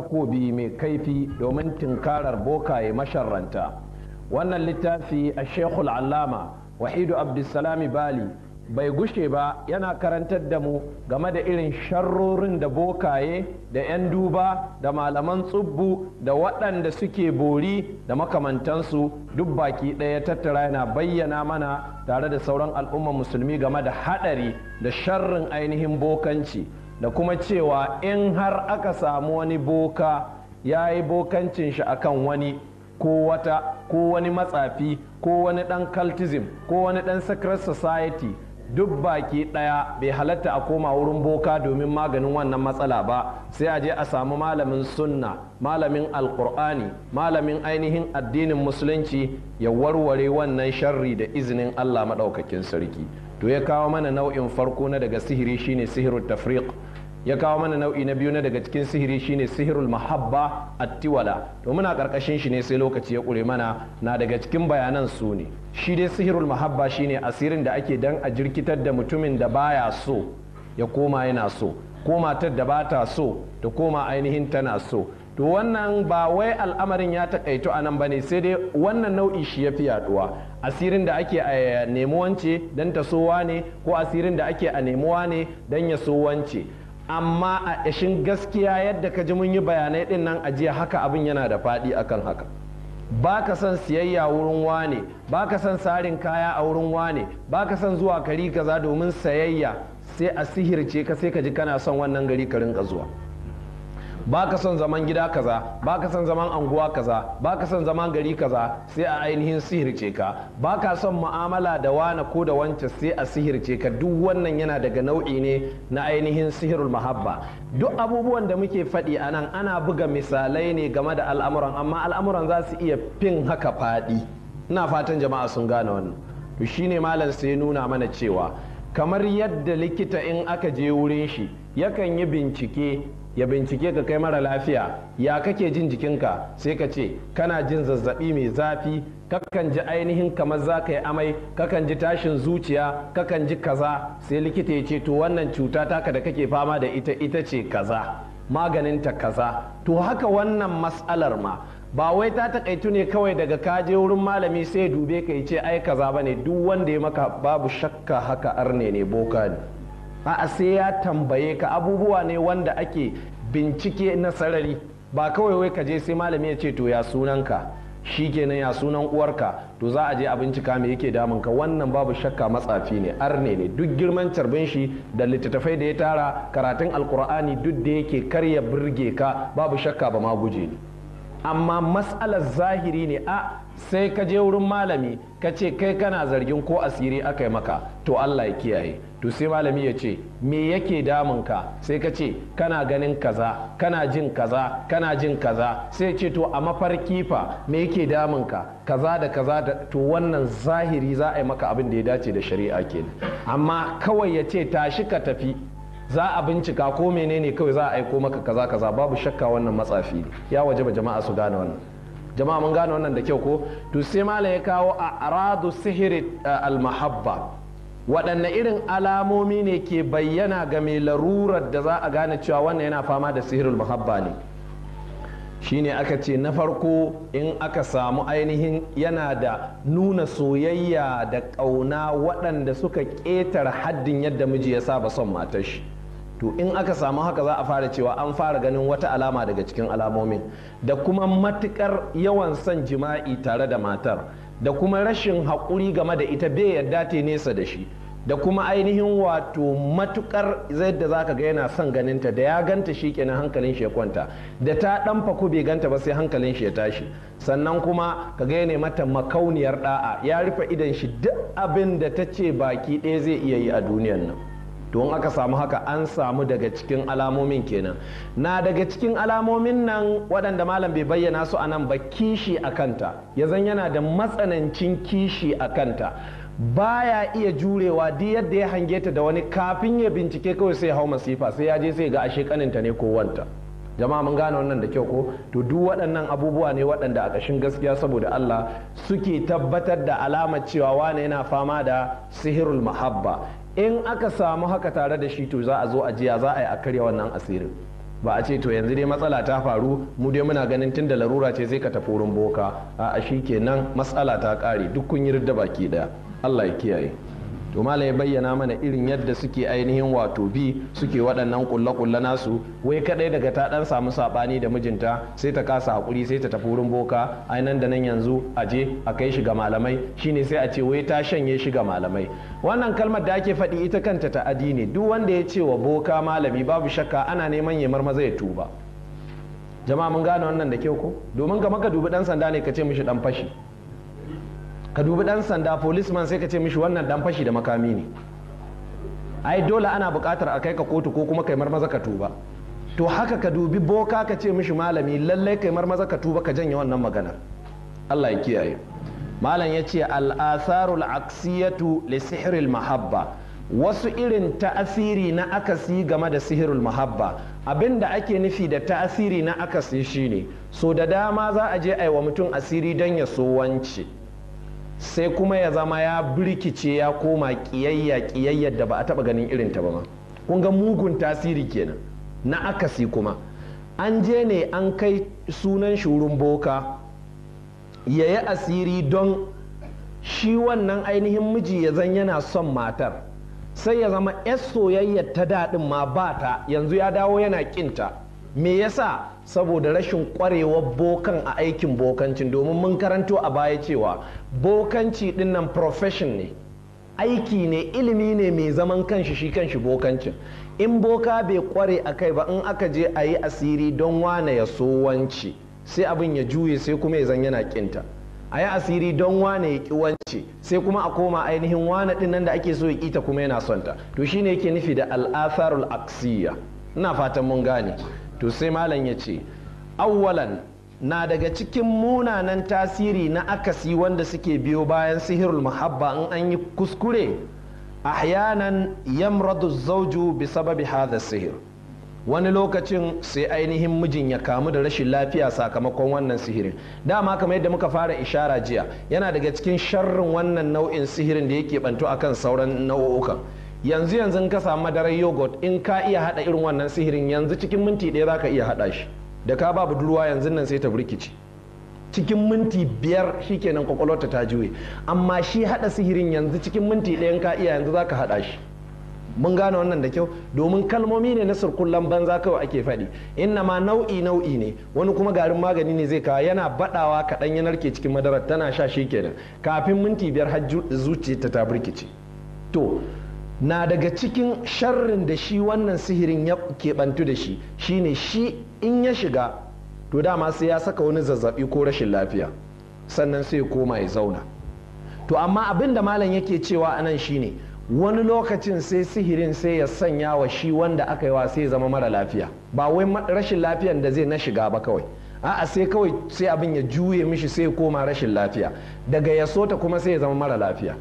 takobi mai kaifi domin tinkarar bokaye masharranta wannan littafi a shekul allama wahidu abdulsalami bali bai gushe ba yana karantar da mu game da irin sharrorin da bokaye da 'yan duba da malaman tsubbu da waɗanda suke bori da makamantansu duk baki ɗaya tattara yana bayyana mana tare da sauran al'ummar musulmi game da haɗari da sharrin ainihin bokanci da kuma cewa in har aka samu wani boka ya yi bokancin shi akan wani ko wata ko wani matsafi ko wani dan cultism ko wani dan secret society duk baki daya bai halatta a koma wurin boka domin maganin wannan matsala ba sai a je a samu malamin sunna malamin alkur'ani malamin ainihin addinin musulunci ya warware wannan sharri da izinin allah maɗaukakin sarki to ya kawo mana nau'in farko na daga sihiri shine sihirin tafriq ya kawo mana nau'i na biyu na daga cikin sihiri shine sihirul mahabba attiwala to muna karkashin shi ne sai lokaci ya kure mana na daga cikin bayanan su ne shi dai sihirul mahabba shine asirin da ake dan a jirkitar da mutumin da baya so ya koma yana so ko matar da bata so ta koma ainihin tana so to wannan ba wai al'amarin ya takaito a nan bane sai dai wannan nau'i shi ya fi yaduwa asirin da ake a nemi wance dan ta so wane ko asirin da ake a nemuwa ne dan ya so wance amma a ƙashin gaskiya yadda ka ji mun yi bayanai ɗin nan ajiya haka abin yana da faɗi akan haka ba ka son siyayya wurin wane ba ka son sarin kaya a wurin wane ba ka son zuwa kari kaza domin sayayya sai a sihirce ka sai ka ji kana son wannan gari ka rinka zuwa ba ka son zaman gida kaza ba ka son zaman anguwa kaza ba ka son zaman gari kaza sai a ainihin sihirce ka ba ka son mu'amala da wana ko da wance sai a sihirce ka duk wannan yana daga nau'i ne na ainihin sihirul mahabba duk abubuwan da muke faɗi a nan ana buga misalai ne game da al'amuran amma al'amuran za su iya fin haka faɗi ina fatan jama'a sun gane wannan to shine malam sai nuna mana cewa kamar yadda likita in aka je wurin shi yakan yi bincike ya bincike ka kai mara lafiya ya kake jin jikinka sai ka ce kana jin zazzabi mai zafi kakan ji ainihin kamar za ka yi amai kakan ji tashin zuciya kakan ji kaza sai likita ya ce to wannan cuta taka da kake fama da ita ita ce kaza maganin ta kaza to haka wannan matsalar ma ba wai ta takaitu ne kawai daga kaje wurin malami sai dube ka ya ce ai kaza bane duk wanda ya maka babu shakka haka arne ne boka ne a sai ya tambaye ka abubuwa ne wanda ake bincike na sarari ba kawai wai ka je sai malami ya ce to ya ka shi kenan ya sunan uwarka to za a je a bincika me yake damun ka wannan babu shakka matsafi ne arne ne duk girman carbin shi da littattafai da ya tara karatun alkur'ani duk da yake karya birge ka babu shakka ba ma guje ne amma matsalar zahiri ne a sai ka je wurin malami ka ce kai kana zargin ko asiri aka yi maka to allah ya kiyaye to sai malami ya ce me yake ka sai ka ce kana ganin kaza kana jin kaza kana jin kaza sai ce to a mafarki fa me yake damunka kaza da kaza da to wannan zahiri za a yi maka abin da ya dace da shari'a kenan amma kawai ya ce tashi ka tafi za a bincika ko menene kawai za a aiko maka kaza kaza babu shakka wannan matsafi ne ya waje ba jama'a su gane wannan jama'a mun gane wannan da kyau ko to sai malam ya kawo a aradu sihiri al-mahabba waɗanne irin alamomi ne ke bayyana ga mai larurar da za a gane cewa wannan yana fama da sihirul muhabba ne shine aka ce na farko in aka samu ainihin yana da nuna soyayya da ƙauna waɗanda suka ƙetar haddin yadda miji ya saba son matar shi to in aka samu haka za a fara cewa an fara ganin wata alama daga cikin alamomin da kuma matukar yawan son jima'i tare da matar da kuma rashin haƙuri game da ita bai yarda ta nesa da shi da kuma ainihin wato matukar yadda za ka ga yana son ganinta da ya ganta shi kenan hankalin shi ya kwanta da ta dan fako bai ganta ba sai hankalin shi ya tashi sannan kuma ka ga yana mata makauniyar da'a ya rufe idan shi duk abin da ta ce baki ɗaya zai iya yi a duniyar nan don aka samu haka an samu daga cikin alamomin kenan na daga cikin alamomin nan waɗanda malam bai bayyana su a nan ba kishi a kanta ya zan yana da matsanancin kishi a kanta baya iya jurewa duk yadda ya hange ta da wani kafin ya bincike kawai sai hau masifa sai ya je sai ga ashe kaninta ne ko wanta jama'a mun gane wannan da kyau ko to duk waɗannan abubuwa ne waɗanda a ƙashin gaskiya saboda Allah suke tabbatar da alamar cewa wane yana fama da sihirul mahabba in aka samu haka tare da shi to za a zo a jiya za a yi a karya wannan asirin ba a ce to yanzu dai matsala ta faru mu dai muna ganin tun da larura ce zai ka tafi wurin boka a shi kenan matsala ta kare duk kun yi da baki daya Allah ya kiyaye to mala ya bayyana mana irin yadda suke ainihin wato bi suke waɗannan kulle-kulle nasu wai kadai daga ta ɗan samu saɓani da mijinta sai ta kasa hakuri sai ta tafi wurin boka ainihin nan da nan yanzu a je a kai shi ga malamai shine sai a ce wai ta shanye shi ga malamai wannan kalmar da ake faɗi ita kanta ta'adi ne duk wanda ya ce wa boka malami babu shakka ana neman ya marmaza ya tuba jama'a mun gane wannan da kyau ko domin ka maka dubi dan sanda ne ka ce mishi dan fashi ka dubi dan sanda policeman sai ka ce mishi wannan dan fashi da makami ne ai dole ana bukatar a kai ka kotu ko kuma kai marmaza ka tuba to haka ka dubi boka ka ce mishi malami lallai kai marmaza ka tuba ka janye wannan maganar Allah ya kiyaye malam ya ce al'asarul aksiyatu li sihiril mahabba wasu irin ta'asiri na akasi game da sihirul mahabba abin da ake nufi da ta'asiri na akasi shine so da dama za a je a yi wa mutum asiri don ya so wance sai kuma ya zama ya birkice ya koma kiyayya kiyayyar da ba a taba ganin irin ta ba ma kun ga mugun tasiri kenan na akasi kuma an je ne an kai sunan shurun boka ya yi asiri don shi wannan ainihin miji ya zan yana son matar sai ya zama 'yar soyayya ta daɗin ma ba ta yanzu ya dawo yana kinta me yasa saboda rashin kwarewar bokan a aikin bokancin domin mun karanto a baya cewa bokanci dinnan profession ne aiki ne ilimi ne mai zaman kanshi shi kanshi bokancin in boka bai kware a kai ba in aka je a yi asiri don wane ya so wanci sai abin ya juye sai kuma ya zan yana kinta a yi asiri don wane ya ki wance sai kuma a koma ainihin wane din nan da ake so ya kita kuma yana sonta ta to shine yake nufi da al'atharul aksiya ina fatan mun gane to sai malam ya ce awwalan na daga cikin munanan tasiri na akasi wanda suke biyo bayan sihirul muhabba in an yi kuskure ahyanan yamradu zauju bi sababi hadha sihir wani lokacin sai ainihin mijin ya kamu da rashin lafiya sakamakon wannan sihirin dama kamar yadda muka fara ishara jiya yana daga cikin sharrin wannan nau'in sihirin da yake bantu akan sauran nau'ukan yanzu yanzu kasa ka samu madarar yogurt in ka iya hada irin wannan sihirin yanzu cikin minti ɗaya za ka iya hada shi da ka ba budurwa yanzu nan sai ta burkice cikin minti biyar shikenan kwakwalwarta ta juye amma shi hada sihirin yanzu cikin minti ɗaya ka iya yanzu za ka hada shi mun gane wannan da kyau domin kalmomi ne na surkullan banza kawai ake faɗi inna ma nau'i nau'i ne wani kuma garin magani ne zai kawo yana baɗawa kaɗan ya narke cikin madarar tana sha shi kenan kafin minti biyar har zuciya ta ta to na daga cikin sharrin da shi wannan sihirin ya keɓantu da shi shine shi in ya shiga to dama sai ya saka wani zazzabi ko rashin lafiya sannan sai koma ya zauna to amma abin da malam yake cewa anan shine wani lokacin sai sihirin sai ya sanya wa shi wanda aka yi wa sai zama mara lafiya ba wai rashin lafiyan da zai na shiga ba kawai a'a sai kawai sai abin ya juye mishi sai koma rashin lafiya daga ya sota kuma sai ya zama mara lafiya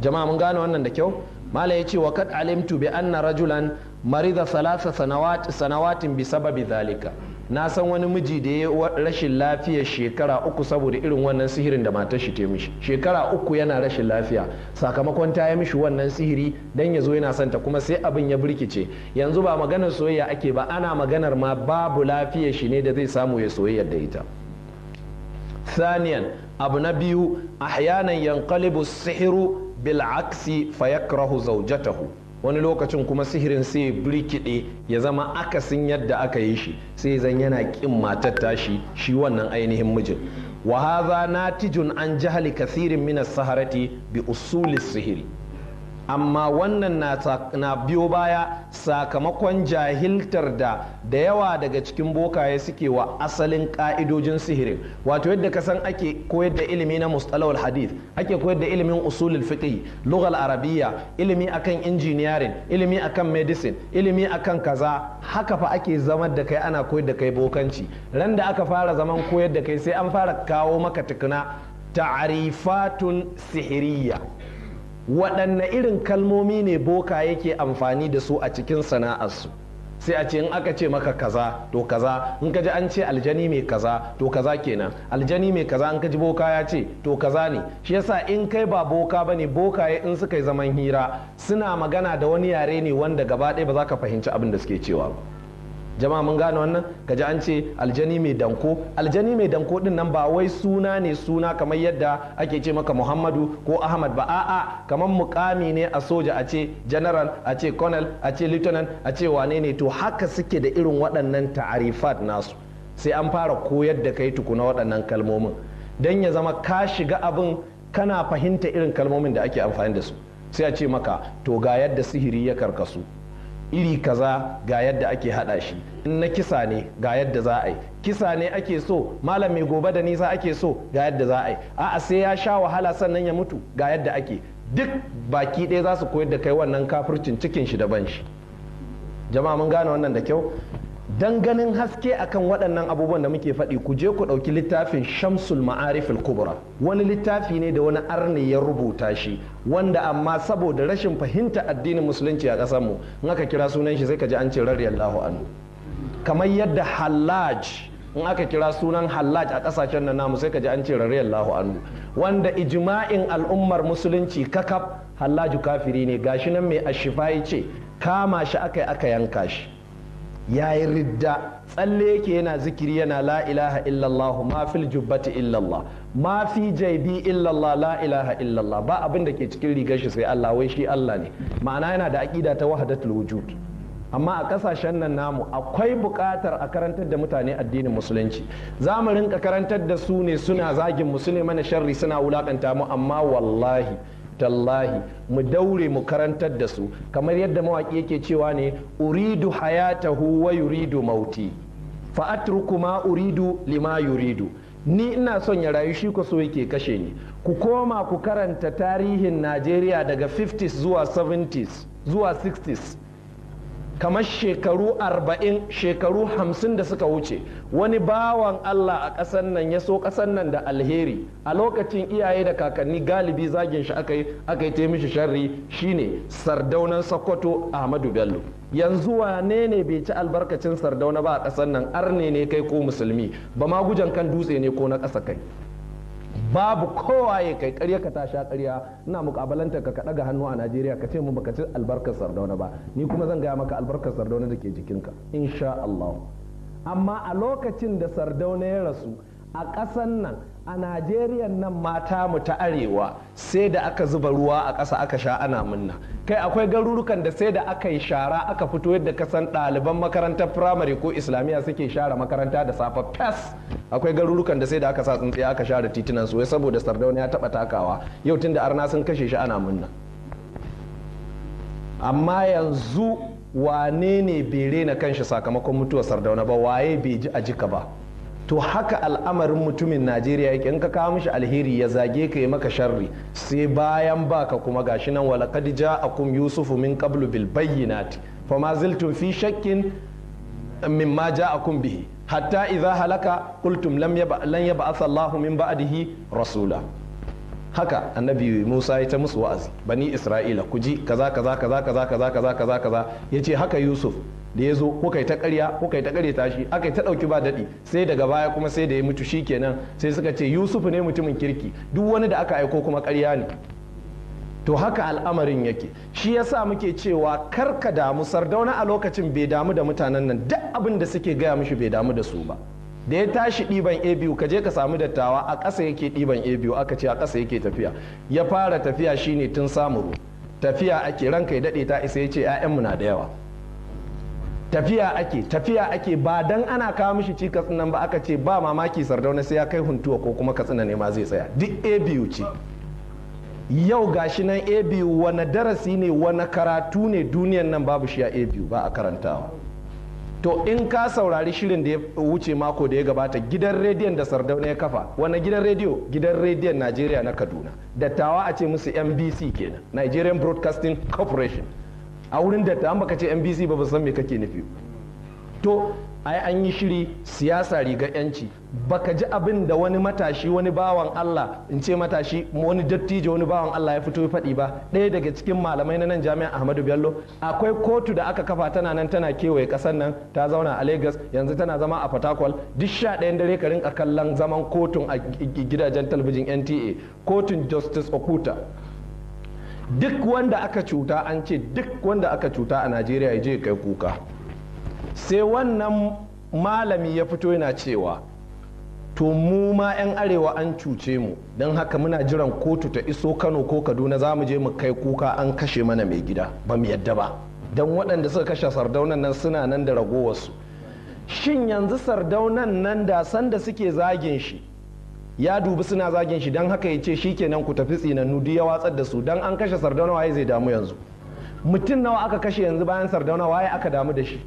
jama'a mun gane wannan da kyau mala ce wa kad alimtu bi anna rajulan marida salasa sanawat sanawatin bi sababi zalika na san wani miji da ya rashin lafiya shekara uku saboda irin wannan sihirin da matar shi ta mishi shekara uku yana rashin lafiya sakamakon ta yi mishi wannan sihiri dan ya zo yana son ta kuma sai abin ya birkice yanzu ba maganar soyayya ake ba ana maganar ma babu lafiya shi ne da zai samu ya soyayya da ita Saniyan abu na biyu ahyanan yanqalibu sihiru bil'aksi aksi fa yakrahu zawjatahu wani lokacin kuma sihirin sai birkiɗe ya zama akasin yadda aka yi shi sai zan yana ƙin matar tashi shi wannan ainihin mijin wa hadha natijun an jahali kathirin min as-saharati bi usuli sihiri amma wannan na biyo baya sakamakon jahiltar da da yawa daga cikin bokaye suke wa asalin ka'idojin sihirin wato yadda ka san ake koyar da ilimi na mustalawal hadith ake koyar da ilimin usulul fiqh lughal arabiyya ilimi akan injiniyarin ilimi akan medicine ilimi akan kaza haka fa ake zama da kai ana koyar da kai bokanci ran aka fara zaman koyar da kai sai an fara kawo maka tukuna ta'rifatun sihiriyya waɗanne irin kalmomi ne boka yake amfani da su a cikin sana'arsu sai a ce in aka ce maka kaza to kaza in ka ji an ce aljani mai kaza to kaza kenan aljani mai kaza in ka ji boka ya ce to kaza ne shi yasa in kai ba boka ba ne bokaye in suka yi zaman hira suna magana da wani yare ne wanda gaba ɗaya ba za ka fahimci abin da suke cewa ba jama'a mun gano wannan gaji an ce aljani mai danko aljani mai danko din nan ba wai suna ne suna kamar yadda ake ce maka muhammadu ko ahmad ba a'a kamar mukami ne a soja a ce general a ce colonel a ce lieutenant a ce wane ne to haka suke da irin waɗannan ta'arifat nasu sai an fara koyar da kai tukuna waɗannan kalmomin don ya zama ka shiga abin kana fahimta irin kalmomin da ake amfani da su sai a ce maka to ga yadda sihiri ya karkasu iri kaza ga yadda ake hada shi in na kisa ne ga yadda za a yi kisa ne ake so malam mai gobe da nisa ake so ga yadda za a yi a'a sai ya sha wahala sannan ya mutu ga yadda ake duk baki ɗaya za su koyar da kai wannan kafircin cikin shi da ban shi jama'a mun gane wannan da kyau don ganin haske akan waɗannan abubuwan da muke faɗi ku je ku ɗauki littafin shamsul ma'arifil kubra wani littafi ne da wani arni ya rubuta shi wanda amma saboda rashin fahimta addinin musulunci a ƙasarmu in aka kira sunan shi sai ka ji an ce allahu anu kamar yadda hallaj in aka kira sunan halaj a ƙasashen nan namu sai ka ji an ce allahu anu wanda ijma'in al'ummar musulunci kakaf hallaju kafiri ne gashi nan mai ashifa ce kama shi aka aka yanka shi ya yi ridda tsalle yake yana zikiri yana la ilaha illallah ma fil jubbati illallah ma fi jaibi illallah la ilaha illallah ba abin da ke cikin rigar shi sai Allah wai shi Allah ne ma'ana yana da aƙida ta wahdatul wujud amma a kasashen nan namu akwai buƙatar a karantar da mutane addinin musulunci za mu rinka karantar da su ne suna zagin musulmi mana sharri suna wulakanta mu amma wallahi tallahi mu daure mu karantar da su kamar yadda mawaƙi yake cewa ne uridu hayatahu wa yuridu mauti fa'atru kuma uridu lima yuridu ni ina son ya rayu shi so yake kashe ni ku koma ku karanta tarihin najeriya daga 50s zuwa 70s zuwa 60s kamar shekaru arba'in shekaru hamsin da suka wuce wani bawan Allah a ƙasar nan ya so ƙasar nan da alheri a lokacin iyaye da kakanni galibi zagin shi aka yi ta mishi sharri shine sardaunan sokoto ahmadu bello yanzu wane ne bai ci albarkacin sardauna ba a ƙasar nan arne ne kai ko musulmi ba ma gujan kan dutse ne ko na ƙasa kai babu kowa ya kai ƙarya ka ta sha ƙarya ina mukabalanta ka ka ga hannu a najeriya ka ce mu baka ci albarkar sardauna ba ni kuma zan gaya maka albarkar sardauna da ke jikinka insha allah amma a lokacin da sardauna ya rasu a ƙasan nan a najeriya nan mata mu ta arewa sai da aka zuba ruwa a ƙasa aka sha ana munna kai akwai garurukan da sai da aka yi shara aka fito yadda kasan ɗaliban makarantar firamare ko islamiyya suke share makaranta da safe fes akwai garurukan da sai da aka sa tsintsiya aka share titunan su saboda sardauna ya taba takawa yau tun da arna sun kashe shi ana munna amma yanzu wane ne bai kan kanshi sakamakon mutuwar sardauna ba waye bai ji a jika ba to haka al'amarin mutumin najeriya yake in ka kawo mishi alheri ya zage ka yi maka sharri sai bayan baka kuma gashi nan walakadija akum yusufu min qablu bil bayyinati fama ziltum fi shakkin mimma kun bihi hatta idza halaka qultum lam yaba lan yaba asallahu min ba'dihi rasula haka annabi Musa ya ta musu wa'azi bani Isra'ila ku ji kaza kaza kaza kaza kaza kaza kaza kaza yace haka Yusuf da ya zo kuka yi ta ƙarya kuka yi ta ƙarya tashi aka yi ta ɗauki ba daɗi sai daga baya kuma sai da ya mutu shikenan sai suka ce Yusuf ne mutumin kirki duk wani da aka aiko kuma ƙarya ne to haka al'amarin yake shi yasa muke cewa kar ka damu sardauna a lokacin bai damu da mutanen nan duk abin da suke gaya mishi bai damu da su ba da ya tashi ɗiban a biyu ka je ka samu dattawa a ƙasa yake ɗiban a biyu aka ce a ƙasa yake tafiya ya fara tafiya shine tun samuru tafiya ake ranka ya daɗe ta isa ya ce 'ya'yanmu na da yawa tafiya ake tafiya ake ba dan ana kawo mishi cikas nan ba aka ce ba mamaki sardauna sai ya kai huntuwa ko kuma katsina ne ma zai tsaya duk a biyu ce yau ga shi nan A biyu wani darasi ne wani karatu ne duniyan nan babu shi a biyu ba a karantawa to in ka saurari shirin da ya wuce mako da ya gabata gidan rediyon da sardauna ya kafa wani gidan rediyo gidan rediyon najeriya na kaduna dattawa a ce musu mbc kenan nigerian broadcasting corporation a wurin dattawan baka ce mbc ba ba san me kake nufi to ai an yi shiri siyasa riga yanci baka ji abin da wani matashi wani bawan Allah in ce matashi wani dattijo wani bawan Allah ya fito ya faɗi ba ɗaya daga cikin malamai na nan jami'an Ahmadu Bello akwai kotu da aka kafa tana nan tana kewaye ƙasar nan ta zauna a Lagos yanzu tana zama a Fatakwal duk sha ɗayan dare ka rinka kallon zaman kotun a gidajen talabijin NTA kotun Justice Okuta duk wanda aka cuta an ce duk wanda aka cuta a Najeriya ya je kai kuka sai wannan malami ya fito yana cewa to mu ma 'yan arewa an cuce mu don haka muna jiran kotu ta iso kano ko kaduna za mu je mu kai kuka an kashe mana mai gida ba mu yadda ba don waɗanda suka kashe sardaunan nan suna nan da ragowarsu shin yanzu sardaunan nan da sanda suke zagin shi ya dubi suna zagin shi don haka ya ce shi kenan ku tafi tsinannu duk ya watsar da su don an kashe sardauna waye zai damu yanzu mutum nawa aka kashe yanzu bayan sardauna waye aka damu da shi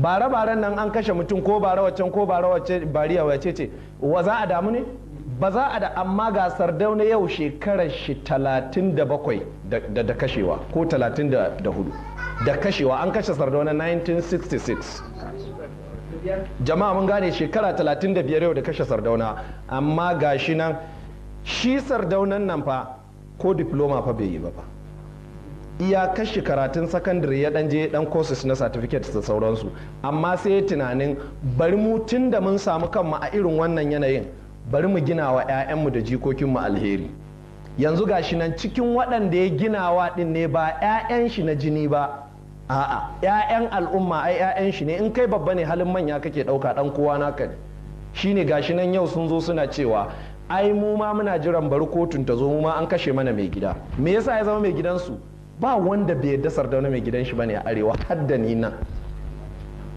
bare-baren nan an kashe mutum ko bare waccan ko bare wacce bariya wace ce wa za a damu ne ba za a da amma ga sardauna yau shekarar shi talatin da bakwai da kashewa ko talatin da hudu da kashewa an kashe sardauna 1966 jama'a mun gane shekara 35 yau da kashe sardauna amma ga shi nan shi sardaunan nan fa ko diploma fa bai yi ba ba iya kashe karatun sakandare ya dan je dan courses na certificate da sauransu amma sai tunanin bari mu tun da mun samu kanmu a irin wannan yanayin bari mu gina wa 'ya'yanmu da jikokinmu alheri yanzu gashi nan cikin waɗanda ya ginawa ɗin ne ba 'ya'yan shi na jini ba a'a 'ya'yan al'umma ai 'ya'yan shi ne in kai babba ne halin manya kake ɗauka ɗan kowa naka ne shine gashi nan yau sun zo suna cewa ai mu ma muna jiran bari kotun ta zo mu ma an kashe mana mai gida me yasa ya zama mai gidansu ba wanda bai da sardauna mai gidan shi bane a arewa har ni nan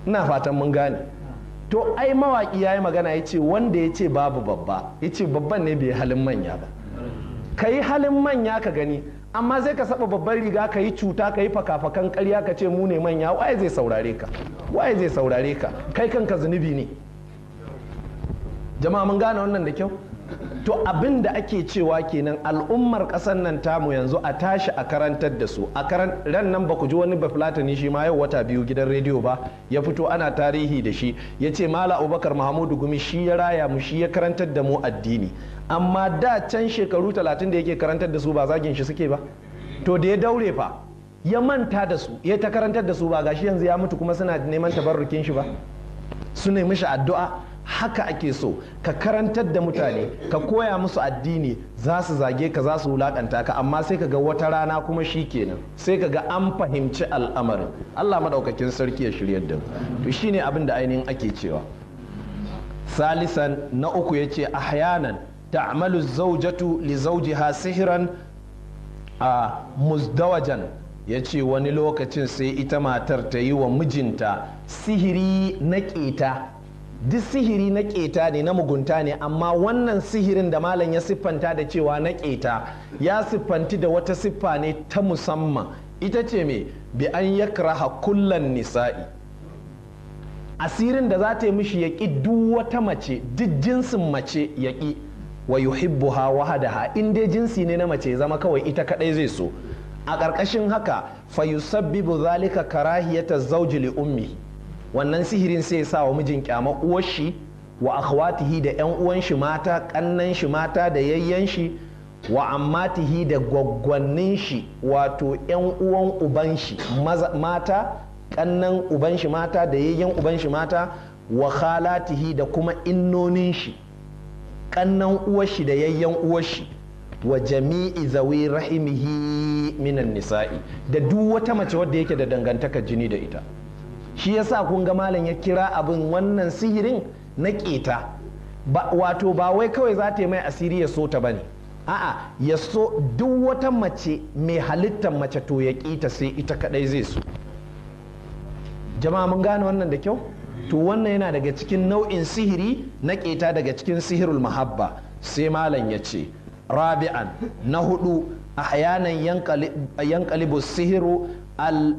ina fatan mun gane to ai mawaki yayi magana ya ce wanda ya ce babu babba ya ce babban ne bai halin manya ba ka yi halin manya ka gani amma zai ka saba babban riga ka yi cuta ka yi fakafakan karya ka ce mu ne manya waye zai saurare ka waye zai saurare ka kai kanka zunubi ne jama'a mun gane wannan da kyau to abin da ake cewa kenan al'ummar ƙasar nan tamu yanzu a tashi a karantar da su a karan ran nan ba ku ji wani ba bafulatani shi ma yau wata biyu gidan rediyo ba ya fito ana tarihi da shi ya ce mala abubakar mahamudu gumi shi ya raya mu shi ya karantar da mu addini amma da can shekaru talatin da yake karantar da su ba zagin shi suke ba to da ya daure fa ya manta da su ya ta karantar da su ba gashi yanzu ya mutu kuma suna neman tabarrukin shi ba su nemi shi addu'a haka ake so ka karantar da mutane ka koya musu addini za su zage ka za su wulakanta ka amma sai ka ga wata rana kuma shi kenan sai ka ga an fahimci al'amarin Allah maɗaukakin sarki ya shirya da mu shi ne abin da ainihin ake cewa salisan na uku yace ahyanan amalu zaujatu li sihiran a muzdawajan ya ce wani lokacin sai ita matar ta yi wa mijinta sihiri na ƙeta duk sihiri na keta ne na mugunta ne amma wannan sihirin da malam ya siffanta da cewa na keta ya siffanti da wata siffa ne ta musamman ita ce mai bi an yakraha kullan nisa'i asirin da za ta yi mishi ya duk wata mace duk jinsin mace ya ƙi wa hada ha in dai jinsi ne na mace zama kawai ita kadai zai so a ƙarƙashin haka fa yusabbibu zalika karahiyata zawji li ummihi wannan sihirin sai sa wa mijin kyama uwar shi wa akhwatihi da yan uwan shi mata kannan shi mata da yayyan shi wa ammatihi da gwaggwannin shi wato yan uwan uban shi mata kannan uban shi mata da yayyan uban shi mata wa khalatihi da kuma innonin shi kannan uwar shi da yayyan uwar shi wa jami'i zawi rahimihi minan nisa'i da duk wata mace wadda yake da dangantaka jini da ita shi ya sa kun ga malam ya kira abin wannan sihirin na keta wato ba wai kawai za ta yi mai asiri ya so ta ne a'a ya so duk wata mace mai halittar mace to ya ƙita sai ita kadai zai so jama'a mun gane wannan da kyau to wannan yana daga cikin nau'in sihiri na keta daga cikin sihirul mahabba sai malam ya ce rabi'an na hudu a yanayin yankalibu sihiru al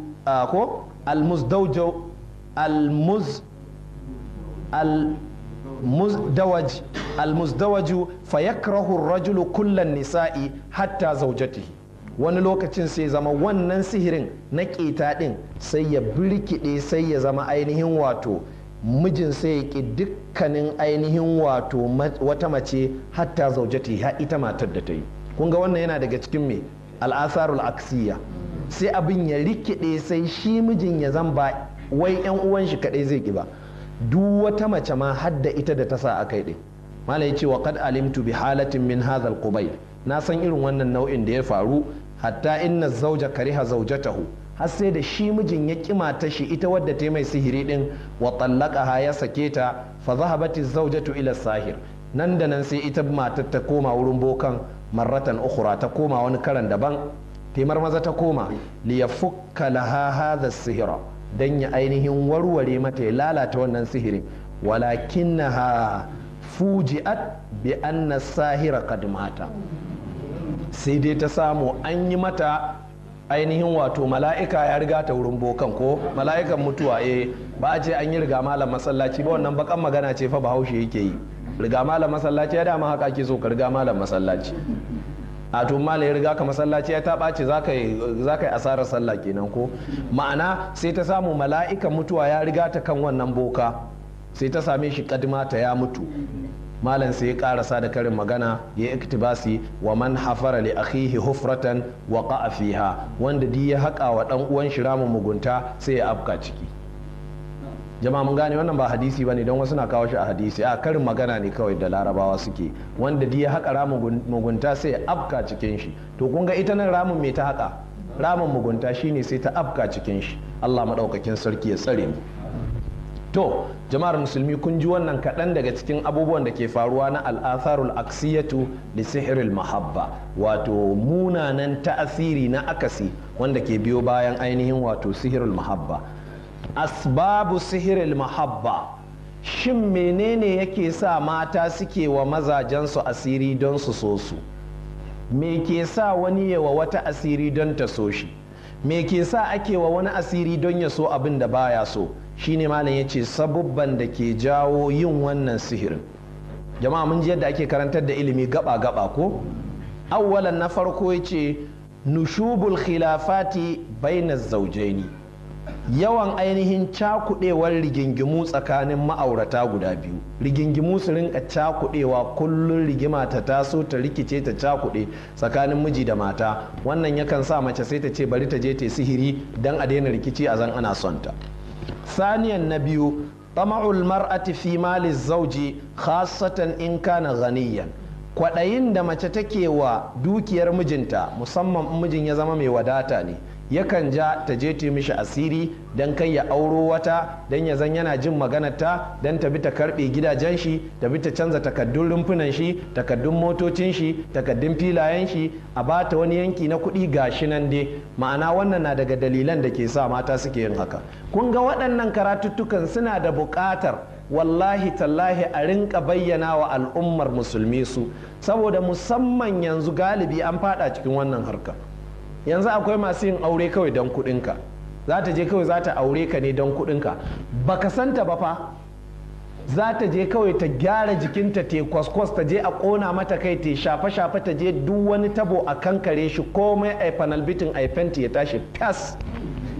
ko al almuz almuzdawaj almuzdawaju fa yakrahu rajulu kullan nisa'i hatta zaujati wani lokacin sai zama wannan sihirin na keta ɗin sai ya birkiɗe sai ya zama ainihin wato mijin sai ya ƙi dukkanin ainihin wato wata mace hatta zaujati ha ita matar da ta yi kun ga wannan yana daga cikin me al'asarul aksiya sai abin ya rikide sai shi mijin ya zan ba wai yan uwan shi kadai zai ki duk wata mace ma hadda ita da ta sa a kai din malai ce wa alimtu bi halatin min hadhal al na san irin wannan nau'in da ya faru hatta inna zauja kariha zaujatahu har sai da shi mijin ya kima ta shi ita wadda ta mai sihiri din wa tallaqaha ya sake ta fa zahabati zaujatu ila sahir nan da nan sai ita matar ta koma wurin bokan marratan ukhra ta koma wani karan daban taimar maza ta koma liyafukka laha hadha sihira don ya ainihin warware mata ya lalata wannan sihirin ha fuji'at bi anna sahira qad sai dai ta samu an yi mata ainihin wato mala'ika ya riga ta wurin bokan ko mala'ikan mutuwa eh ba a ce an yi riga malam masallaci ba wannan bakan magana ce fa bahaushe yake yi riga malam masallaci ya dama haka ake so ka riga malam masallaci a to mala ya riga ka masallaci ya ta ce za ka yi asarar sallah kenan ko ma'ana sai ta samu mala'ikan mutuwa ya riga ta kan wannan boka sai ta same shi kadima ta ya mutu malam sai ya karasa da karin magana ya yi iktibasi wa man hafara li akhihi hufratan wa fiha wanda di ya haƙa wa ɗan uwan shi ramin mugunta sai ya afka ciki jama'a mun gane wannan ba hadisi bane don wasu na kawo shi a hadisi a karin magana ne kawai da larabawa suke wanda di ya haka mugunta sai afka cikin shi to kun ga ita nan ramin mai ta haka ramin mugunta shine sai ta afka cikin shi Allah madaukakin sarki ya tsare mu to jama'ar musulmi kun ji wannan kaɗan daga cikin abubuwan da ke faruwa na al'atharul aksiyatu li sihiril mahabba wato munanan ta'asiri na akasi wanda ke biyo bayan ainihin wato sihirul mahabba asbabu sihiril mahabba shin menene yake sa mata suke wa mazajensu asiri don su so su me ke sa wani yawa wata asiri don ta so shi me ke sa ake wa wani asiri don ya so abin da baya so shine malam ya ce sabubban da ke jawo yin wannan sihirin jama'a mun ji yadda ake karantar da ilimi gaba gaba ko awwalan na farko ya ce nushubul khilafati bainar zaujaini yawan ainihin cakuɗewar rigingimu tsakanin ma'aurata guda biyu rigingimu su rinka cakuɗewa kullum rigima ta taso ta rikice ta cakuɗe tsakanin miji da mata wannan yakan sa mace sai ta ce bari ta je ta yi sihiri don a daina rikici a zan ana son ta saniyan na biyu tsama'ul mar'ati fi mali zauji khasatan in kana ghaniyan kwaɗayin da mace take wa dukiyar mijinta musamman mijin ya zama mai wadata ne yakan ja ta je ta mishi asiri don kai ya auro wata don ya zan yana jin maganar ta dan ta bi ta karbe gidajen shi ta bi ta canza takaddun rumfunan shi takaddun motocin shi takaddun filayen shi a ba ta wani yanki na kuɗi gashi nan dai ma'ana wannan na daga dalilan da ke sa mata suke yin haka kun ga waɗannan karatuttukan suna da buƙatar wallahi tallahi a rinka bayyana wa al'ummar musulmi su saboda musamman yanzu galibi an fada cikin wannan harkar yanzu akwai masu yin aure kawai don kuɗinka za ta je kawai za ta aure ka ne don kuɗinka baka santa ba fa za ta je kawai ta gyara jikinta ta kwaskwas ta je a kona mata kai ta shafe-shafe ta je duk wani tabo a kankare shi komai a fanalbitin a fenti ya tashi fas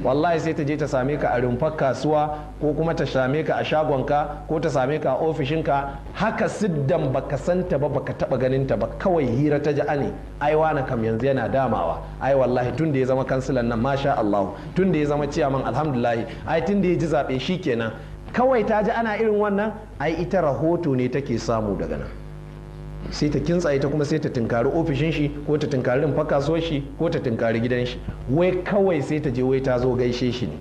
wallahi sai ta je ta same ka a rumfar kasuwa ko kuma ta same ka a shagonka ko ta same ka a ofishinka haka siddan baka santa ba baka taba ganin ta ba kawai hira ta ja'a ne ai wani kam yanzu yana damawa ai wallahi tun da ya zama kansilan nan masha Allah tun da ya zama ciyaman alhamdulahi ai tun da ya ji zaɓe kenan kawai ta ji ana irin wannan ai ita rahoto ne take samu daga nan sai ta kintsa ta kuma sai ta tunkari ofishin shi ko ta tunkari rumfa kasuwar shi ko ta tunkari gidan shi wai kawai sai ta je wai ta zo gaishe shi ne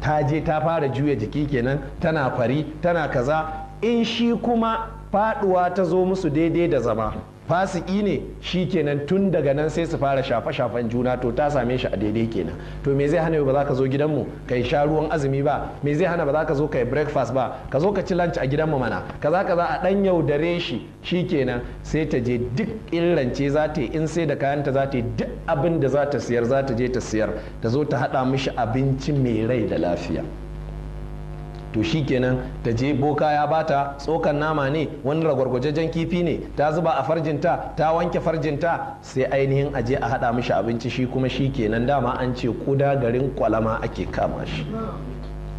ta je ta fara juya jiki kenan tana fari tana kaza in shi kuma faduwa ta zo musu daidai da zama fasiki ne shi kenan tun daga nan sai su fara shafe-shafen juna to ta same shi a daidai kenan to me zai hana ba za ka zo gidanmu ka yi sha ruwan azumi ba me zai hana ba za ka zo ka yi breakfast ba ka zo ka ci lunch a mu mana kaza kaza a dan yaudare shi shi kenan sai ta je duk irrance za ta in sai da kayanta za ta yi duk abin da za ta siyar za ta je ta siyar ta zo ta haɗa mishi abinci mai rai da lafiya. to shikenan ta je boka ya bata tsokan nama ne wani ragwargwajajen kifi ne ta zuba a farjinta ta wanke farjinta sai ainihin aje a hada mishi abinci shi kuma shikenan dama an ce kuda garin kwalama ake kama shi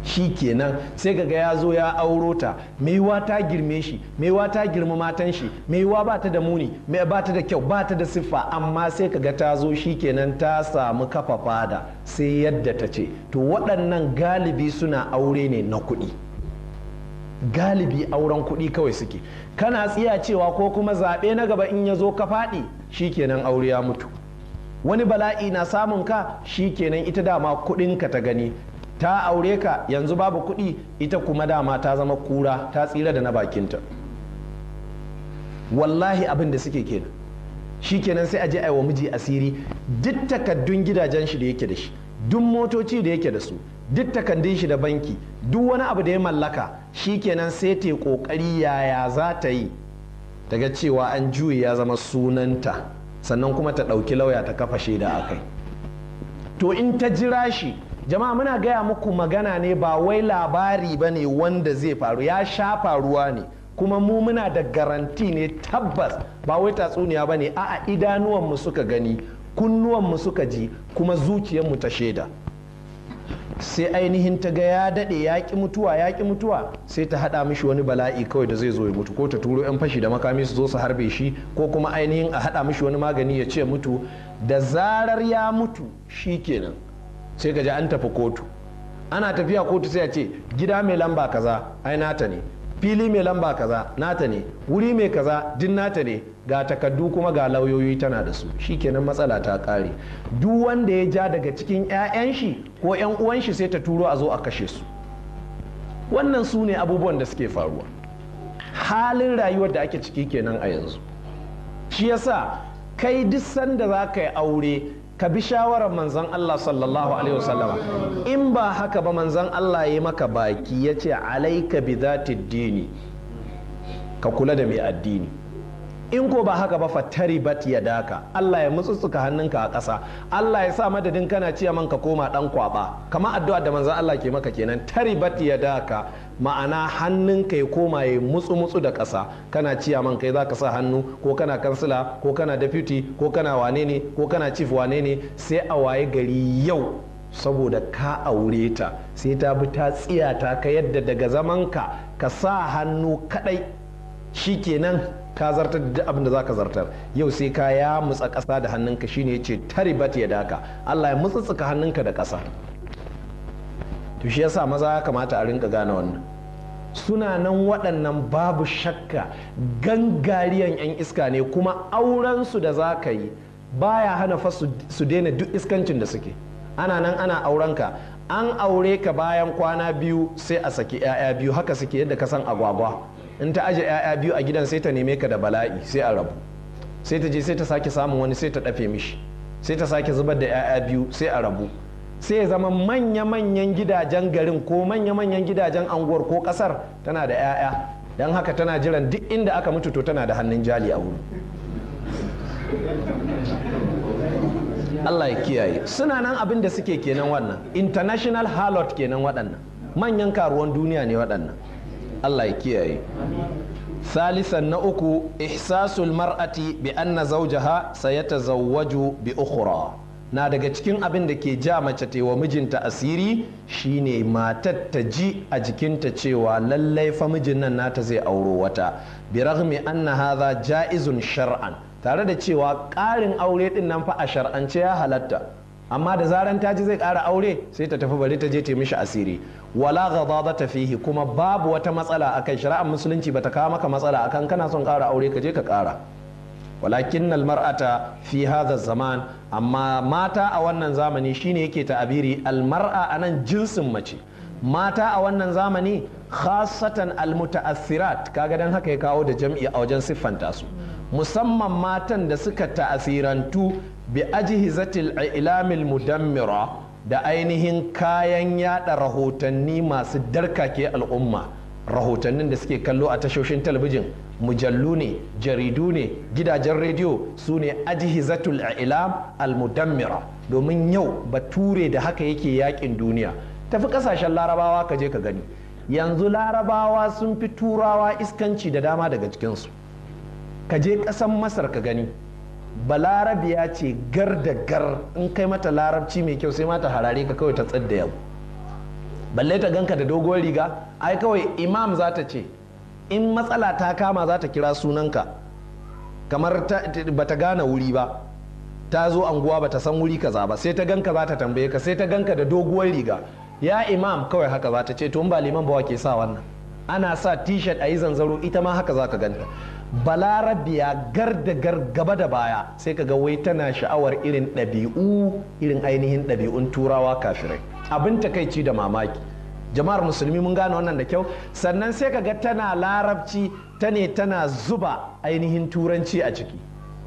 shi kenan sai kaga ya zo ya auro ta maiwa ta girme shi maiwa ta girma matan shi maiwa ba ta da muni ba ta da kyau ba ta da siffa amma sai kaga ta zo shi kenan ta samu kafa fada sai yadda ta ce to waɗannan galibi suna aure ne na kuɗi galibi auren kuɗi kawai suke kana tsiya cewa ko kuma zaɓe na gaba in ya zo ka faɗi shi kenan aure ya mutu wani bala'i na samun ka shi kenan ita dama kuɗinka ta gani ta aure ka yanzu babu kuɗi ita kuma dama ta zama kura ta tsira da na bakinta wallahi abin da suke kenan shi kenan sai a je aiwa miji asiri duk takaddun gidajen shi da yake da shi duk motoci da yake da su duk takaddun shi da banki duk wani abu da ya mallaka shi kenan sai ta kokari yaya za ta yi daga cewa an juye ya zama sunanta sannan kuma ta ɗauki lauya ta kafa shaida a to in ta jira shi jama'a muna gaya muku magana ne ba wai labari ba ne wanda zai faru ya sha faruwa ne kuma mu muna da garanti ne tabbas ba wai tatsuniya ba ne a'a idanuwanmu suka gani kunnuwanmu suka ji kuma zuciyarmu ta shaida sai ainihin ta ga ya daɗe ya ƙi mutuwa ya ƙi mutuwa sai ta haɗa mishi wani bala'i kawai da zai zo ya mutu ko ta turo 'yan fashi da makami su zo su harbe shi ko kuma ainihin a haɗa mishi wani magani ya ce mutu da zarar ya mutu shi kenan sai ka an tafi kotu ana tafiya kotu sai a ce gida mai lamba kaza ai nata ne fili mai lamba kaza nata ne wuri mai kaza din nata ne ga takaddu kuma ga lauyoyi tana da su shi kenan matsala ta kare duk wanda ya ja daga cikin 'ya'yan shi ko 'yan uwan shi sai ta turo a zo a kashe su wannan su ne abubuwan da suke faruwa halin rayuwar da ake ciki kenan a yanzu shi yasa kai duk sanda za ka yi aure ka bi shawarar manzon Allah sallallahu alaihi wasallama in ba haka ba manzon Allah ya yi maka baki ya ce alaika bi zatid dini ka kula da mai addini in ko ba haka ba fattari bat ya daka Allah ya mutsutsuka hannunka a ƙasa Allah ya sa madadin kana ciya man ka koma dan kwaba kamar addu'a da manzon Allah ke maka kenan tari bat ya daka ma'ana hannun ya koma ya mutsu mutsu da ƙasa kana man kai za ka sa hannu ko kana kansila ko kana deputy ko kana wane ne ko kana chief wane ne sai a waye gari yau saboda ka aure ta sai ta bi ta tsiya ta ka yadda daga zamanka ka sa hannu kadai shikenan ka zartar da abin da za ka zartar yau sai ka ya mutsa ƙasa da hannunka shine yace taribat ya daka Allah ya mutsutsuka hannunka da ƙasa to shi yasa maza ya kamata a rinka gane wannan suna nan waɗannan babu shakka gangariyan 'yan iska ne kuma aurensu da za ka yi baya hana fa su daina duk iskancin da suke ana nan ana aurenka an aure ka bayan kwana biyu sai a saki 'ya'ya biyu haka suke yadda ka san agwagwa in ta aje 'ya'ya biyu a gidan sai ta neme ka da bala'i sai a rabu sai ta je sai ta sake samun wani sai ta ɗafe mishi sai ta sake zubar da 'ya'ya biyu sai a rabu sai zama manya-manyan gidajen garin ko manya-manyan gidajen anguwar ko kasar tana da 'ya'ya don haka tana jiran duk inda aka mutu to tana da hannun jali a wuri Allah ya kiyaye suna nan abin da suke kenan wannan international harlot kenan waɗannan manyan karuwan duniya ne waɗannan Allah ya kiyaye mar'ati bi anna المرأة sayata zawwaju bi ukhra na daga cikin abin da ke ja mace ta yi wa mijinta asiri shine matar ta ji a jikinta cewa lallai fa mijin nan nata zai auro wata bi raghmi anna hadha jaizun shar'an tare da cewa ƙarin aure din nan fa a shar'ance ya halatta amma da zaran ta ji zai ƙara aure sai ta tafi bari ta je ta mishi asiri wala ghadaba ta fihi kuma babu wata matsala akan shari'ar musulunci bata kawo maka matsala akan kana son ƙara aure ka je ka ƙara walakin almar'ata fi hadha zaman amma mata a wannan zamani shine yake ta'abiri almar'a anan jinsin mace mata a wannan zamani khasatan almuta'assirat kaga dan haka ya kawo da jam'i a wajen siffanta su musamman matan da suka ta'asirantu bi ajhizatil ilamil mudammira da ainihin kayan yada rahotanni masu darkake al'umma rahotannin da suke kallo a tashoshin talabijin mujallu ne jaridu ne gidajen rediyo su ne ajihizatul ilam almudammira domin yau bature da haka yake yakin duniya tafi kasashen larabawa ka je ka gani yanzu larabawa sun fi turawa iskanci da dama daga cikinsu ka je kasan masar ka gani balarabiya ce gar da gar in kai mata larabci mai kyau sai mata harare ka kawai ta tsadda yau balle ta ganka da dogon riga ai kawai imam za ta ce in matsala ta kama za ta kira sunanka kamar ba ta gane wuri ba ta zo anguwa ba ta san wuri kaza ba sai ta ganka za ta tambaye ka sai ta ganka da doguwar riga ya imam kawai haka za ta ce to ba liman ba wake sa wannan ana sa t-shirt a yi zanzaro ita ma haka za ka ganta balarabiya gar da gar gaba da baya sai ka ga wai tana sha'awar irin ɗabi'u irin ainihin ɗabi'un turawa kafirai abin takaici da mamaki jama'ar musulmi mun gane wannan da kyau sannan sai ka ga tana larabci ta ne tana zuba ainihin turanci a ciki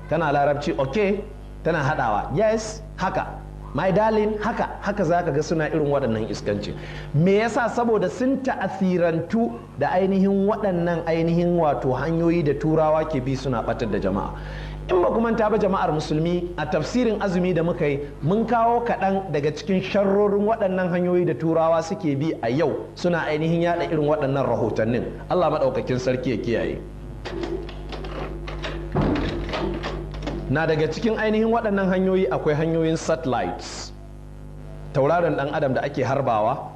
tana larabci okay tana hadawa yes haka my darling haka haka za ka ga suna irin waɗannan iskanci me yasa saboda sun ta'asirantu da ainihin waɗannan ainihin wato hanyoyi da turawa ke bi suna ɓatar da jama'a in ba kuma ta ba jama'ar musulmi a tafsirin azumi da muka yi mun kawo kaɗan daga cikin sharrorin waɗannan hanyoyi da turawa suke bi a yau suna ainihin yaɗa irin waɗannan rahotannin allah maɗaukakin sarki ya kiyaye na daga cikin ainihin waɗannan hanyoyi akwai hanyoyin satellites tauraron ɗan adam da ake harbawa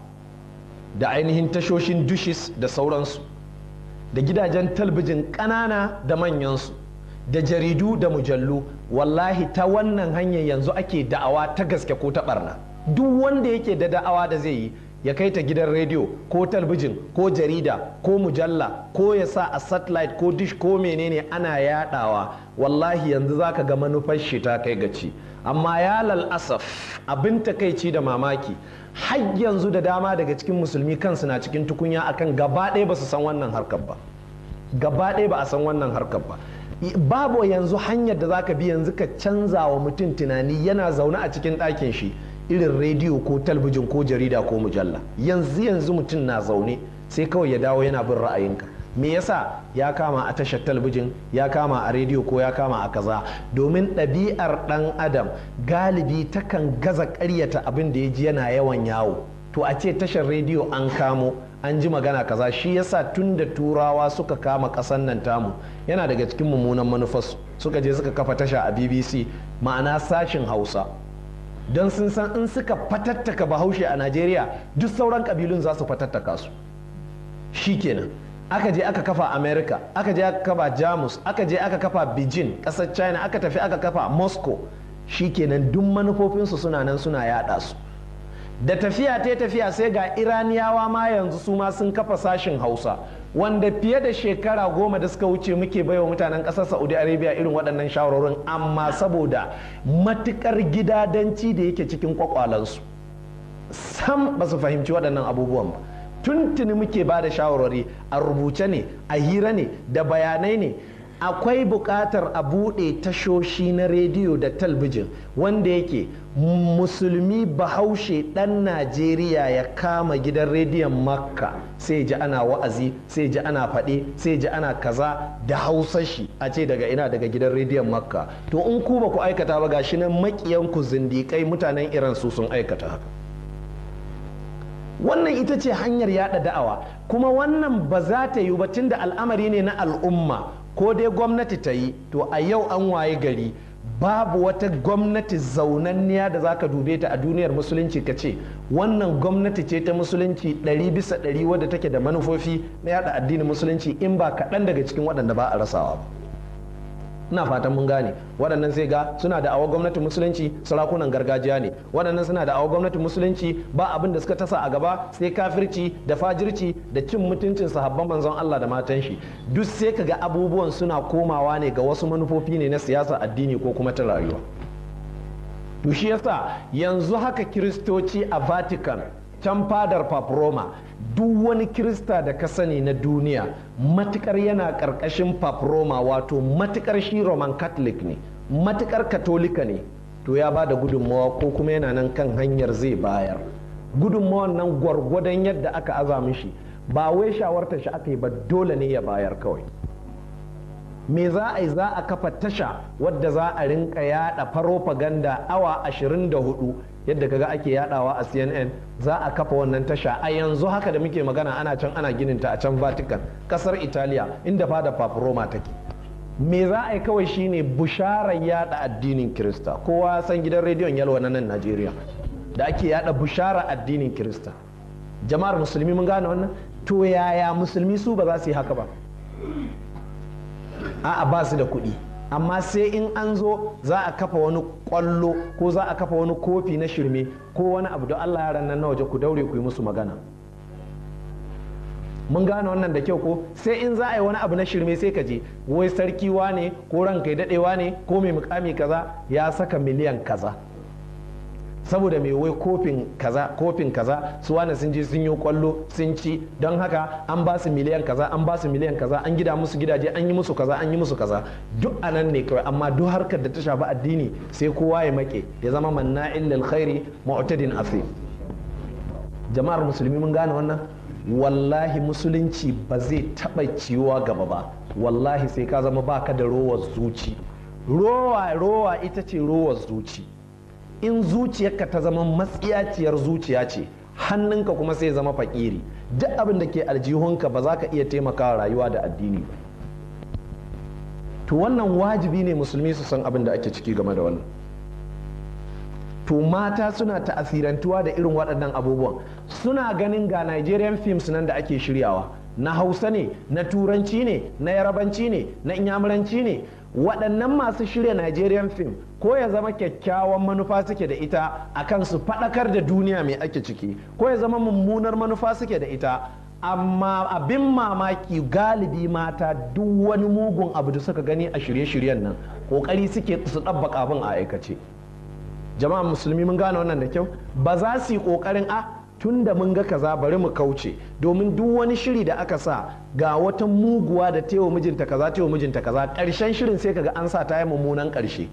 da ainihin tashoshin dushis da sauransu da gidajen talbijin ƙanana da manyansu da jaridu da mujallu wallahi ta wannan hanyar yanzu ake da'awa ta gaske ko ta barna duk wanda yake da da'awa da zai yi ya kai ta gidan rediyo ko talbijin ko jarida ko mujalla ko ya sa a satellite ko dish ko menene ana yadawa wallahi yanzu za ka ga manufar shi ta kai gaci amma ya lalasaf abin takaici da mamaki har yanzu da dama daga cikin musulmi kansu na cikin tukunya akan gaba ɗaya ba su san wannan harkar ba gaba ɗaya ba a san wannan harkar ba babu yanzu hanyar da za ka bi yanzu ka canza wa mutum tunani yana zaune a cikin ɗakin shi irin rediyo ko talbijin ko jarida ko mujalla yanzu yanzu mutum na zaune sai kawai ya dawo yana bin ra'ayinka me yasa ya kama a tashar talbijin ya kama a rediyo ko ya kama a kaza domin ɗabi'ar ɗan adam galibi takan gaza karyata abin da ya ji yana yawan yawo to a ce tashar rediyo an kamo an ji magana kaza shi yasa tun da turawa suka kama kasan nan tamu yana daga cikin mummunan manufarsu suka je suka kafa tasha a bbc ma'ana sashin hausa don sun san in suka fatattaka bahaushe a najeriya duk sauran kabilun za su fatattaka su shikenan aka je aka kafa america aka je aka kafa jamus aka je aka kafa beijing kasar china aka tafi aka kafa moscow shikenan duk manufofinsu suna nan suna yada su da tafiya ta tafiya sai ga iraniyawa ma yanzu su ma sun kafa sashen hausa wanda fiye da shekara goma da suka wuce muke baiwa mutanen ƙasar saudi arabia irin waɗannan shawarorin amma saboda matukar gidadanci da yake cikin kwakwalansu sam ba su fahimci waɗannan abubuwan ba tuntuni muke ba da shawarwari a rubuce ne a hira ne da bayanai ne akwai buƙatar a buɗe tashoshi na rediyo da talbijin wanda yake musulmi bahaushe ɗan najeriya ya kama gidan rediyon makka sai ji ana wa'azi sai ji ana faɗe sai ji ana kaza da hausashi a ce daga ina daga gidan rediyon makka to in ku ba ku aikata ba gashi nan makiyanku zindikai mutanen iran su sun aikata haka wannan ita ce hanyar yada da'awa kuma wannan ba za ta yi ba da al'amari ne na al'umma ko dai gwamnati ta yi to a yau an waye gari babu wata gwamnati zaunanniya da za ka dube ta a duniyar musulunci ka ce wannan gwamnati ce ta musulunci ɗari bisa ɗari wadda take da manufofi na yada addinin musulunci in ba kaɗan daga cikin waɗanda ba a rasawa ba ina fatan mun gane waɗannan sai ga suna da awa gwamnatin musulunci sarakunan gargajiya ne waɗannan suna da awa gwamnatin musulunci ba abin da suka tasa a gaba sai kafirci da fajirci da cin mutuncin sahabban manzon Allah da matan shi duk sai kaga abubuwan suna komawa ne ga wasu manufofi ne na siyasa addini ko kuma ta rayuwa to shi yasa yanzu haka kiristoci a Vatican can fadar paproma duk wani kirista da ka sani na duniya matukar yana karkashin paproma wato matukar shi roman catholic ne matukar katolika ne to ya ba da gudunmawa ko kuma yana nan kan hanyar zai bayar gudunmawan nan gwargwadon yadda aka aza mishi ba wai shawartar shi aka yi ba dole ne ya bayar kawai me za a yi za a kafa tasha wadda za a rinka yada farofaganda awa 24 yadda kaga ake yadawa a CNN za a kafa wannan tasha a yanzu haka da muke magana ana can ana ginin ta a can Vatican kasar Italiya inda fada roma take me za a yi kawai shine bisharar yada addinin Kirista kowa san gidan rediyon yalwa na nan Najeriya da ake yada Bushara addinin Kirista jama'ar musulmi mun gane wannan to yaya musulmi su ba za su yi haka ba a'a ba su da kuɗi amma sai in an zo za a kafa wani kwallo ko za a kafa wani kofi na shirme ko wani abu da Allah ya ranar na waje ku daure ku yi musu magana mun gane wannan da kyau ko sai in za a yi wani abu na shirme sai ka je wai sarki wane ko ranka daɗewa ne ko mai mukami kaza ya saka miliyan kaza saboda mai wai kofin kaza kofin kaza su wani sun je sun yi kwallo sun ci don haka an ba su miliyan kaza an ba su miliyan kaza an gida musu gidaje an yi musu kaza an yi musu kaza duk anan ne kawai amma duk harkar da ta shafi addini sai kowa ya make ya zama manna illal khairi mu'tadin asli jama'ar musulmi mun gane wannan wallahi musulunci ba zai taɓa ciwa gaba ba wallahi sai ka zama baka da rowar zuci rowa rowa ita ce rowar zuci in zuciyarka ta zama matsiyaciyar zuciya ce hannunka kuma sai zama fakiri duk abin da ke aljihunka ba za ka iya taimakawa rayuwa da addini ba to wannan wajibi ne musulmi su san abin da ake ciki game da wannan to mata suna ta'asirantuwa da irin waɗannan abubuwan suna ganin ga nigerian films nan da ake shiryawa na hausa ne na turanci ne na yarabanci ne na inyamuranci ne waɗannan masu shirya nigerian film ko ya zama kyakkyawan manufa suke da ita a kan su faɗakar da duniya mai ake ciki ko ya zama mummunar manufa suke da ita amma abin mamaki galibi mata duk wani mugun abu da suka gani a shirye-shiryen nan kokari suke su ɗabbaka abin a aikace jama'a musulmi mun gane wannan da kyau ba za su yi kokarin a ah, tun da mun ga kaza bari mu kauce domin duk wani shiri da aka sa ga wata muguwa da tewa mijinta kaza tewa mijinta kaza ƙarshen shirin sai kaga an sa ta yi mummunan ƙarshe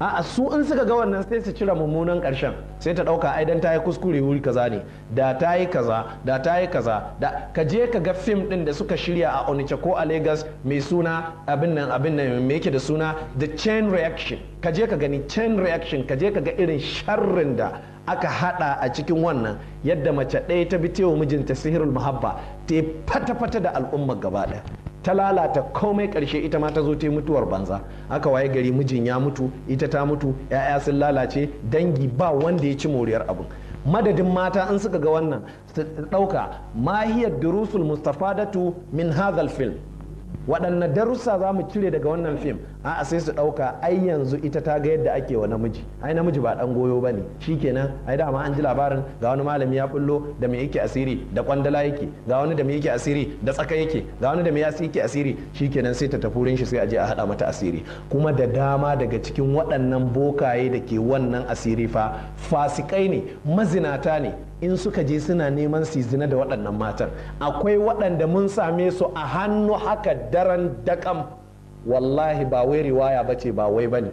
a'a su in suka ga wannan sai su cire mummunan karshen sai ta dauka ai dan ta yi kuskure wuri kaza ne da ta yi kaza da ta yi kaza da ka je ka ga fim din da suka shirya a Onitsha ko a Lagos mai suna abin nan abin nan me yake da suna the chain reaction ka je ka gani chain reaction ka je ka ga irin sharrin da aka hada a cikin wannan yadda mace ɗaya ta bi tewa mijinta sihirul muhabba ta fata-fata da al'ummar gaba ɗaya ta lalata komai karshe ita ma ta zo ta mutuwar banza aka waye gari mijin ya mutu ita ta mutu 'ya'ya sun lalace dangi ba wanda ya ci moriyar abin madadin mata in suka ga wannan su ɗauka mahiyar durusul mustafadatu min hadhal film waɗanne darussa za mu cire daga wannan fim a sai su ɗauka ai yanzu ita ta ga yadda ake wa namiji ai namiji ba ɗan goyo ba ne shi shikenan ai dama an ji labarin ga wani malami ya bullo da me yake asiri da kwandala yake ga wani da me yake asiri da tsaka yake ga wani da me yasi yake asiri shikenan sai ta tafi wurin shi sai a je a hada mata asiri kuma da dama daga cikin waɗannan bokaye da ke wannan asiri fa fasikai ne mazinata ne in suka je suna neman su zina da waɗannan matan akwai waɗanda mun same su a hannu haka daren dakam wallahi ba wai riwaya ba ce ba wai bane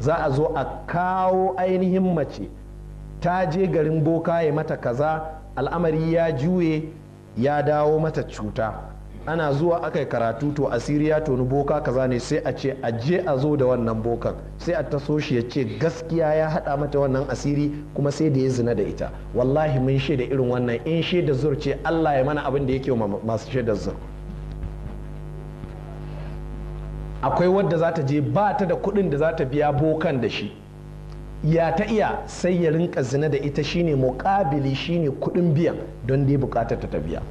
za a zo a kawo ainihin mace ta je garin boka ya mata kaza al'amari ya juye ya dawo mata cuta ana zuwa aka yi karatu to asiriya to ni boka kaza ne sai a ce a je a zo da wannan bokan sai a taso shi ya ce gaskiya ya hada mata wannan asiri kuma sai da ya zina da ita wallahi mun shaida irin wannan in shaida zur ce Allah ya mana abin da yake masu shaida zur akwai wadda za ta je ba ta da kuɗin da za ta biya bokan da shi ya ta iya sai ya rinka zina da ita shine mukabili shine kuɗin biyan don dai buƙatar ta biya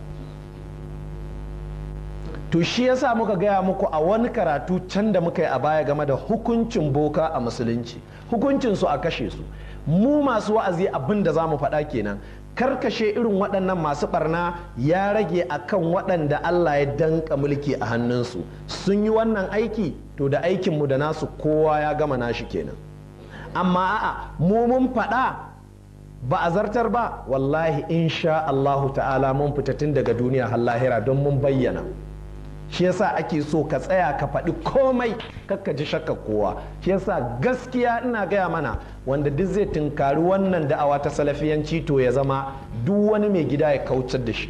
to shi yasa muka gaya muku a wani karatu can da muka yi a baya game da hukuncin boka a musulunci hukuncin su a kashe su mu masu wa'azi abinda da za mu faɗa kenan karkashe irin waɗannan masu ɓarna ya rage a kan waɗanda Allah ya danka mulki a hannunsu sun yi wannan aiki to da aikinmu da nasu kowa ya gama nashi kenan amma a'a mu mun faɗa ba a zartar ba wallahi insha Allahu ta'ala mun fitattun daga duniya har lahira don mun bayyana shi yasa ake so ka tsaya ka faɗi komai kakka ji shakka kowa shi yasa gaskiya ina gaya mana wanda duk zai tunkari wannan da'awa ta salafiyanci to ya zama duk wani mai gida ya kaucar da shi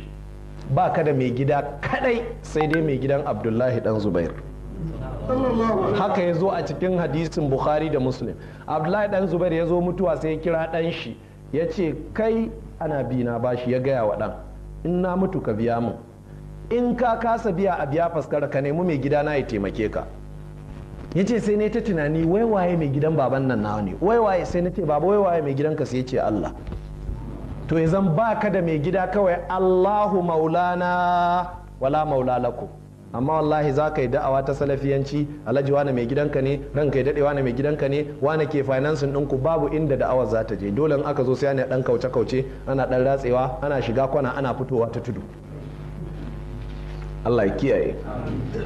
ba ka da mai gida kadai sai dai mai gidan abdullahi dan zubair haka ya zo a cikin hadisin bukhari da muslim abdullahi dan zubair ya zo mutuwa sai ya kira dan shi ya ce kai ana bina bashi ya gaya wa dan in na mutu ka biya min in ka kasa biya a biya faskara ka nemi mai gida na ya taimake ka ya ce sai ne ta tunani wai mai gidan baban nan na ne wai sai na ce baba wai mai gidan ka sai ce Allah to ya zan ba ka da mai gida kawai Allahu maulana wala maula amma wallahi za ka yi da'awa ta salafiyanci alhaji wane mai gidanka ne ranka yi daɗe wane mai gidanka ne wane ke finansin ɗinku babu inda da'awar za ta je dole in aka zo sai ana ɗan kauce-kauce ana ɗan ratsewa ana shiga kwana ana fitowa ta tudu Allah ya kiyaye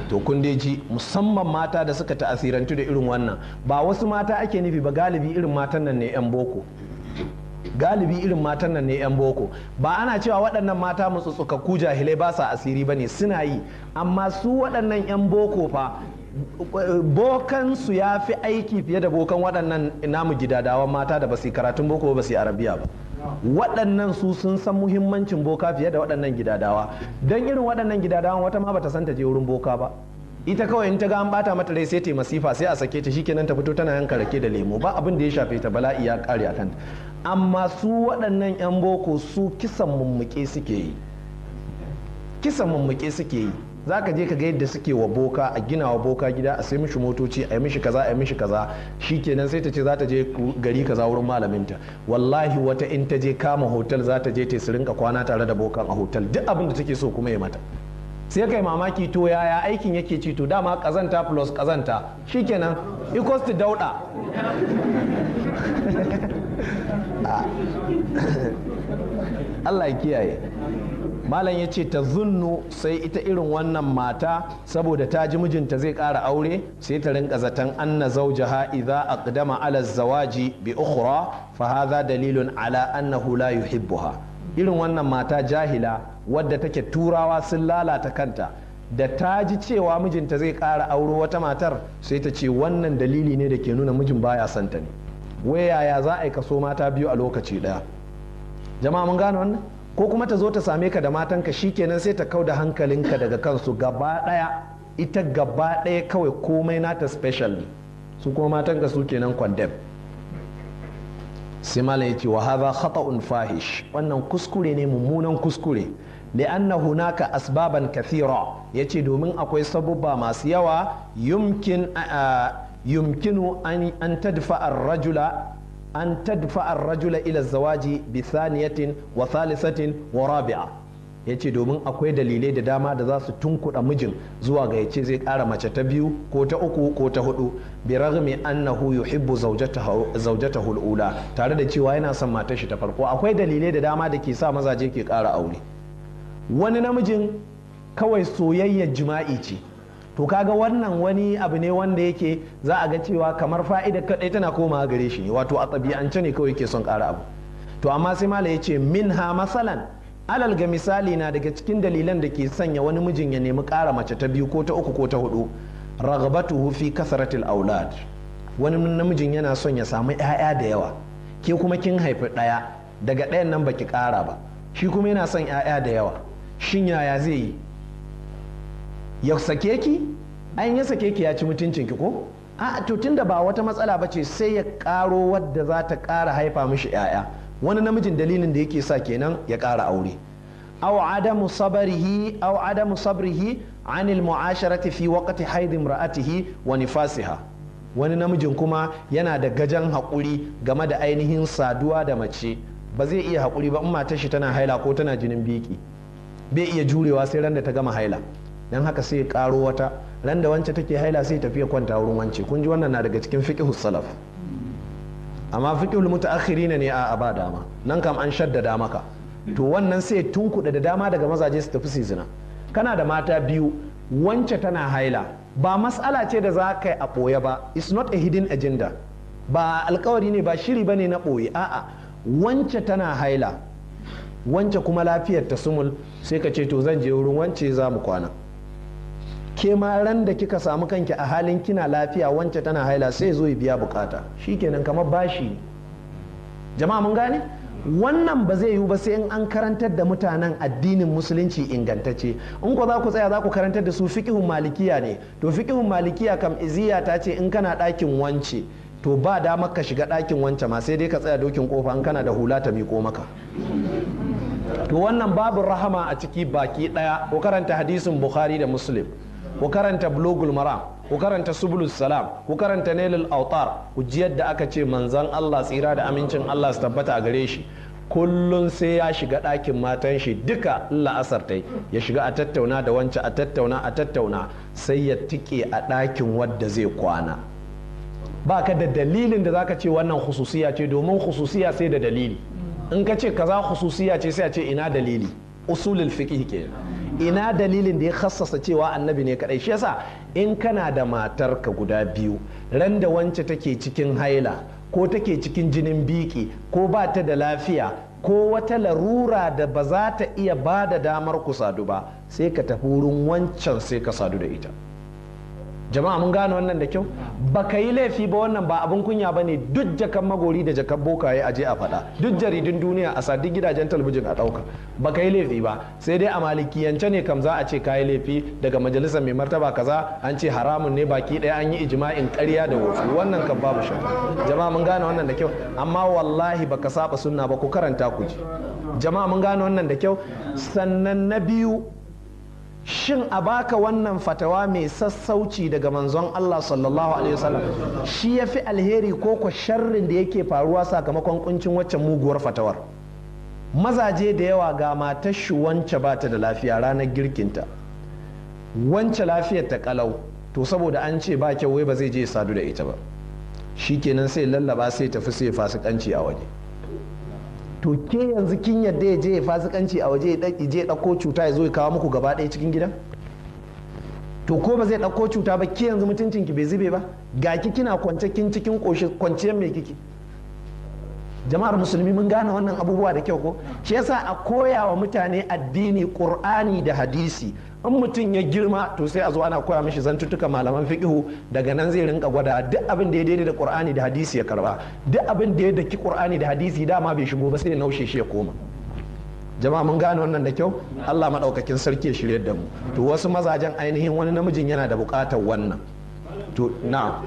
to kun dai ji musamman mata da suka ta'asirantu da irin wannan ba wasu mata ake nufi ba galibi irin matan nan ne 'yan boko galibi irin matan nan ne 'yan boko ba ana cewa waɗannan mata ku jahilai ba sa asiri ba ne suna yi amma su waɗannan 'yan boko fa bokan su ya fi aiki fiye da bokan waɗannan namu gidadawan mata da ba karatun boko ba su arabiya ba waɗannan su sun san muhimmancin boka fiye da waɗannan gidadawa don irin waɗannan gidadawan wata ma bata san ta je wurin boka ba ita kawai in ta ga an bata mata rai sai ta masifa sai a sake ta shikenan ta fito tana yanka rake da lemo ba abin da ya shafe ta bala'i ya kare a kanta amma su waɗannan 'yan boko su kisan mummuke suke yi kisan mummuke suke yi za ka je ka ga yadda suke wa boka a gina wa boka gida a sai mishi motoci a yi mishi kaza a yi mishi kaza shikenan sai ta ce za ta je gari kaza wurin malaminta wallahi wata in ta je kama hotel za ta je ta su rinka kwana tare da bokan a hotel duk abin da take so kuma ya mata sai kai mamaki to yaya aikin yake ci to dama kazanta plus kazanta shikenan equals to dauda ah. Allah ya kiyaye malam ya ce ta zunnu sai ita irin wannan mata saboda ta ji mijinta zai ƙara aure sai ta rinka zaton anna zawjaha a aqdama ala zawaji bi ukhra fa za dalilun ala annahu la yuhibbuha irin wannan mata jahila wadda take turawa sun lalata kanta da ta ji cewa mijinta zai ƙara aure wata matar sai ta ce wannan dalili ne da ke nuna mijin baya santa ne wai ya za a yi kaso mata biyu a lokaci ɗaya jama'a mun gane wannan ko kuma ta zo ta same ka da matanka kenan sai ta kau da hankalinka daga kansu gaba ɗaya ita gaba ɗaya kawai komai nata special ne su kuma matanka su kenan kwandem sai malam yace wa hadha khata'un fahish wannan kuskure ne mummunan kuskure li'anna hunaka asbaban kathira yace domin akwai sabubba masu yawa yumkin yumkinu an tadfa ar-rajula an tadfa ar-rajula ila zawaji bi wa salisatin wa rabi'a yace domin akwai dalilai da dama da za su tunkuɗa mijin zuwa ga yace zai kara mace ta biyu ko ta uku ko ta hudu bi raghmi annahu yuhibbu zawjatahu al hul’ula tare da cewa yana son matar shi ta farko akwai dalilai da dama da ke sa mazaje ke kara aure wani namijin kawai soyayyar jima'i ce to kaga wannan wani abu ne wanda yake za a ga cewa kamar fa'ida kadai tana komawa gare shi wato a tsabiyance ne kawai ke son kara abu to amma sai mala yace ce min ha masalan alal ga misali na daga cikin dalilan da ke sanya wani mijin ya nemi kara mace ta biyu ko ta uku ko ta hudu ragabatuhu fi kasaratil aulad wani namijin yana son ya samu 'ya'ya da yawa ke kuma kin haifi ɗaya daga ɗayan nan baki ƙara ba shi kuma yana son 'ya'ya da yawa shin yaya zai yi ya sake ki ayin ya sake ki ya ci mutuncin ki ko a to tunda ba wata matsala ba ce sai ya karo wadda za ta kara haifa mishi yaya wani namijin dalilin da yake sa kenan ya kara aure aw adamu sabrihi aw adamu sabrihi anil mu'asharati fi waqti haid imra'atihi wa nifasiha wani namijin kuma yana da gajan haƙuri game da ainihin saduwa da mace ba zai iya haƙuri ba in matar shi tana haila ko tana jinin biki bai iya jurewa sai ran da ta gama haila dan haka sai karo wata ran da wance take haila sai tafi ya kwanta wurin wance kun ji wannan na daga cikin fiqh salaf amma fiqhul mutaakhirin ne a ba dama nan kam an shaddada maka to wannan sai tunkuɗa da dama daga mazaje su tafi zina kana da mata biyu wance tana haila ba matsala ce da za ka yi a ɓoye ba it's not a hidden agenda ba alkawari ne ba shiri ba ne na ɓoye a'a wance tana haila wance kuma lafiyar ta sumul sai ka ce to zan je wurin wance za mu kwana ke ma ran da kika samu kanki a halin kina lafiya wance tana haila sai zo ya biya bukata shikenan kamar bashi ne jama'a mun gane wannan ba zai yiwu ba sai in an karantar da mutanen addinin musulunci ingantacce in ko za ku tsaya za ku karantar da su fiqhun malikiya ne to fiqhun malikiya kam iziya ta ce in kana ɗakin wance to ba damar ka shiga ɗakin wance ma sai dai ka tsaya dokin kofa in kana da hula ta miƙo maka to wannan babu rahama a ciki baki ɗaya ko karanta hadisin bukhari da muslim ku karanta bulugul maram ku karanta subulus salam ku karanta nailul autar ku ji yadda aka ce manzan Allah tsira da amincin Allah su tabbata a gare shi kullun sai ya shiga ɗakin matan shi duka la'asar ta ya shiga a tattauna da wancan a tattauna a tattauna sai ya tike a ɗakin wadda zai kwana ba ka da dalilin da zaka ce wannan hususiya ce domin hususiya sai da dalili in ka ce kaza hususiya ce sai a ce ina dalili usulul fiqh kenan ina dalilin da ya khassasa cewa annabi ne kadai shi yasa in kana da matarka guda biyu ran da wance take cikin haila ko take cikin jinin biki ko ba ta da lafiya ko wata larura da ba za ta iya ba da damar ku sadu ba sai ka tafi wurin wancan sai ka sadu da ita jama'a mun gane wannan da kyau ba ka yi laifi ba wannan ba abin kunya ba ne duk jakan magori da jakan bokaye aje a faɗa duk jaridun duniya a sadi gidajen talabijin a ɗauka ka yi laifi ba sai dai a malikiyance ne kam za a ce ka yi laifi daga majalisar mai martaba kaza an ce haramun ne baki ɗaya an yi ijma'in ƙarya da wofi wannan kan babu shakka jama'a mun gane wannan da kyau amma wallahi baka saba sunna ba ku karanta ku ji jama'a mun gane wannan da kyau sannan na biyu shin a baka wannan fatawa mai sassauci daga manzon Allah sallallahu alaihi wasallam shi ya fi alheri ko ko sharrin da yake faruwa sakamakon kuncin waccan muguwar fatawar mazaje da yawa ga matar shi wance ba ta da lafiya ranar girkinta wance lafiyar ta kalau to saboda an ce ba kyau wai ba zai je sadu da ita ba Shi kenan sai lallaba sai tafi sai fasikanci a waje to ke yanzu kin yadda ya je ya fasikanci a waje ya je dauko cuta ya zo ya kawo muku gaba ɗaya cikin gidan to ko ba zai ɗauko cuta ba ke yanzu mutuncin ki bai zube ba ga ki kina kwance kin cikin kwanciyar mai kiki jama'ar musulmi mun gane wannan abubuwa da kyau ko shi yasa a koya wa mutane addini qur'ani da hadisi in mutum ya girma to sai a zo ana koya mishi zantuttuka malaman fiqihu daga nan zai rinka gwada duk abin da ya daidai da qur'ani da hadisi ya karba duk abin da ya daki qur'ani da hadisi dama bai shigo ba sai ya naushe shi ya koma jama'a mun gane wannan da kyau Allah madaukakin sarki ya shirye da mu to wasu mazajen ainihin wani namijin yana da bukatar wannan to na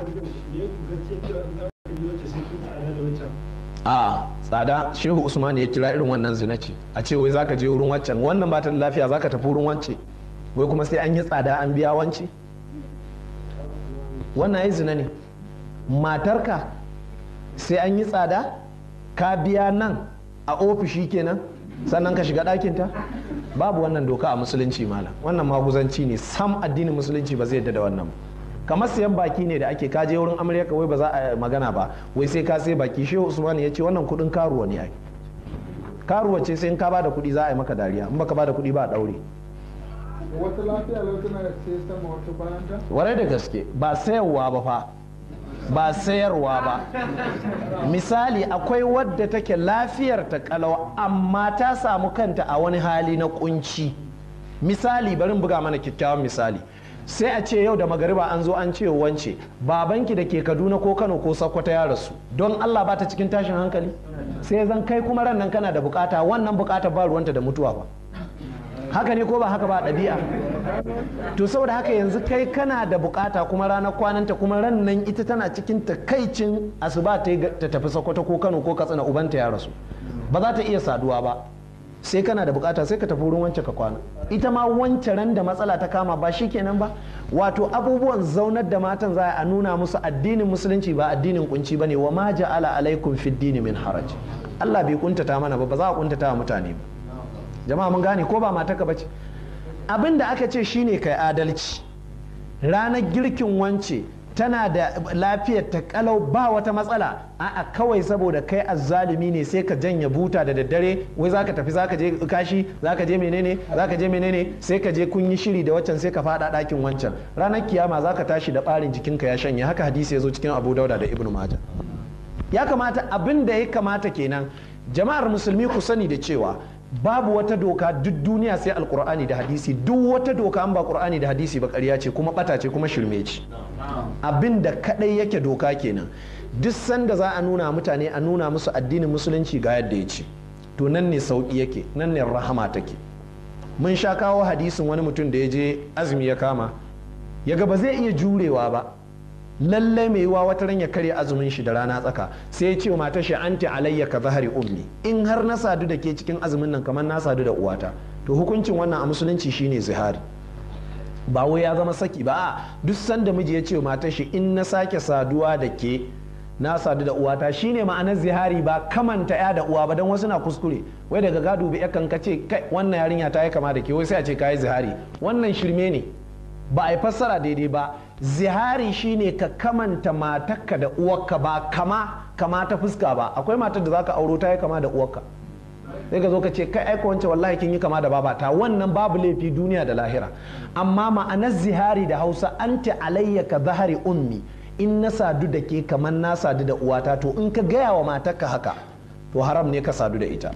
a tsada shehu usman ya kira irin wannan zina ce a ce wai zaka je wurin waccan wannan ba ta lafiya zaka tafi wurin wacce wai kuma sai an yi tsada an biya wanci wannan ya zina ne matarka sai an yi tsada ka biya nan a ofishi kenan sannan ka shiga ɗakinta babu wannan doka a musulunci malam wannan maguzanci ne sam addinin musulunci ba zai yadda da wannan kamar siyan baki ne da ake kaje wurin amarya kawai ba za a magana ba wai sai ka sai baki shehu usman ya ce wannan kudin karuwa ne ai karuwa ce sai in ka bada kudi za a yi maka dariya in baka da kudi ba a daure wata lafiya lautuna ce sama bayanta ware da gaske ba sayarwa ba fa ba sayarwa ba misali akwai wadda take lafiyar ta kalau amma ta samu kanta a wani hali na kunci misali barin buga mana kyakkyawan misali sai a ce yau da magariba an zo an ce wance babanki da ke kaduna ko kano ko Sakkwata ya rasu don allah ba ta cikin tashin hankali sai zan kai kuma rannan kana da bukata wannan bukata ba ruwanta da mutuwa ba haka ne ko ba haka ba ɗabi'a to saboda haka yanzu kai kana da bukata kuma ranar kwananta kuma ran nan ita tana cikin takaicin asuba ta tafi sokoto ko kano ko katsina ubanta ya rasu ba za ta iya saduwa ba sai kana da bukata sai ka tafi wurin wance ka kwana ita ma wance ran da matsala ta kama ba shi kenan ba wato abubuwan zaunar da matan za a nuna musu addinin musulunci ba addinin kunci bane wa ma ja'ala alaikum fid min haraj Allah bai kuntata mana ba ba za a kuntata wa mutane ba jama'a mun gane ko ba mataka bace abin da aka ce shine kai adalci ranar girkin wance tana da lafiyar ta kalau ba wata matsala a'a kawai saboda kai azzalumi ne sai ka janya buta da daddare wai zaka tafi zaka je kashi zaka je menene zaka je menene sai ka je kun yi shiri da waccan sai ka fada dakin wancan ranar kiyama zaka tashi da barin jikin ka ya shanye haka hadisi ya zo cikin Abu Dauda da Ibn Majah ya kamata abin da ya kamata kenan jama'ar musulmi ku sani da cewa babu wata doka duk duniya sai alkur'ani da hadisi duk wata doka an ba qur'ani da hadisi ba ƙarya ce kuma ɓata ce kuma shirme ce abin da kaɗai yake doka kenan duk sanda za a nuna mutane a nuna musu addinin musulunci ga yadda ya ce to nan ne sauki yake nan ne rahama take mun sha kawo hadisin wani mutum da ya je azumi ya kama yaga ba zai iya jurewa ba lallai mai yiwa wata ran ya karya azumin shi da rana tsaka sai ya ce mata shi anti alayya ka zahari ummi in har na sadu da ke cikin azumin nan kamar na sadu da uwata to hukuncin wannan a musulunci shine zihari ba wai ya zama saki ba duk sanda miji ya ce mata shi in na sake saduwa da ke na sadu da uwata shine ma'anar zihari ba kamanta ya da uwa ba dan wasu na kuskure wai daga gado bi yakan kace kai wannan yarinya ta yi kama da ke wai sai a ce kayi zihari wannan shirme ne ba a yi fassara daidai ba zihari shine ka kamanta matarka da uwarka ba kama kama ta fuska ba akwai matar da zaka auro ta yi kama da uwakka sai ka zo ka ce kai aika wance wallahi kin yi kama da babata wannan babu laifi duniya da lahira amma ma'anar zihari da hausa anti alayya ka zahari ummi in na sadu da ke kamar na sadu da uwata to in ka gaya wa matarka haka to haram ne ka sadu da ita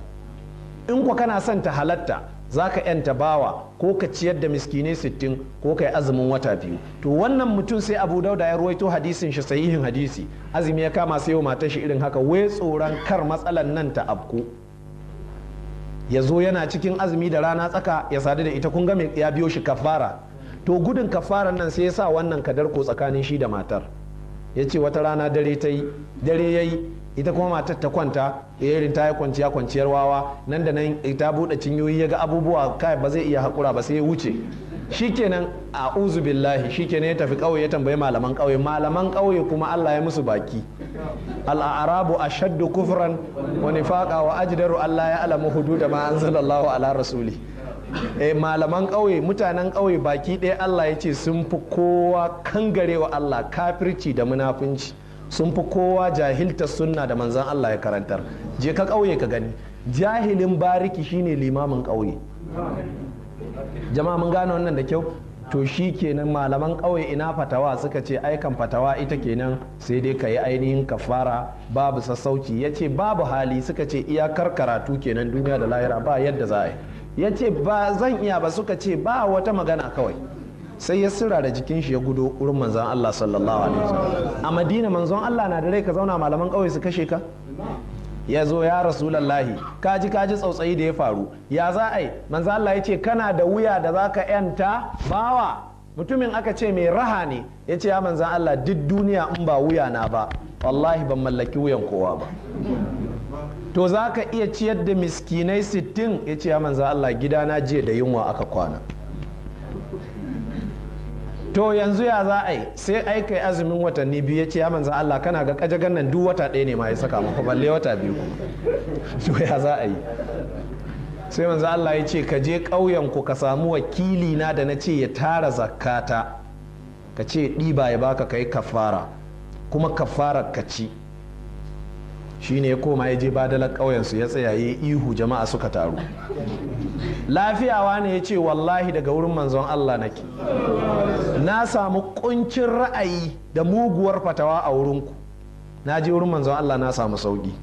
in kwa kana son ta halatta za ka yanta bawa ko ka ciyar da miskinai sittin ko ka yi azumin wata biyu to wannan mutum sai abu dauda ya ruwaito hadisin shi sahihin hadisi azumi ya kama sai matar shi irin haka wai tsoron kar matsalan nan ta abku ya zo yana cikin azumi da rana tsaka ya sadu da ita kun ga ya biyo shi kafara to gudun kafaran nan sai ya sa wannan kadarko tsakanin shi da matar ya ce wata rana dare ta yi dare ya yi ita kuma matar ta kwanta eh, irin ta yi kwanciya kwanciyar wawa nan da nan eh, ta buɗe cinyoyi ya ga abubuwa kai ba zai iya haƙura ba sai ya wuce shikenan a uzu billahi shikenan ya tafi ƙauye ya tambayi malaman ƙauye malaman ƙauye kuma Allah ya musu baki al'arabu ashaddu kufran wa nifaqa wa ajdaru Allah ya alamu hududa ma anzalallahu ala rasuli eh malaman ƙauye mutanen ƙauye baki ɗaya Allah ya ce sun fi kowa kangarewa Allah kafirci da munafunci sun fi kowa jahilta sunna da manzan Allah ya karantar je ka ƙauye ka gani jahilin bariki shine limamin ƙauye jama'a mun gane wannan da kyau to shi kenan malaman ƙauye ina fatawa suka ce aikan fatawa ita kenan sai dai ka yi ainihin kafara babu sassauci ya ce babu hali suka ce iyakar karatu kenan duniya da lahira ba yadda za a yi ya ce ba zan iya ba suka ce ba wata magana kawai sai ya sira da jikin shi ya gudo wurin manzon Allah sallallahu alaihi wasallam a Madina manzon Allah na da rai ka zauna malaman ƙauye su kashe ka ya zo ya rasulallahi ka ji tsautsayi da ya faru ya za a yi manzon Allah ya ce kana da wuya da zaka yanta bawa mutumin aka ce mai raha ne ya ce ya manzan Allah duk duniya in ba wuya na ba wallahi ban mallaki wuyan kowa ba to zaka iya ciyar da miskinai sittin ya ce ya manzon Allah gidana jiya da yunwa aka kwana to yanzu ya za a yi sai ai azumin watanni biyu ya ce ya manzan Allah kana ga kajagan nan duk wata ɗaya ne ma ya saka maka balle wata biyu to ya za a yi sai manzan Allah ya ce ka je ƙauyen ku ka samu wakili na da na ce ya tara zakata ka ce ɗiba ya baka kai kafara kuma kafara ka ci shine ya koma ya je badalar ƙauyensu ya tsaya ya ihu jama'a suka taru lafiyawa ne ya ce wallahi daga wurin manzon Allah nake na samu kuncin ra'ayi da muguwar fatawa a wurinku na je wurin manzon Allah na samu sauki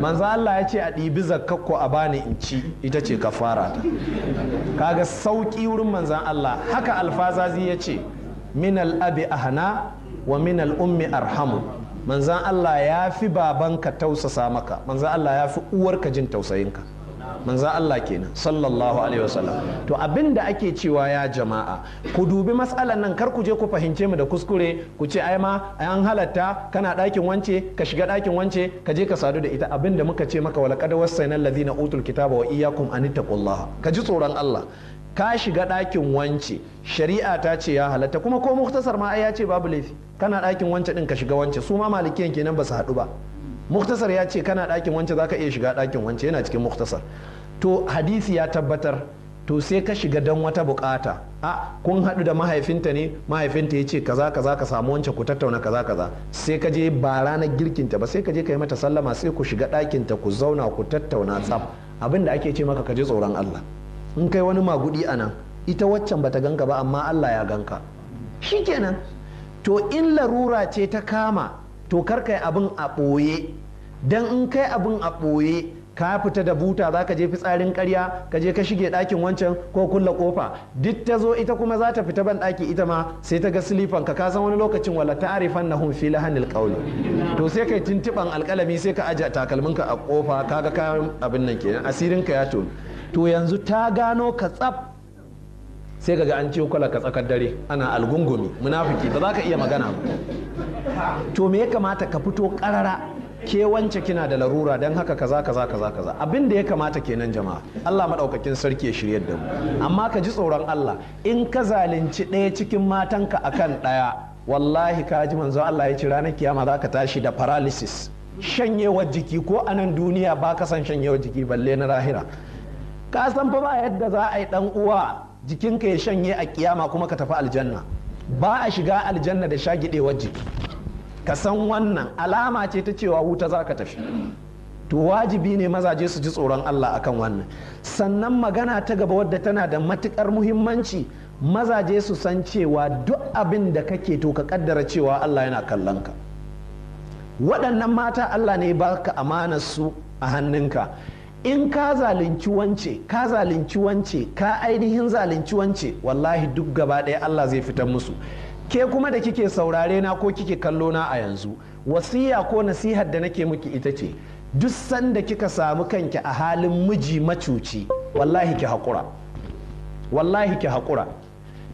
manzon Allah ya ce a ɗibi zakkakko a bani in ci ita ce kafara ta kaga sauƙi wurin manzon Allah haka alfazazi ya ce min al'abi ahana wa min al'ummi arhamu manzan Allah ya fi babanka tausasa maka manzan Allah ya fi uwarka jin tausayinka manzan Allah kenan sallallahu alaihi wasallam to abin da ake cewa ya jama'a ku dubi matsalan nan kar ku je ku fahimce mu da kuskure ku ce ai ma an halatta kana ɗakin wance ka shiga ɗakin wance ka je ka sadu da ita abin da muka ce maka walaqad wasaina allazina utul kitaba wa iyyakum an taqullaha ka ji tsoron Allah ka shiga ɗakin wance shari'a ta ce ya halatta kuma ko muktasar ma ya ce babu laifi kana ɗakin wance ɗin ka shiga wance su ma malikiyan kenan ba su haɗu ba muktasar ya ce kana ɗakin wance za ka iya shiga ɗakin wance yana cikin muktasar to hadisi ya tabbatar to sai ka shiga don wata bukata a kun haɗu da mahaifinta ne mahaifinta ya ce kaza kaza ka samu wancan ku tattauna kaza kaza sai ka je ba ranar girkinta ba sai ka je ka yi mata sallama sai ku shiga ɗakinta ku zauna ku tattauna tsaf abin da ake ce maka ka je tsoron allah in kai wani magudi a nan ita waccan bata ganka ba amma Allah ya ganka shikenan to in larura ce ta kama to kar kai abin a ɓoye don in kai abin a ɓoye ka fita da buta za ka je fitsarin karya ka je ka shige ɗakin wancan ko kulla kofa duk ta zo ita kuma za ta fita ban ɗaki ita ma sai ta ga silifan ka kasan wani lokacin wala arifan na hun fila hannun ƙauli to sai kai tuntuɓan alƙalami sai ka aje takalminka a kofa kaga kayan abin nan kenan asirin ka ya tonu to yanzu ta gano ka tsaf sai kaga an ce kwala ka tsakar dare ana algungumi munafiki ba za ka iya magana ba to me ya kamata ka fito karara ke wance kina da larura don haka kaza kaza kaza kaza abin da ya kamata kenan jama'a Allah maɗaukakin sarki ya shirye da mu amma ka ji tsoron Allah in ka zalunci ɗaya cikin matanka akan ɗaya wallahi ka ji manzo Allah ya ci ranar kiyama za ka tashi da paralysis shanyewar jiki ko a nan duniya ba ka san shanyewar jiki balle na rahira ka san fa ba yadda za a yi dan uwa jikinka ya shanye a kiyama kuma ka tafi aljanna ba a shiga aljanna da shagidewar jiki ka san wannan alama ce ta cewa wuta za ka tafi to wajibi ne mazaje su ji tsoron Allah akan wannan sannan magana ta gaba wadda tana da matukar muhimmanci mazaje su san cewa duk abin da kake to ka kaddara cewa Allah yana kallon ka waɗannan mata Allah ne baka amana su a hannunka in ka zalunci wance ka zalunci wance ka ainihin zalunci wance wallahi duk gaba ɗaya Allah zai fitar musu ke kuma da kike saurare na ko kike kallo na a yanzu wasiya ko nasihar da nake miki ita ce duk sanda kika samu kanki a halin miji macuci wallahi ki hakura wallahi ki haƙura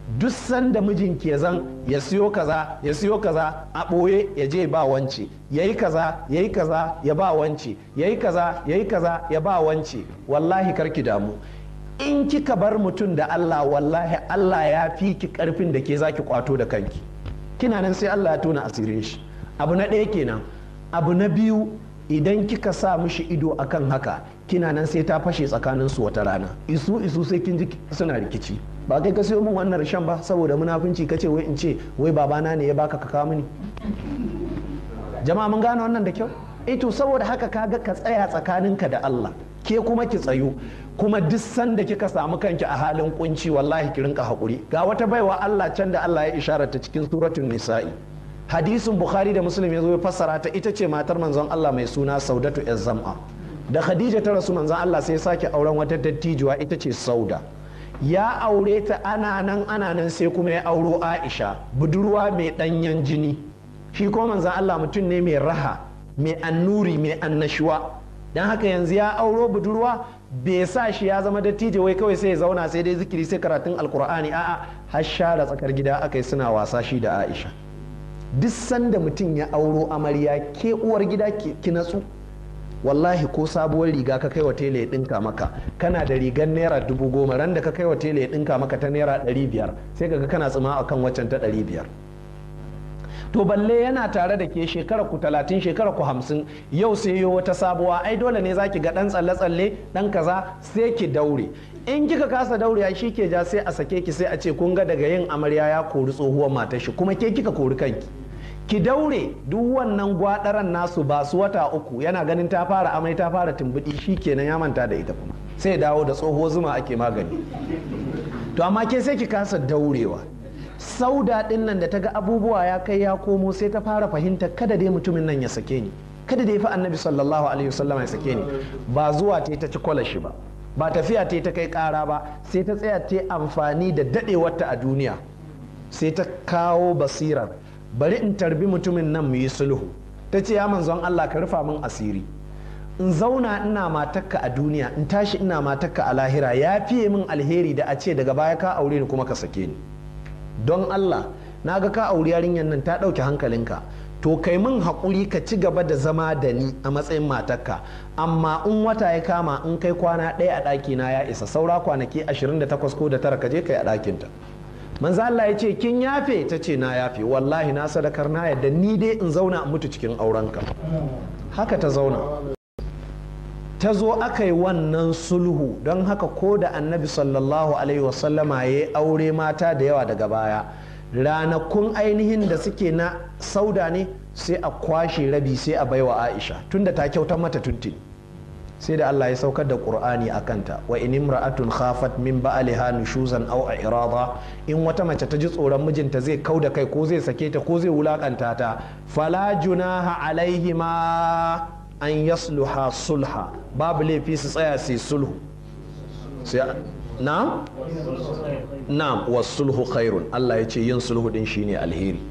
duk sanda mijinki ya zan ya siyo kaza ya siyo kaza a ɓoye ya je ba wance ya yi kaza ya yi kaza ya ba wance ya yi kaza ya yi kaza ya ba wance wallahi karki damu in kika bar mutum da Allah wallahi Allah ya fi ki karfin da ke za ki kwato da kanki kina nan sai Allah ya tona asirin shi abu na ɗaya kenan abu na biyu idan kika sa mishi ido akan haka kina nan sai ta fashe tsakanin su wata rana isu isu sai kin ji suna rikici ba kai ka siyo min wannan rashen ba saboda munafunci ka kace wai in ce wai babana ne ya baka ka kawo mini jama'a mun gane wannan da kyau ito eh saboda haka ga ka tsaya tsakaninka da Allah ke kuma ki tsayo kuma duk sanda kika samu kanki a halin kunci wallahi ki rinka hakuri ga wata baiwa Allah can da Allah ya ta cikin suratul nisa'i hadisin bukhari da muslim ya zo ya fassara ta ita ce matar manzon Allah mai suna saudatu zam'a da khadija ta rasu manzon Allah sai ya sake auren wata dattijuwa ita ce sauda ya aure ta ana nan ana nan sai kuma ya auro aisha budurwa mai ɗanyen jini shi ko manzan allah mutum ne mai raha mai annuri mai annashuwa don haka yanzu ya auro budurwa bai sa shi ya zama dattijo wai kawai sai ya zauna sai dai zikiri sai karatun alkur'ani a'a har share tsakar gida aka yi suna wasa shi da aisha duk sanda mutum ya auro amarya ke uwar gida ki natsu wallahi ko sabuwar riga ka kai wa tele ya dinka maka kana da rigar naira dubu goma ran da ka kai wa tele ya dinka maka ta naira ɗari biyar sai kaga kana tsima a kan waccan ta ɗari biyar to balle yana tare da ke shekara ku talatin shekara ku hamsin yau sai yi wata sabuwa ai dole ne zaki ga ɗan tsalle tsalle ɗan kaza sai ki daure in kika kasa daure ya shi ke ja sai a sake ki sai a ce kun ga daga yin amarya ya kori tsohuwar matar shi kuma ke kika kori kanki ki daure duk wannan gwadaran nasu ba su wata uku yana ganin ta fara amai ta fara tumbuɗi kenan ya manta da ita kuma sai dawo da tsoho zuma ake magani to amma ke sai ki kasa daurewa Sau daɗin nan da ta ga abubuwa ya kai ya komo sai ta fara fahimta kada dai mutumin nan ya sake ni kada dai fa annabi sallallahu alaihi wasallam ya sake ni ba zuwa ta ta ci kwalashi ba ba tafiya ta ta kai kara ba sai ta tsaya ta amfani da daɗewarta a duniya sai ta kawo basirar bari in tarbi mutumin nan mu yi sulhu ta ce ya manzon Allah ka rufa min asiri in zauna ina matakka a duniya in tashi ina matakka a lahira ya fiye min alheri da a ce daga baya ka aure ni kuma ka sake ni don Allah na ga ka aure yarinyar nan ta dauke hankalinka to kai min haƙuri ka ci gaba da zama da ni a matsayin matakka amma in wata ya kama in kai kwana ɗaya a ɗakina ya isa saura kwanaki 28 ko da tara ka je kai a ɗakinta manzo Allah ya ce kin yafe ta ce na yafe wallahi na sadakar na yadda ni dai in zauna in mutu cikin aurenka haka ta zauna ta zo aka yi wannan sulhu don haka ko da annabi sallallahu alaihi wasallama ya aure mata da yawa daga baya ranakun ainihin da suke na sauda ne sai a kwashe rabi sai a baiwa aisha tunda ta kyauta mata tuntuni sai da Allah ya saukar da Qur'ani a kanta wa in imra'atun khafat min ba'liha nushuzan aw irada in wata mace ta ji tsoron mijinta zai kau da kai ko zai sake ta ko zai wulakanta ta fala junaha alaihima an yasluha sulha babu laifi su tsaya su sulhu na na wasulhu khairun Allah ya ce yin sulhu din shine alheri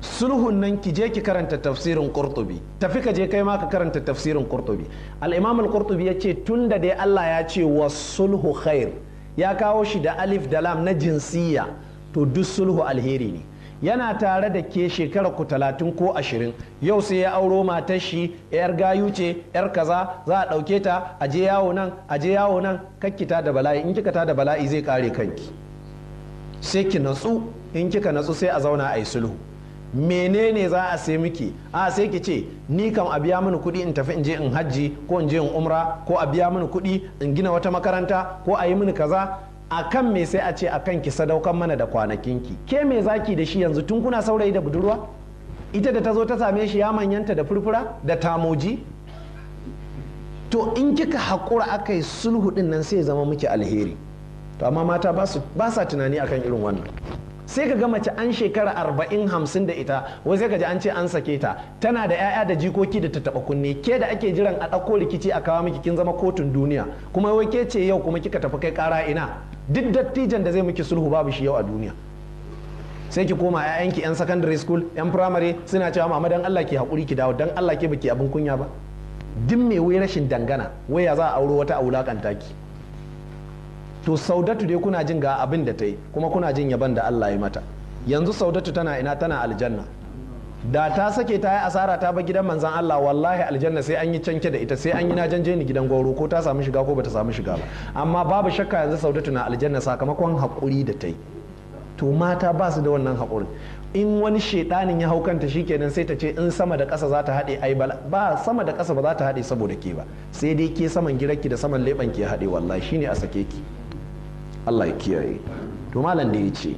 sulhun nan ki je ki karanta tafsirin qurtubi tafi ka je kai ma ka karanta tafsirin qurtubi al-imam al-qurtubi yace tunda dai Allah ya ce was-sulhu khair ya kawo shi da alif da lam na jinsiya to duk sulhu alheri ne yana tare da ke shekara ku talatin ko ashirin yau sai ya auro matar shi yar gayu ce yar kaza za a ɗauke ta a je yawo nan a je yawo nan kakkita da bala'i in kika ta da bala'i zai kare kanki sai ki natsu in kika natsu sai a zauna a yi sulhu menene za a sai miki a sai ki ce ni kam a biya mini kuɗi in tafi in je in hajji ko in je in umra ko a biya mini kuɗi in gina wata makaranta ko a yi mini kaza a kan me sai a ce a kan ki sadaukar mana da kwanakin ki. ke me zaki da shi yanzu tun kuna saurayi da budurwa ita da ta zo ta same shi ya manyanta da furfura da tamoji to in kika haƙura aka sulhu ɗin nan sai zama miki alheri to amma mata ba sa tunani akan irin wannan sai ka ga mace an shekara arba'in hamsin da ita wai sai ka ji an ce an sake ta tana da 'ya'ya da jikoki da ta taba kunne ke da ake jiran a ɗauko rikici a kawo miki kin zama kotun duniya kuma wai ke ce yau kuma kika tafi kai kara ina duk dattijan da zai miki sulhu babu shi yau a duniya sai ki koma 'ya'yanki 'yan secondary school 'yan primary suna cewa mama dan Allah ki haƙuri ki dawo dan Allah ke baki abin kunya ba duk me wai rashin dangana wai ya za a auro wata a wulakanta ki to saudatu dai kuna jin ga abin da ta yi kuma kuna jin yaban da Allah ya mata yanzu saudatu tana ina tana aljanna da ta sake ta yi asara ta ba gidan manzan Allah wallahi aljanna sai an yi canke da ita sai an yi na janje ni gidan goro ko ta samu shiga ko bata samu shiga ba amma babu shakka yanzu saudatu na aljanna sakamakon haƙuri da ta yi to mata ba su da wannan haƙurin in wani shaiɗanin ya hau kanta shi shikenan sai ta ce in sama da ƙasa za ta haɗe ai ba sama da ƙasa ba za ta haɗe saboda ke ba sai dai ke saman girarki da saman leɓanki ya haɗe wallahi shine a sake ki Allah ya kiyaye to malam da ya ce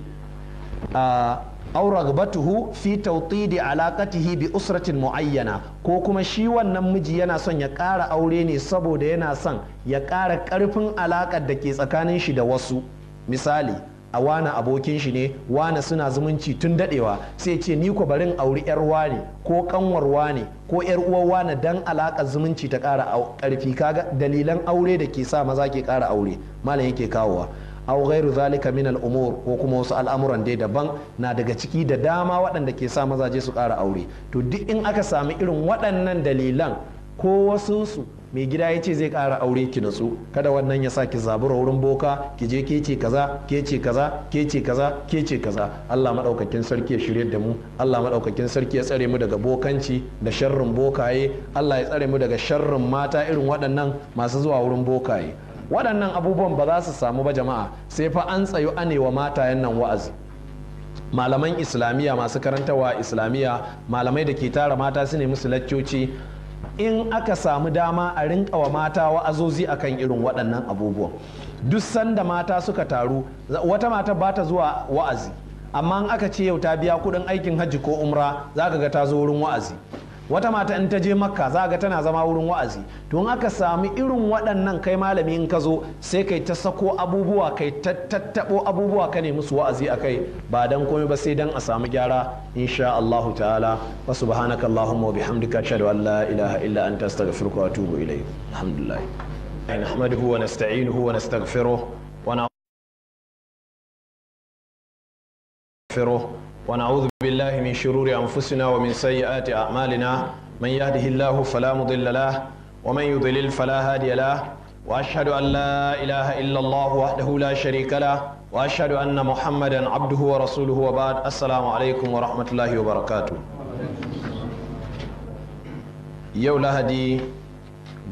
aura batuhu, fi tawtidi alaqatihi bi usratin muayyana ko kuma shi wannan miji yana son ya ƙara aure ne saboda yana son ya ƙara ƙarfin alaƙar da ke tsakanin shi da wasu misali a wani abokin shi ne wana suna zumunci tun daɗewa sai ce ni ko barin auri yar wani ko kanwar wani ko yar uwar wani dan alaƙar zumunci ta ƙara ƙarfi kaga dalilan aure da ke sa maza ke ƙara aure malam yake kawowa au ghairu zalika min al'umur ko kuma wasu al'amuran dai daban na daga ciki da dama waɗanda ke sa mazaje su ƙara aure to duk in aka sami irin waɗannan dalilan ko wasu su mai gida ya ce zai ƙara aure ki nutsu kada wannan ya sa ki zabura wurin boka ki je ke ce kaza ke ce kaza ke ce kaza ke ce kaza Allah maɗaukakin sarki ya shirye da mu Allah maɗaukakin sarki ya tsare mu daga bokanci da sharrin bokaye Allah ya tsare mu daga sharrin mata irin waɗannan masu zuwa wurin bokaye waɗannan abubuwan ba za su samu ba jama'a sai fa an tsayu anewa matayen nan wa'azi malaman islamiyya masu karantawa islamiyya malamai da ke tara mata su ne musu laccoci in aka samu dama a rinka wa mata wa'azozi akan irin waɗannan abubuwan duk sanda mata suka taru wata mata ba ta zuwa wa'azi amma in aka ce yau ta biya kuɗin aikin hajji ko umra za ka ga ta zo wurin wa'azi wata mata in ta je makka za ga tana zama wurin wa'azi to in aka sami irin waɗannan kai malami in ka zo sai kai ta sako abubuwa kai ta tattaɓo abubuwa ka ne musu wa'azi a kai ba dan komai ba sai dan a samu gyara insha Allah ta'ala wa subhanaka allahumma wa bihamdika ashhadu an la ilaha illa anta astaghfiruka wa atubu ilayk alhamdulillah نحمده ونستعينه ونستغفره ونعوذ ونعوذ بالله من شرور أنفسنا ومن سيئات أعمالنا من يهده الله فلا مضل له ومن يضلل فلا هادي له وأشهد أن لا إله إلا الله وحده لا شريك له وأشهد أن محمدا عبده ورسوله وبعد السلام عليكم ورحمة الله وبركاته yau lahadi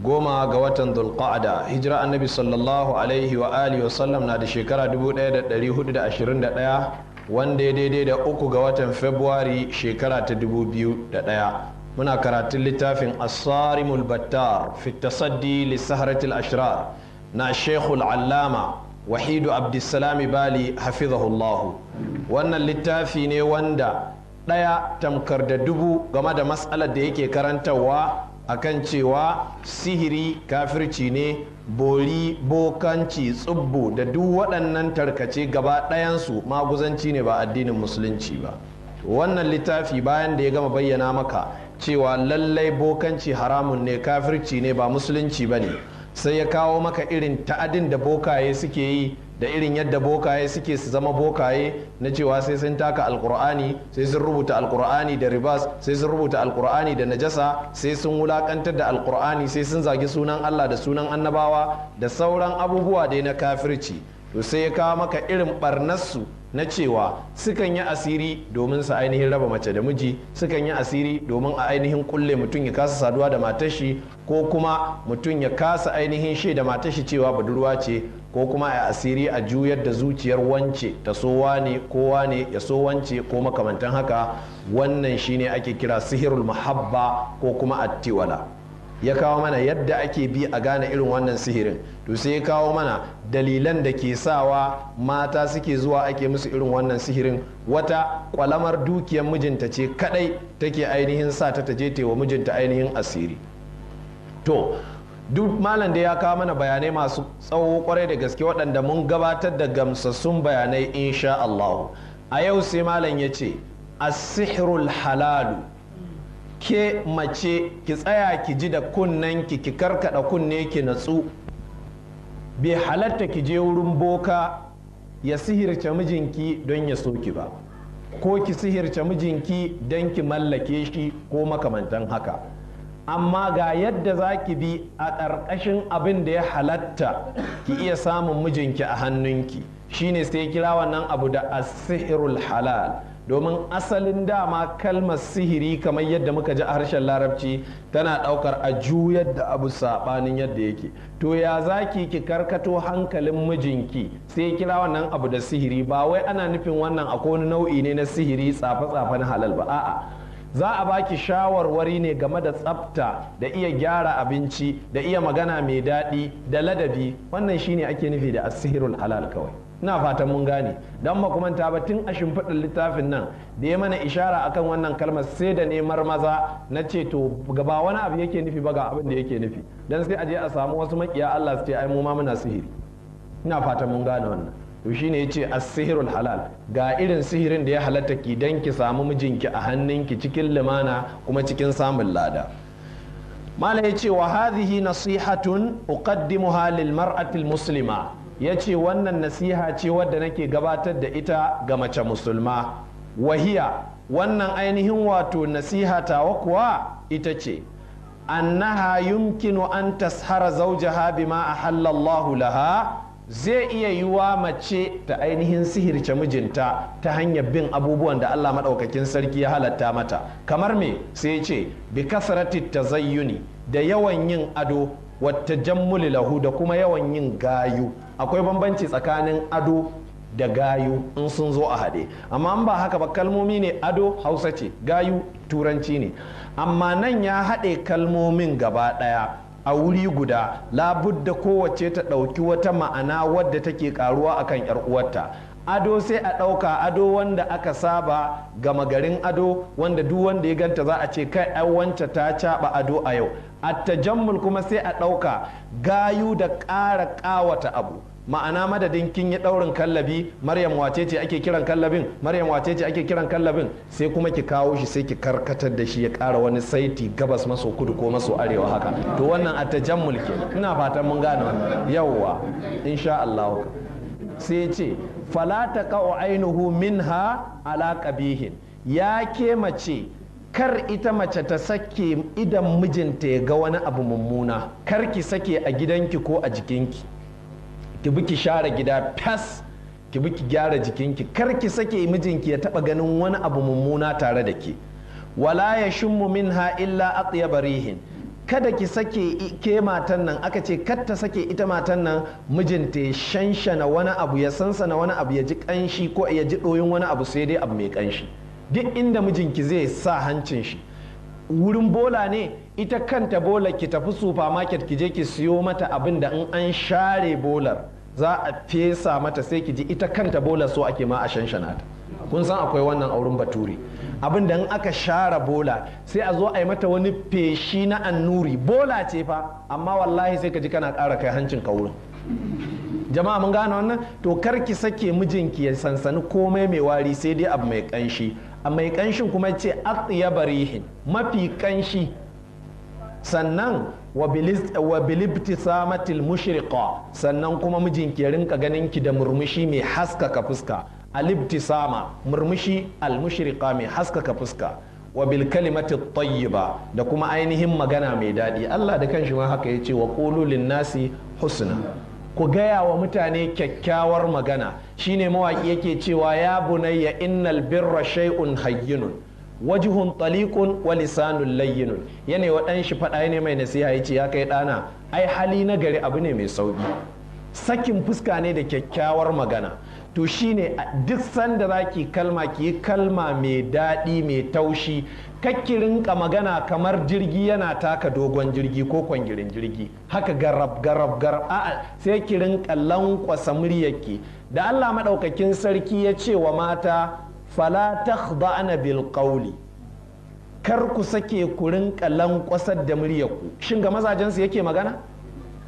goma ga watan dulqa'ada hijira annabi sallallahu alaihi wa alihi na da shekara 1421 wanda ya daidai da uku ga watan Fabrairu shekara ta ɗaya muna karatun littafin asarimul battar fi tasaddi lissaharatul ashirar na shekul allama wahidu abdulsalami bali hafizahullahu wannan littafi ne wanda ɗaya tamkar da dubu game da matsalar da yake karantarwa akan cewa sihiri kafirci ne bori bokanci tsubbu da duk waɗannan tarkace gaba ɗayansu maguzanci ne ba addinin musulunci ba wannan littafi bayan da ya gama bayyana maka cewa lallai bokanci haramun ne kafirci ne ba musulunci ba ne sai ya kawo maka irin ta'adin da bokaye suke yi da irin yadda bokaye suke su zama bokaye na cewa sai sun taka alkur'ani sai sun rubuta alkur'ani da ribas sai sun rubuta alkur'ani da najasa sai sun wulakantar da alkur'ani sai sun zagi sunan allah da sunan annabawa da sauran abubuwa dai na kafirci to sai ya kawo maka irin barnarsu na cewa sukan yi asiri domin su ainihin raba mace da miji sukan yi asiri domin a ainihin kulle mutum ya kasa saduwa da matashi ko kuma mutum ya kasa ainihin da matashi cewa budurwa ce ko kuma a asiri a juyar da zuciyar wance ta so wane ko wane ya so wance ko makamantan haka wannan shine ake kira sihirul muhabba ko kuma attiwala ya kawo mana yadda ake bi a gane irin wannan sihirin to sai ya kawo mana dalilan da ke sawa mata suke zuwa ake musu irin wannan sihirin wata kwalamar dukiyar mijinta ce kadai take ainihin sa ta taje wa mijinta ainihin asiri to duk malam da ya kawo mana bayanai masu tsawo kwarai da gaske waɗanda mun gabatar da gamsassun bayanai insha Allah a yau sai malam ya ce asihirul halalu ke mace ki tsaya ki ji da kunnen ki ki karkada kunne ki natsu bai halatta ki je wurin boka ya sihirce mijinki don ya soki ba ko ki sihirce mijinki don ki mallake shi ko makamantan haka amma ga yadda za ki bi a ƙarƙashin abin da ya halatta ki iya samun mijinki a hannunki shine sai kira wannan abu da asihirul halal domin asalin dama kalmar sihiri kamar yadda muka ji a harshen larabci tana ɗaukar a juyar da abu saɓanin yadda yake to ya za ki ki karkato hankalin mijinki sai kira wannan abu da sihiri ba wai ana nufin wannan a wani nau'i ne na sihiri tsafe-tsafe na halal ba a'a za a baki shawarwari ne game da tsafta da iya gyara abinci da iya magana mai daɗi da ladabi wannan shine ake nufi da asihirul halal kawai ina fatan mun gane don makumanta ba tun a shimfiɗin littafin nan da ya mana ishara akan wannan kalmar sai da nemar maza na ce to gaba wani abu yake nufi ba ga abin da yake nufi don sai a je a samu wasu makiya Allah su ce ai mu ma muna sihiri ina fatan mun gane wannan to shine yace a sihrul halal ga irin sihirin da ya halatta ki dan ki samu mijinki a hannunki cikin limana kuma cikin samun lada mala yace wa hadhihi nasihatun uqaddimuha lil mar'atil muslima yace wannan nasiha ce wadda nake gabatar da ita ga mace musulma wahiya wannan ainihin wato nasiha tawa kuwa ita ce annaha yumkinu an tashara zawjaha bima ahallallahu laha zai iya yiwa mace ta ainihin sihirce mijinta ta hanyar bin abubuwan da Allah maɗaukakin sarki ya halatta mata kamar me sai ce bi ta zayyuni da yawan yin ado wata jammuli lahu da kuma yawan yin gayu akwai bambanci tsakanin ado da gayu in sun zo a haɗe amma ba haka ba kalmomi ne ado hausa ce gayu turanci ne amma nan ya haɗe kalmomin gaba ɗaya a wuri guda labudda kowace ta ɗauki wata ma'ana wadda take karuwa akan yar uwarta ado sai a ɗauka ado wanda aka saba gama garin ado wanda duk wanda ya ganta za a ce kai wance ta caɓa ado a yau attajammul kuma sai a ɗauka gayu da ƙara ƙawata abu ma'ana madadin kin yi daurin kallabi maryam wace ce ake kiran kallabin maryam wace ce ake kiran kallabin sai kuma ki kawo shi sai ki karkatar da shi ya kara wani saiti gabas maso kudu ko maso arewa haka to wannan a tajammul mulki ina fatan mun gane wannan yawwa insha Allah sai ce fala taqa'u ainuhu minha ala qabihin ya ke mace kar ita mace ta sake idan mijinta ya ga wani abu mummuna kar ki sake a gidanki ko a jikinki ki bi ki share gida fas ki bi ki gyara jikinki kar ki sake mijinki ya taba ganin wani abu mummuna tare da ke wala ya shummu ha illa atyaba rihin kada ki sake ke matan nan aka ce kar ta sake ita matan nan mijinta ya shanshana wani abu ya sansana wani abu ya ji kanshi ko ya ji doyin wani abu sai dai abu mai kanshi duk inda mijinki zai sa hancin shi wurin bola ne ita kanta bolar ki tafi supermarket ki je ki siyo mata abin da in an share bolar za a fesa mata sai ki ji ita kanta bolar so ake ma a shanshana kun san akwai wannan auren baturi abin da in aka share bola sai a zo a yi mata wani feshi na annuri bola ce fa amma wallahi sai ka ji kana ƙara kai hancin ka wurin jama'a mun gane wannan to kar ki sake mijinki ya sansani komai mai wari sai dai abu mai kanshi a mai kanshin kuma ce barihin, mafi kanshi sannan wa bilibti samatil mushriqa sannan kuma mijinki ya rinka ganin ki da murmushi mai haskaka fuska alibtisama murmushi almushriqa mai haskaka fuska wa bil kalimati tayyiba da kuma ainihin magana mai daɗi Allah da kanshi ma haka yace wa qulu nasi husna ku gaya wa mutane kyakkyawar magana shine mawaki yake cewa ya bunayya innal birra shay'un hayyinun wajihun talikun wa lisanun layyinun yana wa shi faɗa ne mai nasiha ya ce ya kai ɗana. ai hali na gari abu ne mai sauƙi. sakin fuska ne da kyakkyawar magana to shi shine duk sanda za ki kalma ki yi kalma mai daɗi mai taushi kakkirin ka magana kamar jirgi yana taka dogon jirgi ko kwangirin jirgi haka garab garab garab a'a sai kirin rinka lankwasa muryarki da Allah madaukakin sarki ya ce wa mata fala takhda'na bil qawli kar ku sake ku rinka lankwasar da muryarku. shin ga mazajensu yake magana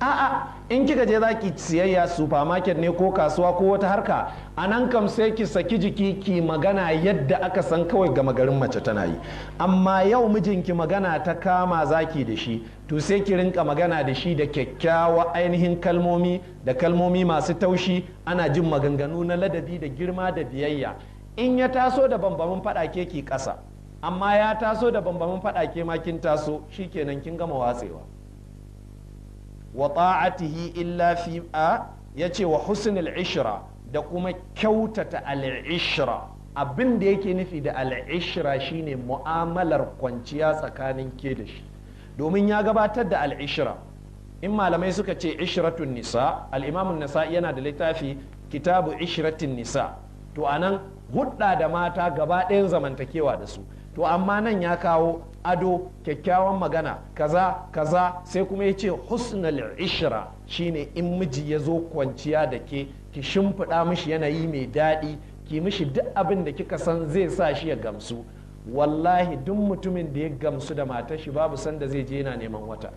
a'a in kika je zaki siyayya supermarket ne ko kasuwa ko wata harka a nan kam sai ki saki jiki ki magana yadda aka san kawai gama garin mace tana yi amma yau mijinki magana ta kama zaki da shi to sai ki rinka magana da shi da kyakkyawa ainihin kalmomi da kalmomi masu taushi ana jin maganganu na ladabi da girma da biyayya in ya taso da bambamin fadake ki ƙasa amma ya taso da bambamin fadake ma kin taso kenan kin gama watsewa wa ta'atihi illa fi a yace wa husnul ishra da kuma kyautata al'ishra abin da yake nufi da al-ishra shine mu'amalar kwanciya tsakanin ke da shi domin ya gabatar da al'ishra in malamai suka ce ishratun nisa al-imamun nisa yana da littafi kitabu ishratun nisa to anan hudda da mata gaba ɗayan zamantakewa da su to amma nan ya kawo ado kyakkyawan magana kaza kaza sai kuma ya ce husnul ishra shine in miji ya zo kwanciya da ke ki shimfiɗa mishi yanayi mai daɗi ki mishi duk abin da kika san zai sa shi ya gamsu wallahi duk mutumin da ya gamsu da matar shi babu sanda zai je yana neman wata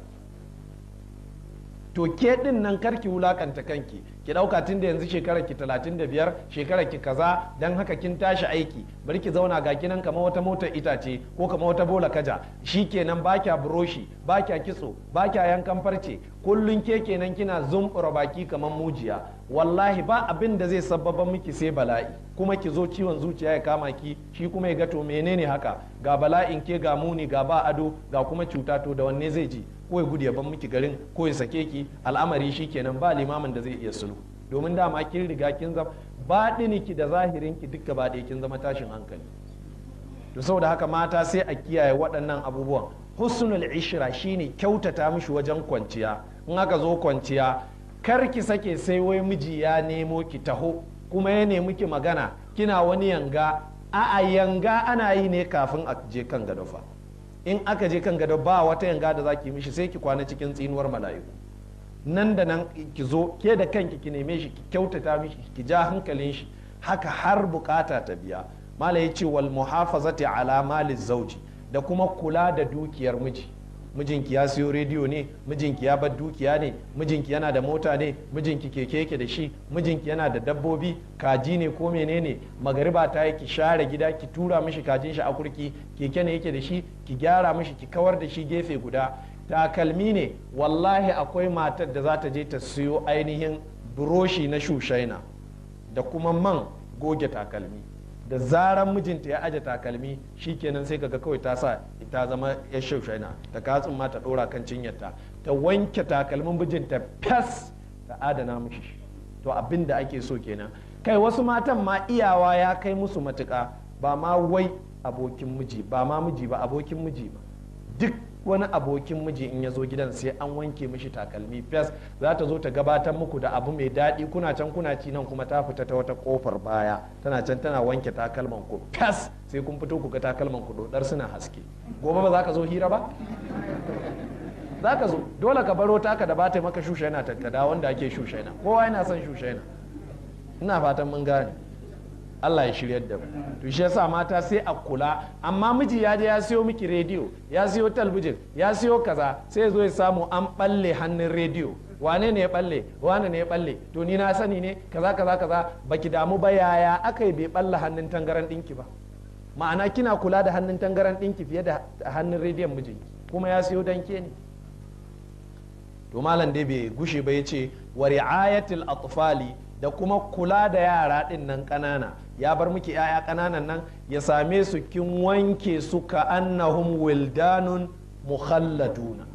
to ke din nan karki wulakanta kanki ki dauka tun da yanzu shekarar ki 35 shekarar ki kaza dan haka kin tashi aiki bari ki zauna ga kinan kamar wata motar itace ko kamar wata bola kaja shikenan ba kya buroshi ba kya kitso ba kya yankan farce kullun ke kenan kina zumbura baki kamar mujiya wallahi ba abin da zai sabbaba miki sai bala'i kuma ki zo ciwon zuciya ya kama ki shi kuma ya ga to menene haka ga bala'in ke ga muni ga ba ado ga kuma cuta to da wanne zai ji ko ya gudu ya ban miki garin ko ya sake ki al'amari shikenan ba limamin da zai iya sulhu domin dama kin riga kin zama baɗini ki da zahirin ki ba dai kin zama tashin hankali to saboda haka mata sai a kiyaye waɗannan abubuwan husnul ishra shine kyautata mishi wajen kwanciya in aka zo kwanciya kar ki sake sai wai miji ya nemo ki taho kuma ya nemi ki magana kina wani yanga a'a yanga ana yi ne kafin a je kan gadofa in aka je kan gado ba wata yanga da za zaki mishi sai ki kwana cikin tsinuwar mala'iku nan da nan ki zo ke da kanki ki neme shi ki kyautata mishi ki ja hankalin shi haka har bukata ta biya mala ya ce wal muhafazati ala mali zauji da kuma kula da dukiyar miji mijinki ya siyo rediyo ne mijinki ya bar dukiya ne mijinki yana da mota ne mijinki keke yake da shi mijinki yana da dabbobi kaji ne ko menene magariba ta yi ki share gida ki tura mishi kajin shi a kurki keke ne yake da shi ki gyara mishi ki kawar da shi gefe guda takalmi ne wallahi akwai matar da za ta je ta siyo ainihin buroshi na shushaina da kuma man goge takalmi da zaran mijinta ya aje takalmi shi kenan sai kaga kawai ta sa ita zama ya shaushaina ta katsin ma ta ɗora kan cinyarta ta wanke takalmin mijinta fes ta adana mishi to abinda ake so kenan kai wasu matan ma iyawa ya kai musu matuka ba ma wai abokin miji ba ma miji ba abokin miji ba duk wani abokin miji in ya zo gidan sai an wanke mishi takalmi fes za ta zo ta gabatar muku da abu mai daɗi kuna can kuna ci nan kuma ta fita ta wata kofar baya tana can tana wanke takalman ku fes sai kun fito ku ga takalman ku dodar suna haske gobe ba za ka zo hira ba za ka zo dole ka baro taka da bata maka shushaina tattada wanda ake shushaina kowa yana son shushaina ina fatan mun gane Allah ya shiryar da mu to shi yasa mata sai a kula amma miji ya je ya siyo miki rediyo ya siyo talbijin ya siyo kaza sai zo ya samu an balle hannun rediyo wane ne ya balle wane ne ya balle to ni na sani ne kaza kaza kaza baki damu ba yaya akai bai balle hannun tangaran dinki ba ma'ana kina kula da hannun tangaran dinki fiye da hannun rediyon mijin kuma ya siyo danke ne to malam dai bai gushe ba yace wa ri'ayatil atfali da kuma kula da yara ɗin nan ƙanana ya bar muke 'ya'ya ƙananan nan ya same su kin wanke su ka annahum wildanun mukhalladuna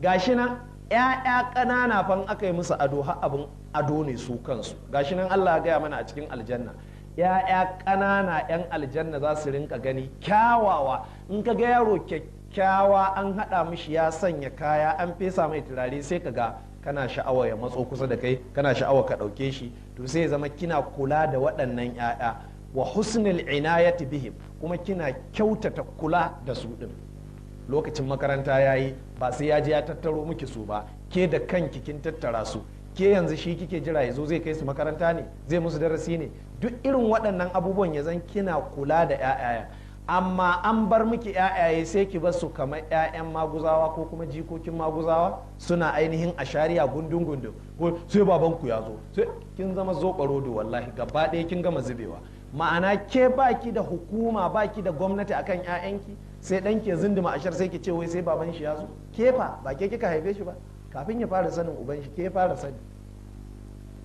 gashi nan 'ya'ya ƙanana fan aka yi musu ado har abin ado ne su kansu gashi nan Allah ya gaya mana a cikin aljanna ‘ya'ya ƙanana ‘yan aljanna za su rinka gani kyawawa in ka ga yaro kyakkyawa an haɗa mishi ya sanya kaya an fesa mai turare sai ka ga kana sha'awa ya matso kusa da kai kana sha'awa ka ɗauke shi to sai ya zama kina kula da waɗannan 'ya'ya wa husnul inayati bihim kuma kina kyautata kula da su ɗin lokacin makaranta ya yi ba sai ya je ya tattaro miki su ba ke da kanki kin tattara su ke yanzu shi kike jira ya zai kai su makaranta ne zai musu darasi ne duk irin waɗannan abubuwan ya zan kina kula da 'ya'ya amma an bar miki yayaye sai ki bar su kamar yayan maguzawa ko kuma jikokin maguzawa suna ainihin a shari'a gundun gundun ko sai baban ku ya zo sai kin zama zo da wallahi gaba ɗaya kin gama zubewa ma'ana ke baki da hukuma baki da gwamnati akan yayanki sai dan ke zinduma ashar sai ki ce wai sai baban shi ya zo kefa ba ke kika haife shi ba kafin ya fara sanin uban shi ke fara sani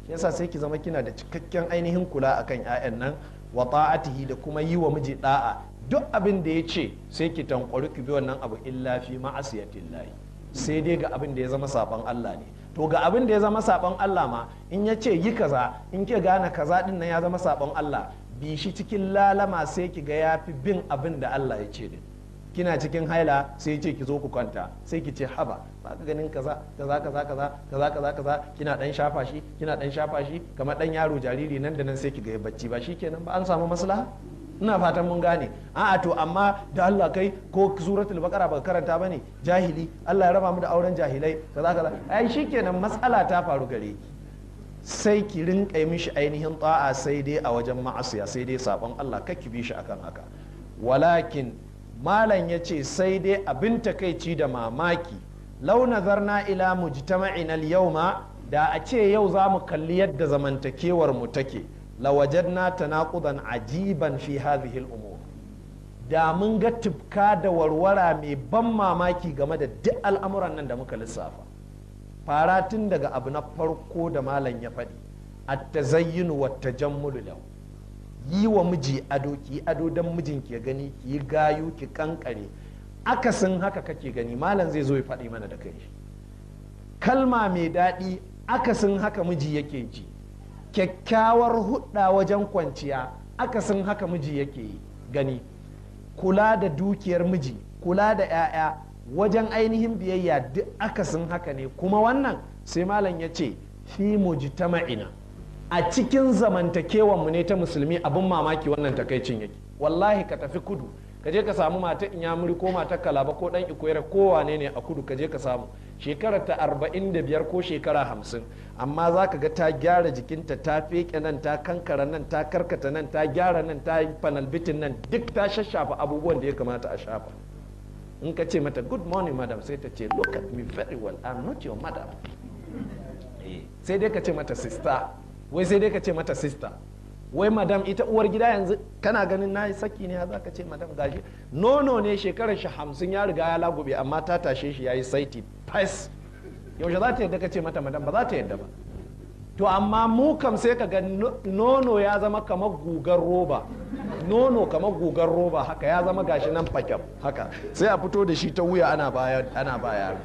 yasa sai ki zama kina da cikakken ainihin kula akan 'ya'yan nan wa ta'atihi da kuma yi wa miji da'a duk abin da ya ce sai ki tankwari ki bi wannan abu illa fi ma'asiyatillahi sai dai ga abin da ya zama saban Allah ne to ga abin da ya zama saban Allah ma in ya ce yi kaza in ke gane kaza din nan ya zama saban Allah bi shi cikin lalama sai ki ga ya fi bin abin da Allah ya ce din kina cikin haila sai ce ki zo ku kwanta sai ki ce haba ba ka ganin kaza kaza kaza kaza kaza kaza kaza kina dan shafa shi kina dan shafa shi kamar dan yaro jariri nan da nan sai ki ga bacci ba shikenan ba an samu maslaha ina fatan mun gane a'a to amma da Allah kai ko suratul baqara ba karanta bane jahili Allah ya raba mu da auren jahilai kaza kaza ai shikenan matsala ta faru gare ki sai ki rinka mishi ainihin ta'a sai dai a wajen ma'asiya sai dai sabon Allah kake bi shi akan haka walakin malam ya ce sai dai abin takaici da mamaki launa zarna ila mu ma'inal yau ma da a ce yau za mu kalli yadda zamantakewar mu take lawajen na ta naƙudan ajiban fi hadhihi umur da mun ga tufka da warwara mai ban mamaki game da duk al'amuran nan da muka lissafa fara tun daga abu na farko da malam ya faɗi at wata wa tajammulu lahu yi wa miji ado ki ado don mijin ki gani ki yi gayu ki kankare akasin haka kake gani malam zai zo ya faɗi mana da kai kalma mai daɗi akasin haka miji yake ji kyakkyawar hudda wajen kwanciya akasin haka miji yake gani kula da dukiyar miji kula da 'ya'ya wajen ainihin biyayya duk akasin haka ne kuma wannan sai malam ya ce fi mujtama'ina a cikin zamantakewanmu ne ta musulmi abin mamaki wannan takaicin yake wallahi ka tafi kudu ka je ka samu mata inyamuri ko mata kalaba ko dan ikoyar kowane ne a kudu ka je ka samu shekarar ta arba'in da biyar ko shekara hamsin amma za ka ga ta gyara jikinta ta feke nan ta kankara nan ta karkata nan ta gyara nan ta yi fanalbitin nan duk ta shashafa abubuwan da ya kamata a shafa in ka ce mata good morning madam sai ta ce look at me very well i'm not your madam eh, sai dai ka ce mata sister wai sai dai ka ce mata sista wai madam ita uwar gida yanzu kana ganin na yi saki ne za ka ce madam gashi nono ne shekarar shi hamsin ya riga ya lagube amma ta tashe shi ya yi saiti pes yaushe za ta yadda ka ce mata madam ba za ta yadda ba to amma mu kam sai ka ga nono ya zama kamar gugar roba nono kamar gugar roba haka ya zama gashi nan fakam haka sai a fito da shi ta wuya ana baya ana baya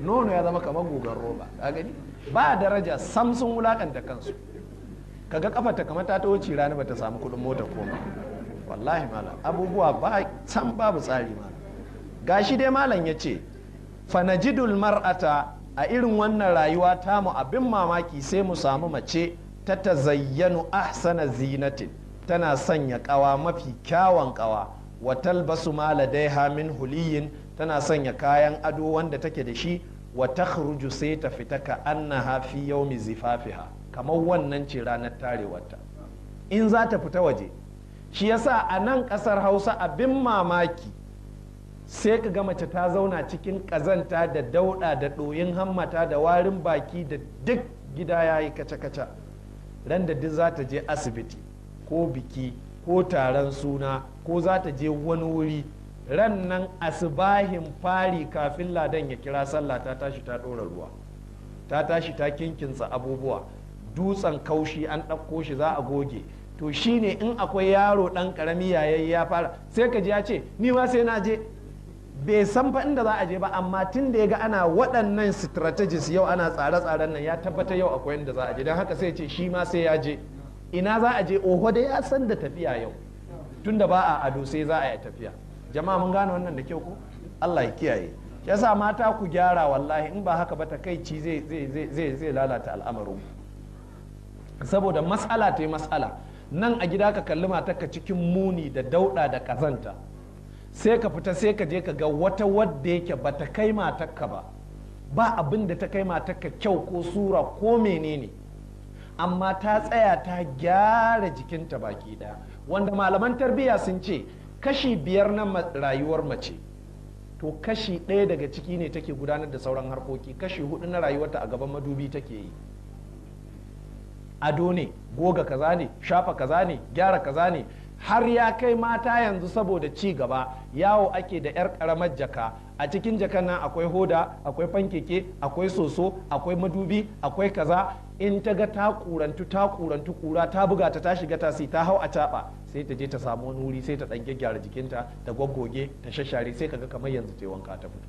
nono ya zama kamar gugar roba ka gani ba daraja samsun wulakanta kansu kaga kafar ta kamar ta ta wuce rana bata samu kuɗin mota koma wallahi malam abubuwa ba san babu tsari malam gashi dai malam ya ce fanajidul mar'ata a irin wannan rayuwa tamu abin mamaki sai mu samu mace ta ta zayyanu ahsana zinatin tana sanya kawa mafi kyawan kawa wa talbasu ha min huliyin tana sanya kayan ado wanda take da shi wa takhruju sai ta fita ka annaha fi yawmi zifafiha kamar wannan ce ranar tarewarta in za ta fita waje shi yasa a nan ƙasar hausa abin mamaki sai ka ga mace ta zauna cikin ƙazanta da dauɗa da ɗoyin hammata da warin baki da duk gida ya yi kaca-kaca ran da duk za ta je asibiti ko biki ko taron suna ko za ta je wani wuri ran nan asibahin fari kafin ladan ya kira sallah ta tashi ta ɗora ruwa ta tashi ta kinkinsa abubuwa dutsen kaushi an ɗauko shi za a goge to shine in akwai yaro ɗan ƙarami yayayi ya fara sai ka ji ya ce ni ma sai na je bai san fa inda za a je ba amma tun da ya ga ana waɗannan strategies yau ana tsare-tsaren nan ya tabbata yau akwai inda za a je don haka sai ce shi ma sai ya je ina za a je oho da ya san da tafiya yau tun da ba a ado sai za a yi tafiya jama'a mun gane wannan da kyau ko Allah ya kiyaye yasa mata ku gyara wallahi in ba haka ba takaici zai ci zai lalata al'amarin saboda matsala ta yi matsala nan a gida ka kalli matarka cikin muni da dauɗa da kazanta sai ka fita sai ka je ka ga wata wadda yake ba ta kai matarka ba ba abin da ta kai matarka kyau ko sura ko menene amma ta tsaya ta gyara jikinta baki ɗaya wanda malaman tarbiyya sun ce kashi biyar na rayuwar mace to kashi ɗaya daga ciki ne take gudanar da sauran harkoki kashi hudu na rayuwarta a gaban madubi take yi ado ne goga kaza ne shafa kaza ne gyara kaza ne har ya kai mata yanzu saboda ci gaba yawo ake da 'yar karamar jaka a cikin jakan nan akwai hoda akwai fankeke akwai soso akwai madubi akwai kaza in ta ga ta kurantu ta kurantu kura ta buga ta ta shiga tasi ta hau a caba sai ta je ta samu wani wuri sai ta dan gyara jikinta ta goggoge ta shashare sai kaga kamar yanzu ta wanka ta fito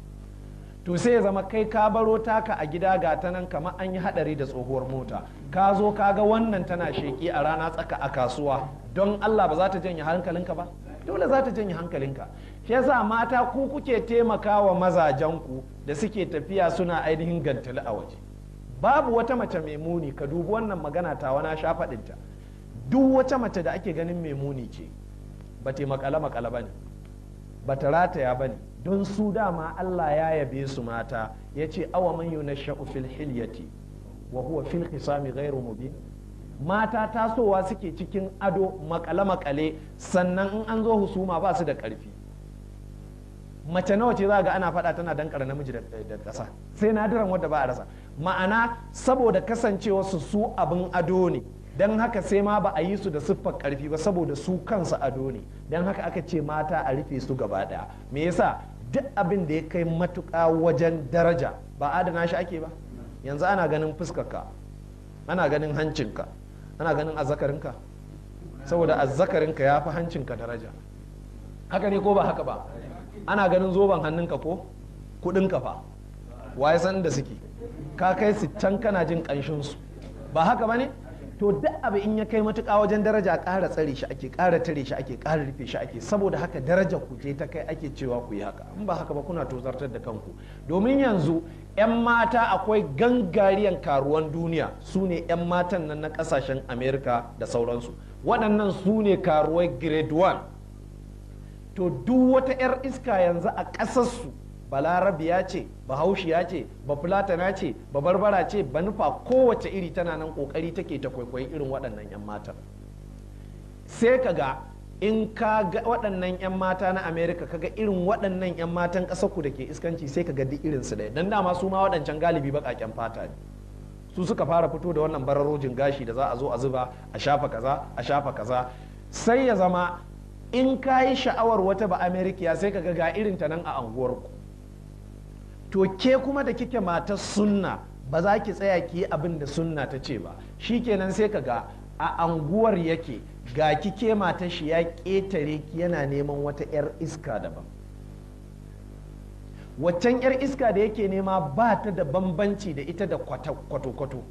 to sai ya zama kai ka baro taka a gida ga ta nan kamar an yi hadari da tsohuwar mota ka zo ka ga wannan tana sheki a rana tsaka a kasuwa don Allah ba za ta janye hankalinka ba dole za ta janye hankalinka shi yasa mata ku kuke taimakawa mazajenku da suke tafiya suna ainihin gantali a waje babu wata mace mai muni ka dubi wannan magana ta wana sha faɗinta duk wata mace da ake ganin mai muni ce ba ta makala makala ba ne ba ta rataya ba ne don su dama Allah ya yabe su mata ya ce awa man sha'u fil hilyati wa huwa fil khisami ghairu mubin mata tasowa suke cikin ado makale-makale sannan in an zo husuma ba su da karfi. mace nawa ce za ga ana faɗa tana dankara namiji da kasa sai nadiran wadda ba a rasa ma'ana saboda kasancewa su su abin ado ne don haka sai ma ba a yi su da siffar karfi ba saboda su kansu ado ne don haka aka ce mata a rufe su gaba daya me yasa duk abin da ya kai matuƙa wajen daraja ba adana shi ake ba yanzu ana ganin fuskarka ana ganin hancinka ana ganin azzakarinka saboda azzakarinka ya fi hancinka daraja haka ne ko ba haka ba ana ganin zoben hannunka ko kuɗinka fa waye san da suke ka kai su can kana jin kanshin su ba haka ba ne to duk abu in ya kai matuƙa wajen daraja ƙara tsare shi ake ƙara tare shi ake ƙara rufe shi ake saboda haka daraja ku je ta kai ake cewa ku yi haka in ba haka ba kuna tozartar da kanku domin yanzu 'yan mata akwai gangariyan karuwan duniya su ne 'yan matan nan na ƙasashen amerika da sauransu waɗannan su ne karuwai grade 1 to duk wata 'yar iska yanzu a ƙasarsu balarabiya ce bahaushiya ce bafulatana ce babarbara ce ba banufa kowace iri tana nan kokari take ta kwaikwayi irin waɗannan 'yan matan sai ka ga in ka ga waɗannan 'yan mata na Amerika ka ga irin waɗannan 'yan matan ƙasarku da ke iskanci sai ka ga duk irinsu ɗaya don dama su ma waɗancan galibi baƙaƙen fata ne su suka fara fito da wannan bararrojin gashi da za a zo a zuba a shafa kaza a shafa kaza sai ya zama in ka yi sha'awar wata ba amerikiya sai ka ga irin ta nan a anguwarku to ke kuma da kike matar sunna ba za ki tsaya ki abin da sunna ta ce ba Shi kenan sai ka ga a anguwar yake ga kike matar shi ya ƙetare ki yana neman wata 'yar iska daban waccan 'yar iska da yake nema ba ta da bambanci da ita da kwato-kwato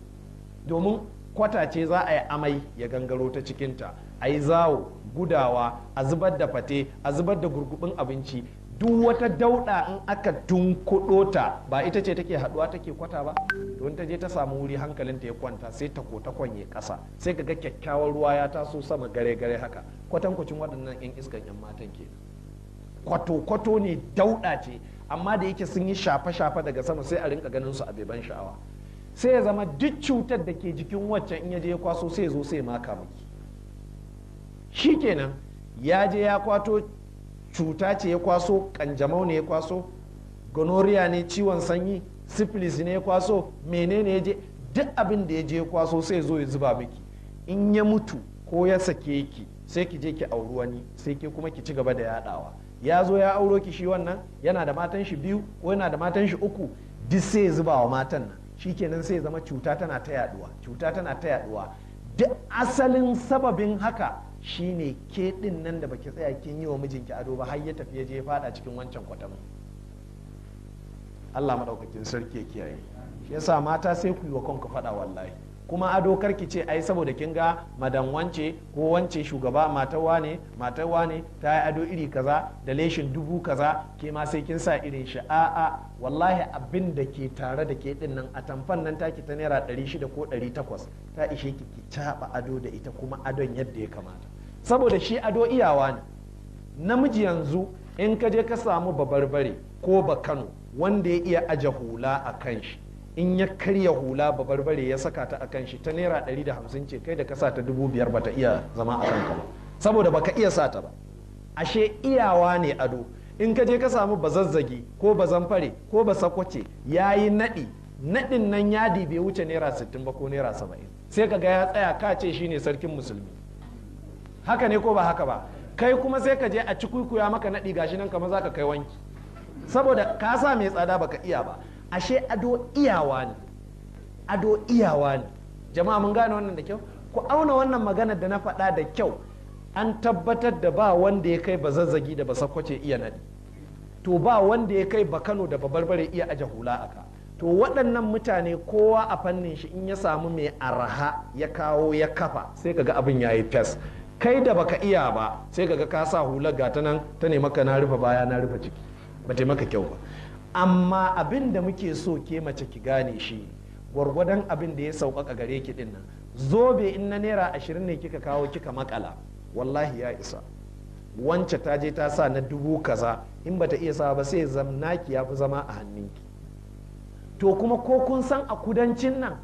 domin kwata ce za a yi amai ya gangaro ta cikinta a yi zawo gudawa a zubar da fate a zubar da gurgubin abinci duk wata dauɗa in aka tunkuɗo ta ba ita ce take haɗuwa take kwata ba don ta je ta samu wuri hankalin ta ya kwanta sai ta ko ta kwanye kasa sai ka ga kyakkyawan ruwa ya taso sama gare gare haka kwatankwacin waɗannan 'yan iskan 'yan matan ke kwato-kwato ne dauɗa ce amma da yake sun yi shafe-shafe daga sama sai a rinka ganin su a beban sha'awa sai ya zama duk cutar da ke jikin waccan in ya je ya kwaso sai ya zo sai ya maka miki shikenan ya je ya kwato cuta ce ya kwaso kanjamau ne ya kwaso gonorrhea ne ciwon sanyi syphilis ne ya kwaso menene ya je duk abin da ya je ya kwaso sai zo ya zuba miki in ya mutu ko ya sake ki sai ki je ki auri wani sai ke kuma ki ci gaba da yadawa ya zo ya auro ki shi wannan yana da matan shi biyu ko yana da matan shi uku duk sai zuba wa matan nan shikenan sai zama cuta tana ta yaduwa cuta tana ta yaduwa duk asalin sababin haka shi ne ke din nan da baki tsaya kin yi wa mijinki ado ba har ya tafi ya je fada cikin wancan kwatamin Allah madaukakin sarki ya kiyaye shi yasa mata sai ku yi wa kanku fada wallahi kuma ado ki ce ai saboda kin ga madan wance ko wance shugaba matawa ne matawa ne ta yi ado iri kaza da leshin dubu kaza ke ma sai kin sa irin shi a wallahi abin da ke tare da ke din nan a tamfan nan taki ta naira 600 ko 800 ta ishe ki ki ado da ita kuma adon yadda ya kamata saboda shi ado iyawa ne namiji yanzu in ka je ka samu babarbare ko bakano wanda ya iya aje hula a kan shi in ya karya hula babarbare ya saka ta akan shi ta naira 150 ce kai da ka sa ta 5,000 bata iya zama a kanka ba saboda baka iya sa ta ba ashe iyawa ne ado in ka je ka samu bazazzagi ko bazanfare ko basakwace ya yi naɗi naɗin nan yadi bai wuce naira 60 ba ko naira 70 sai ka ga ya tsaya ka ce shi ne sarkin musulmi haka ne ko ba haka ba kai kuma sai ka je a cikuikuya maka naɗi gashi nan kamar za ka kai wanki saboda ka sa mai tsada baka iya ba ashe ado iyawa ne ado iyawa ne jama'a mun gane wannan da kyau ku auna wannan magana da na faɗa da kyau an tabbatar da ba wanda ya kai ba zazzagi da ba sakwace iya nadi to ba wanda ya kai ba kano da ba barbare iya aje hula aka to waɗannan mutane kowa a fannin shi in ya samu mai arha ya kawo ya kafa sai kaga abin ya yi fes kai da baka iya ba sai kaga ka sa hular gata nan ta ne na rufe baya na rufe ciki ba ta maka kyau ba amma abin da muke so ke mace ki gane shi gwargwadon abin da ya sauƙaƙa gare ki din nan zobe in na naira ashirin ne kika kawo kika makala wallahi ya isa wance ta je ta sa na dubu kaza in bata iya sa ba sai zamna ki ya fi zama a hannunki to kuma ko kun san a kudancin nan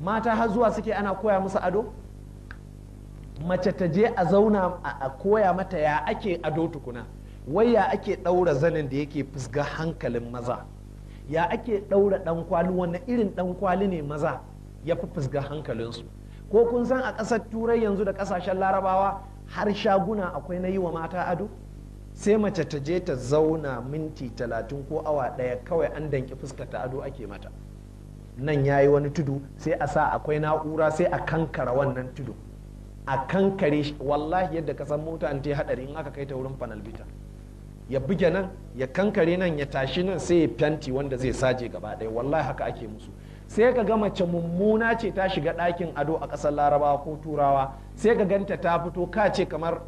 mata har zuwa suke ana koya musu ado mace ta je a zauna a koya mata ya ake ado tukuna Wai ya ake ɗaura zanin da yake fusga hankalin maza ya ake ɗaura ɗan kwali wani irin ɗan kwali ne maza ya fi fusga hankalinsu ko kun san a ƙasar turai yanzu da ƙasashen larabawa har shaguna akwai na yi wa mata ado sai mace ta je ta zauna minti talatin ko awa ɗaya kawai an danki fuska ta ado ake mata nan ya yi wani tudu sai a sa akwai na'ura sai a kankara wannan tudu a kankare wallahi yadda ka san mota an ta haɗari in aka kai ta wurin fanalbita ya buge nan ya kankare nan ya tashi nan sai ya fenti wanda zai saje gaba ɗaya wallahi haka ake musu sai ka ga mace mummuna ce ta shiga ɗakin ado a ƙasar larabawa ko turawa sai ka ganta ta fito ka ce kamar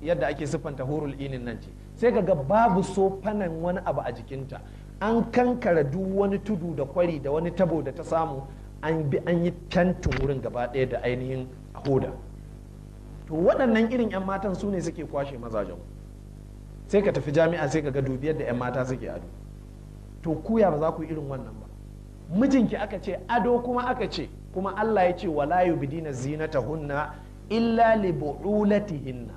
yadda ake siffanta hurul inin nan ce sai ka ga babu sofanan wani abu a jikinta an kankara duk wani tudu da kwari da wani tabo da ta samu an bi an yi fentin wurin gaba ɗaya da ainihin hoda to waɗannan irin 'yan matan su ne suke kwashe mazajen ku. sai ka tafi jami'a sai ka ga dubiyar da 'yan mata suke ado to kuya ba za ku irin wannan ba mijinki aka ce ado kuma aka ce kuma Allah ya ce wala yubdina zinatahunna illa li bu'ulatihinna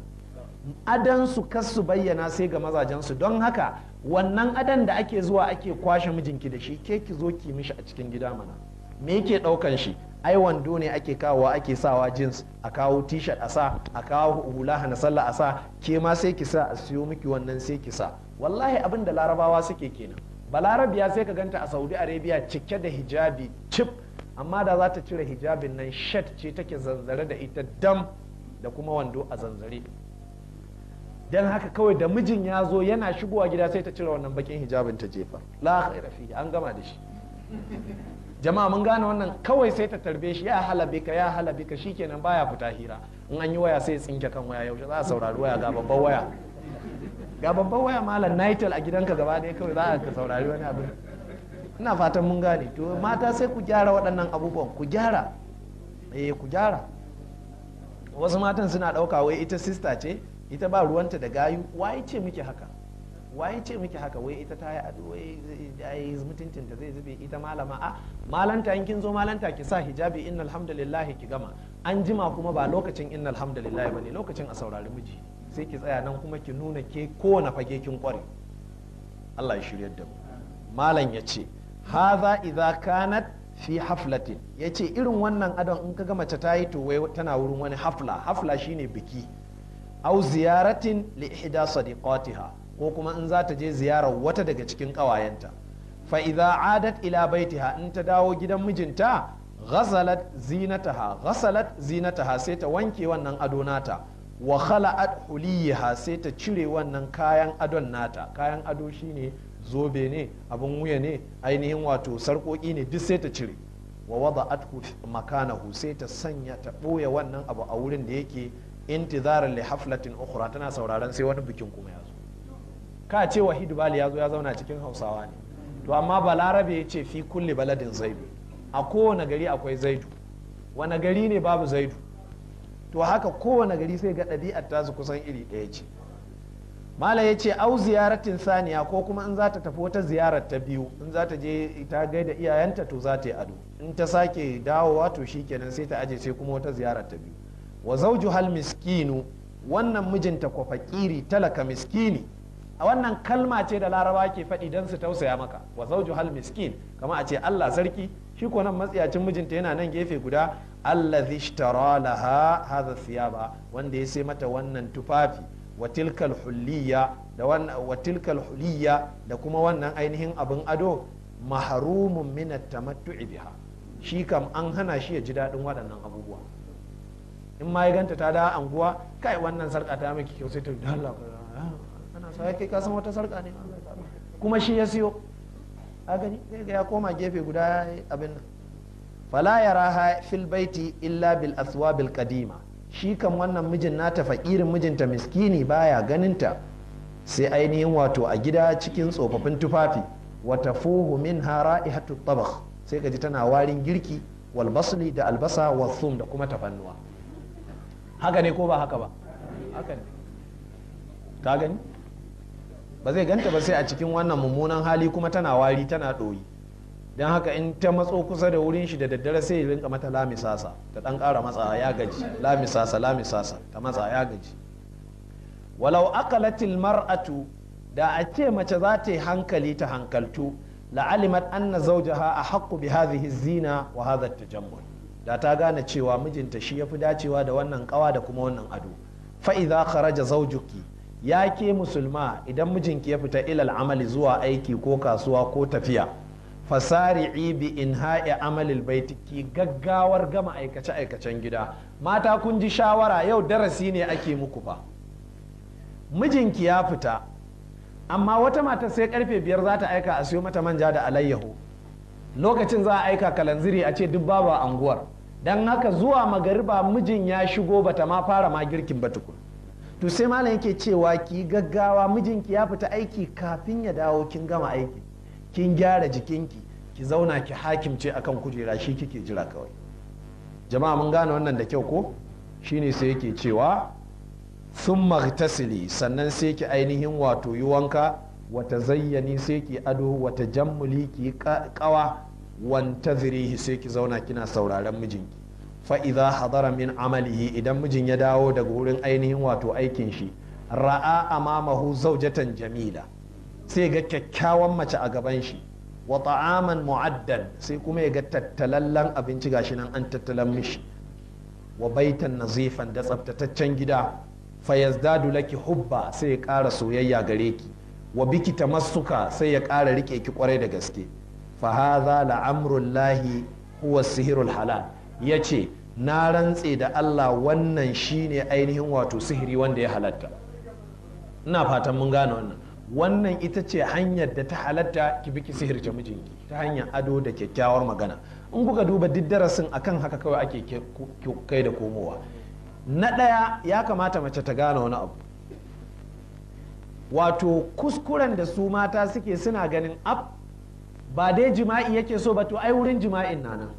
adan su kasu bayyana sai ga mazajensu don haka wannan adan da ake zuwa ake kwashe mijinki da shi ke ki zo ki mishi a cikin gida mana me yake ɗaukan shi ai wando ne ake kawo ake sawa jeans a kawo t-shirt a sa a kawo hula hana sallah a sa ke ma sai ki sa a siyo miki wannan sai ki sa wallahi abin da larabawa suke kenan balarabiya sai ka ganta a saudi arabia cike da hijabi chip amma da za ta cire hijabin nan shirt ce take zanzare da ita dam da kuma wando a zanzare dan haka kawai da mijin ya zo yana shigowa gida sai ta cire wannan bakin hijabin ta jefa la khaira an gama da shi jama'a mun gane wannan kawai sai ta tarbe shi ya ka ya halabika shikenan baya fita hira in an yi waya sai ya tsinke kan waya yaushe za a saurari waya ga babban waya ga babban waya malam nitel a gidanka gaba ɗaya kawai za a ka saurari wani abin ina fatan mun gane to mata sai ku gyara waɗannan abubuwan ku gyara eh ku gyara wasu matan suna ɗauka wai ita sista ce ita ba ruwanta da gayu ya ce miki haka waye ce miki haka wai ita ta yi ado mutuncin ta zai zube ita malama a malanta in kin zo malanta ki sa hijabi inna alhamdulillah ki gama an jima kuma ba lokacin inna alhamdulillah bane lokacin a saurari miji sai ki tsaya nan kuma ki nuna ke kowane fage kin kware Allah ya shiryar da mu malam ya ce haza idza kanat fi haflatin ya ce irin wannan adon in ka gama mace ta to wai tana wurin wani hafla hafla shine biki au ziyaratin li ihda sadiqatiha ko kuma in za ta je ziyarar wata daga cikin ƙawayenta fa idza adat ila baitiha in ta dawo gidan mijinta ghasalat zinataha ghasalat zinataha sai ta wanke wannan ado nata wa khala'at huliyaha sai ta cire wannan kayan adon nata kayan ado shine zobe ne abin wuya ne ainihin wato sarkoki ne duk sai ta cire wa wada'at makanahu sai ta sanya ta ɓoye wannan abu a wurin da yake intizarar li haflatin ukhra tana sauraron sai wani bikin kuma ya zo ka ce wahidu bali ya zo ya zauna cikin hausawa ne to amma balarabe ya ce fi kulle baladin zaidu a kowane gari akwai zaidu wani gari ne babu zaidu to haka kowane gari sai ga ɗabi'ar tasu kusan iri ɗaya ce mala ya ce au ziyaratin saniya ko kuma in za ta tafi wata ziyarar ta biyu in za ta je ta gaida iyayenta to za ta yi ado in ta sake dawowa to shikenan sai ta aje sai kuma wata ziyarar ta biyu wa zauju hal miskinu wannan mijinta kwa fakiri talaka miskini a wannan kalma ce da laraba ke faɗi don su tausaya maka wa zauju hal miskin kama a ce Allah sarki shi ko nan matsiyacin mijinta yana nan gefe guda allazi ishtara laha hadha thiyaba wanda ya sai mata wannan tufafi wa tilkal da wa tilkal kuma wannan ainihin abin ado mahrumun min at-tamattu'i biha shi kam an hana shi ya ji daɗin waɗannan abubuwa in ma ya ganta ta da anguwa kai wannan sarƙata ta miki kyau sai ta dalla sai kai ka san wata sarka ne kuma shi ya siyo a gani ya koma gefe guda abin nan fala yaraha fil baiti illa bil bil kadima shi kan wannan mijin nata fakirin mijinta miskini baya ganinta sai ainihin wato a gida cikin tsofaffin tufafi wata fuhu min hara ihatu tabakh sai ka ji tana warin girki wal basli da albasa wa thum da kuma tafannuwa haka ne ko ba haka ba haka ne ka gani ba zai ganta ba sai a cikin wannan mummunan hali kuma tana wari tana ɗoyi don haka in ta matso kusa da wurin shi da daddare sai ya rinka mata lamisasa ta ɗan ƙara matsa ya gaji lamisasa lamisasa ta matsa ya gaji walau akalatil mar'atu da a ce mace za ta yi hankali ta hankaltu la'alimat anna zawjaha a haƙƙu bi hadhihi zina wa hadha tajammul da ta gane cewa mijinta shi yafi dacewa da wannan ƙawa da kuma wannan ado fa idza kharaja zawjuki ya ke musulma idan mijinki ya fita ilal amali zuwa aiki ko kasuwa ko tafiya fasari bi ha'i amalil baiti ki gaggawar gama aikace aikacen gida mata kun ji shawara yau darasi ne ake muku fa mijinki ya fita amma wata mata sai karfe biyar za ta aika a siyo mata manja da alayyahu lokacin za a aika kalanziri a ce duk babu anguwar don haka zuwa magariba mijin ya shigo bata ma fara ma girkin ba tukun to sai malam yake cewa ki gaggawa mijinki ya fita aiki kafin ya dawo kin gama aiki kin gyara jikinki ki zauna ki hakimce akan kujera shi kike jira kawai jama'a mun gane wannan da kyau ko shine sai yake cewa sun magtasili sannan sai ki ainihin wato yi wanka wata zayyani sai ki ado wata jammuli ki kawa wanta zirihi sai ki zauna kina sauraren mijinki Fa'iza idza hadara min amalihi idan mijin ya dawo daga wurin ainihin wato aikin shi ra'a mamahu zaujatan jamila sai ga kyakkyawan mace a gaban shi wa ta'aman mu'addan sai kuma ya ga tattalallan abinci gashi nan an tattalan mishi wa baitan nazifan da tsaftataccen gida fa yazdadu laki hubba sai ya ƙara soyayya gare ki wa biki tamassuka sai ya ƙara rike ki kwarai da gaske fa hadha la amrul lahi huwa sihirul halal ce na rantse da Allah wannan shine ainihin wato sihiri wanda ya halatta ina fatan mun gane wannan wannan ita ce hanyar da ta halatta ki biki ta mijinki ta hanyar ado da kyakkyawar magana in kuka duba duk darasin akan haka kawai ake kai da komowa na ɗaya ya kamata mace ta gane wani abu wato kuskuren da su mata suke suna ganin ab ba dai jima'i yake so ba to ai wurin jima'in na nan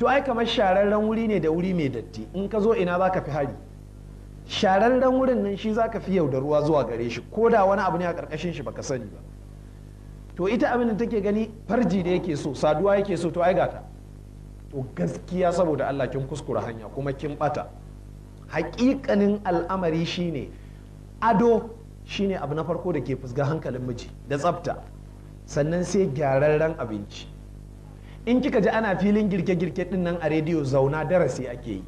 to ai kamar shararren wuri ne da wuri mai datti in ka zo ina za ka fi hari shararren wurin nan shi za ka fi ruwa zuwa gare shi ko da wani abu ne a ƙarƙashin shi baka sani ba to ita abin da take gani farji da yake so saduwa yake so to ai gata to gaskiya saboda Allah kin kuskura hanya kuma kin bata hakikanin al'amari shine ado shine abu na farko da ke fusga hankalin miji da tsafta sannan sai gyararren abinci in kika ji ana filin girke-girke din nan a rediyo zauna darasi ake yi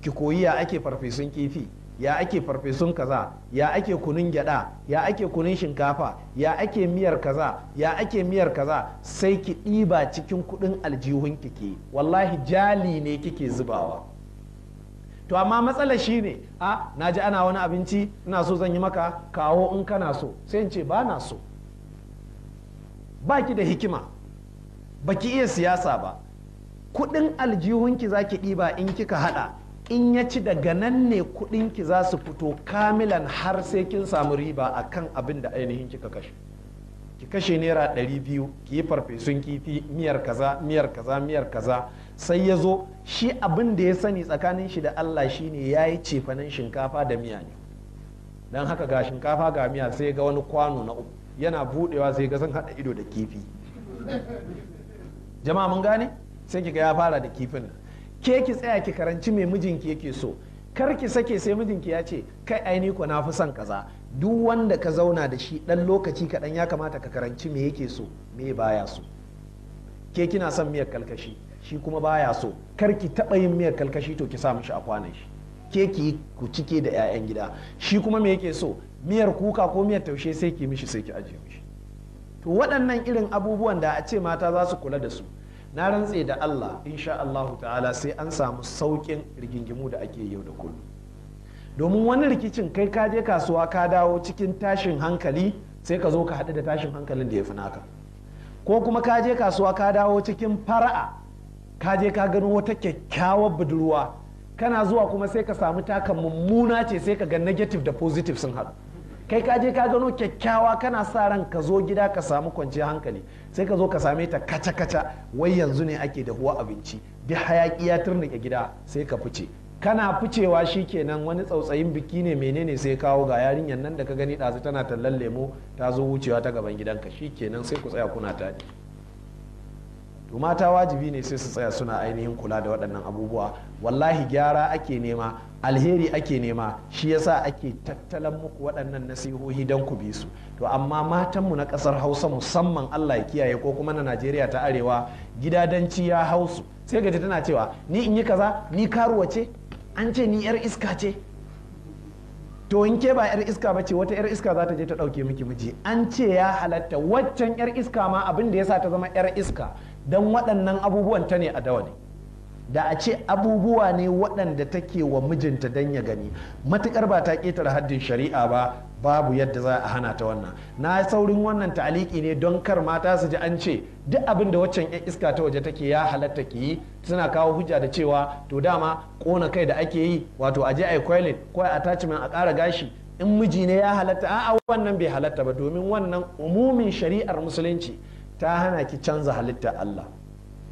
ki koyi ya ake farfesun kifi ya ake farfesun kaza ya ake kunun gyada ya ake kunun shinkafa ya ake miyar kaza ya ake miyar kaza sai ki ɗiba cikin kuɗin aljihun kike wallahi jali ne kike zubawa to amma matsala shi ne a na ji ana wani abinci ina so zan yi maka kawo in kana so sai in ce ba na so ba ki da hikima baki iya siyasa ba kudin aljihunki za ki ɗiba in kika hada in ya ci daga nan ne kudinki za su fito kamilan har sai kin samu riba a kan abin da ainihin kika kashe ki kashe naira ɗari biyu ki yi farfesun kifi miyar kaza miyar kaza miyar kaza sai ya zo shi abin da ya sani tsakanin shi da allah shi ne ya yi cefanen shinkafa da miya ne don haka ga shinkafa ga miya sai ga wani kwano na uku yana budewa sai ga sun haɗa ido da kifi jama'a mun gane sai kika ya fara da kifin nan ke ki tsaya ki karanci mai mijinki yake so kar ki sake sai mijinki ya ce kai aini ko na fi son kaza duk wanda ka zauna da shi dan lokaci kaɗan ya kamata ka karanci me yake so me baya so ke kina son miyar kalkashi shi kuma baya so kar ki taɓa yin miyar kalkashi to ki sa mishi a kwanan shi ke ki ku cike da 'ya'yan gida shi kuma me yake so miyar kuka ko miyar taushe sai ki mishi sai ki ajiye mishi to waɗannan irin abubuwan da a ce mata za su kula da su na rantse da Allah insha Allahu ta'ala sai an samu saukin rigingimu da ake yau da kullum domin wani rikicin kai ka je kasuwa ka dawo cikin tashin hankali sai ka zo ka haɗu da tashin hankalin da ya fi naka ko kuma ka je kasuwa ka dawo cikin fara'a ka je ka gano wata kyakkyawar budurwa kana zuwa kuma sai ka samu takan mummuna ce sai ka ga negative da positive sun haɗu kai ka je ka gano kyakkyawa kana sa ran ka zo gida ka samu kwanciyar hankali sai ka zo ka same ta kaca kaca wai yanzu ne ake dahuwa abinci da hayaki ya turnike gida sai ka fice kana ficewa shi kenan wani tsautsayin biki ne menene sai kawo ga yarinyar nan da ka gani ɗazu tana tallan lemo ta zo wucewa ta gaban gidanka kenan sai ku tsaya kuna tadi to mata wajibi ne sai su tsaya suna ainihin kula da waɗannan abubuwa wallahi gyara ake nema alheri ake nema shi yasa ake tattalan muku waɗannan nasihohi don ku bi su to amma matanmu na ƙasar hausa musamman allah ya kiyaye ko kuma na najeriya ta arewa gidadanci ya hausu sai gaji tana cewa ni in yi kaza ni karuwa ce an ce ni yar iska ce to in ke ba yar iska ba ce wata yar iska za ta je ta ɗauke miki miji an ce ya halatta waccan yar iska ma abin da ya sa ta zama yar iska don waɗannan abubuwan ta ne a dawa ne da a ce abubuwa ne waɗanda take wa mijinta don ya gani matuƙar ba ta ƙetare haddin shari'a ba babu yadda za a hana ta wannan na saurin wannan ta'aliki ne don kar mata su ji an ce duk abin da waccan yan iska ta waje take ya halatta ke yi suna kawo hujja da cewa to dama kona kai da ake yi wato aje yi coiling ko a attachment a ƙara gashi in miji ne ya halatta a'a wannan bai halatta ba domin wannan umumin shari'ar musulunci ta hana ki canza halitta Allah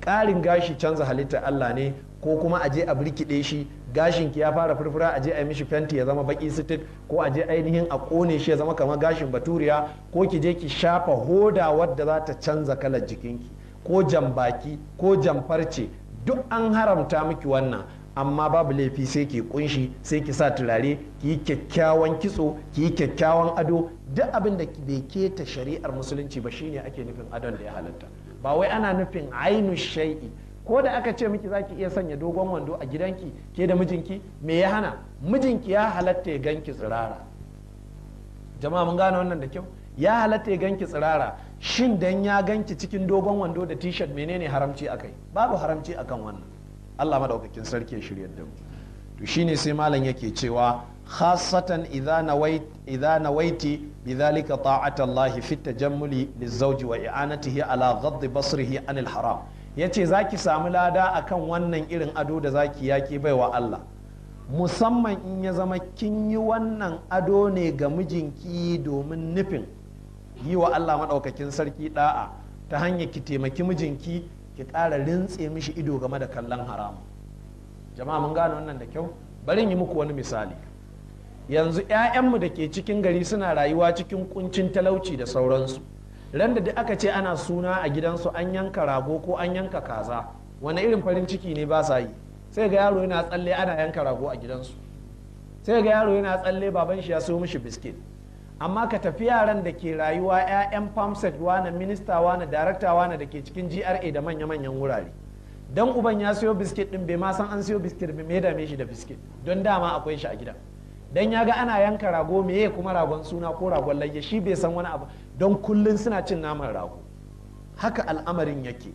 ƙarin gashi canza halitta Allah ne ko kuma a je a birkiɗe shi gashin ki ya fara furfura a je a yi mishi fenti ya zama baki sitik ko a je ainihin a kone shi ya zama kamar gashin baturiya ko ki je ki shafa hoda wadda za ta canza kalar jikinki ko jan baki ko jan farce duk an haramta miki wannan amma babu laifi sai ki kunshi sai ki sa turare ki yi kyakkyawan kitso ki yi kyakkyawan ado duk abin da bai keta shari'ar musulunci ba shine ake nufin adon da ya halatta ba wai ana nufin ainu shai'i ko da aka ce miki zaki iya sanya dogon wando a gidanki ke da mijinki me ya hana mijinki ya halatta ya ganki tsirara jama'a mun gane wannan da kyau ya halatta ya ganki tsirara shin dan ya ganki cikin dogon wando da t-shirt menene haramci akai babu haramci akan wannan Allah madaukakin sarki ya shirya da mu to shine sai malam yake cewa khassatan idza nawait idza nawaiti بذلك طاعة الله في التجمل للزوج وإعانته على غض بصره عن الحرام yace zaki samu lada a kan wannan irin ado da zaki yaki wa Allah musamman in ya zama kin yi wannan ado ne ga mijinki domin nufin yi wa Allah maɗaukakin sarki ɗa'a ta hanyar ki taimaki mijinki ki ƙara rintse mishi ido game da kallon haramu jama'a mun gane wannan da kyau barin yi muku wani misali yanzu 'ya'yanmu da ke cikin gari suna rayuwa cikin kuncin talauci da sauransu ran da aka ce ana suna a gidansu an yanka rago ko an yanka kaza wani irin farin ciki ne ba sa yi sai ga yaro yana tsalle ana yanka rago a gidansu sai ga yaro yana tsalle baban shi ya siyo mishi biskit amma ka tafi yaran da ke rayuwa 'ya'yan famset wani minista wani darakta wani da ke cikin gra da manya-manyan wurare dan uban ya siyo biskit din bai ma san an siyo biskit bai mai dame shi da biskit don dama akwai shi a gidan dan ya ga ana yanka rago meye kuma ragon suna ko ragon layya shi bai san wani abu don kullun suna cin naman rago haka al'amarin yake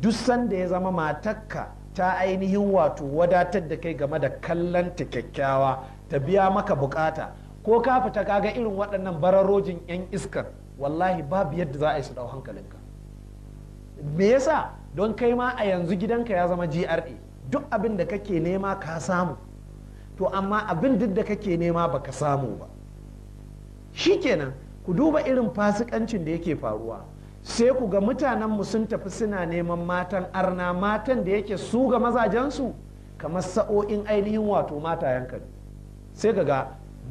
duk sanda ya zama matakka ta ainihin wato wadatar da kai game da kallon ta kyakkyawa ta biya maka bukata ko ka fita kaga irin waɗannan bararrojin 'yan iskar wallahi babu yadda za a yi su ɗau hankalinka me yasa don kai ma a yanzu gidanka ya zama GRA duk abin da kake nema ka samu to amma abin duk da kake nema baka samu ba Shi shikenan ku duba irin fasikancin da yake faruwa sai ku ga mutanenmu sun tafi suna neman matan arna matan da yake su ga mazajensu kamar sa'o'in ainihin wato mata yankan sai ka ga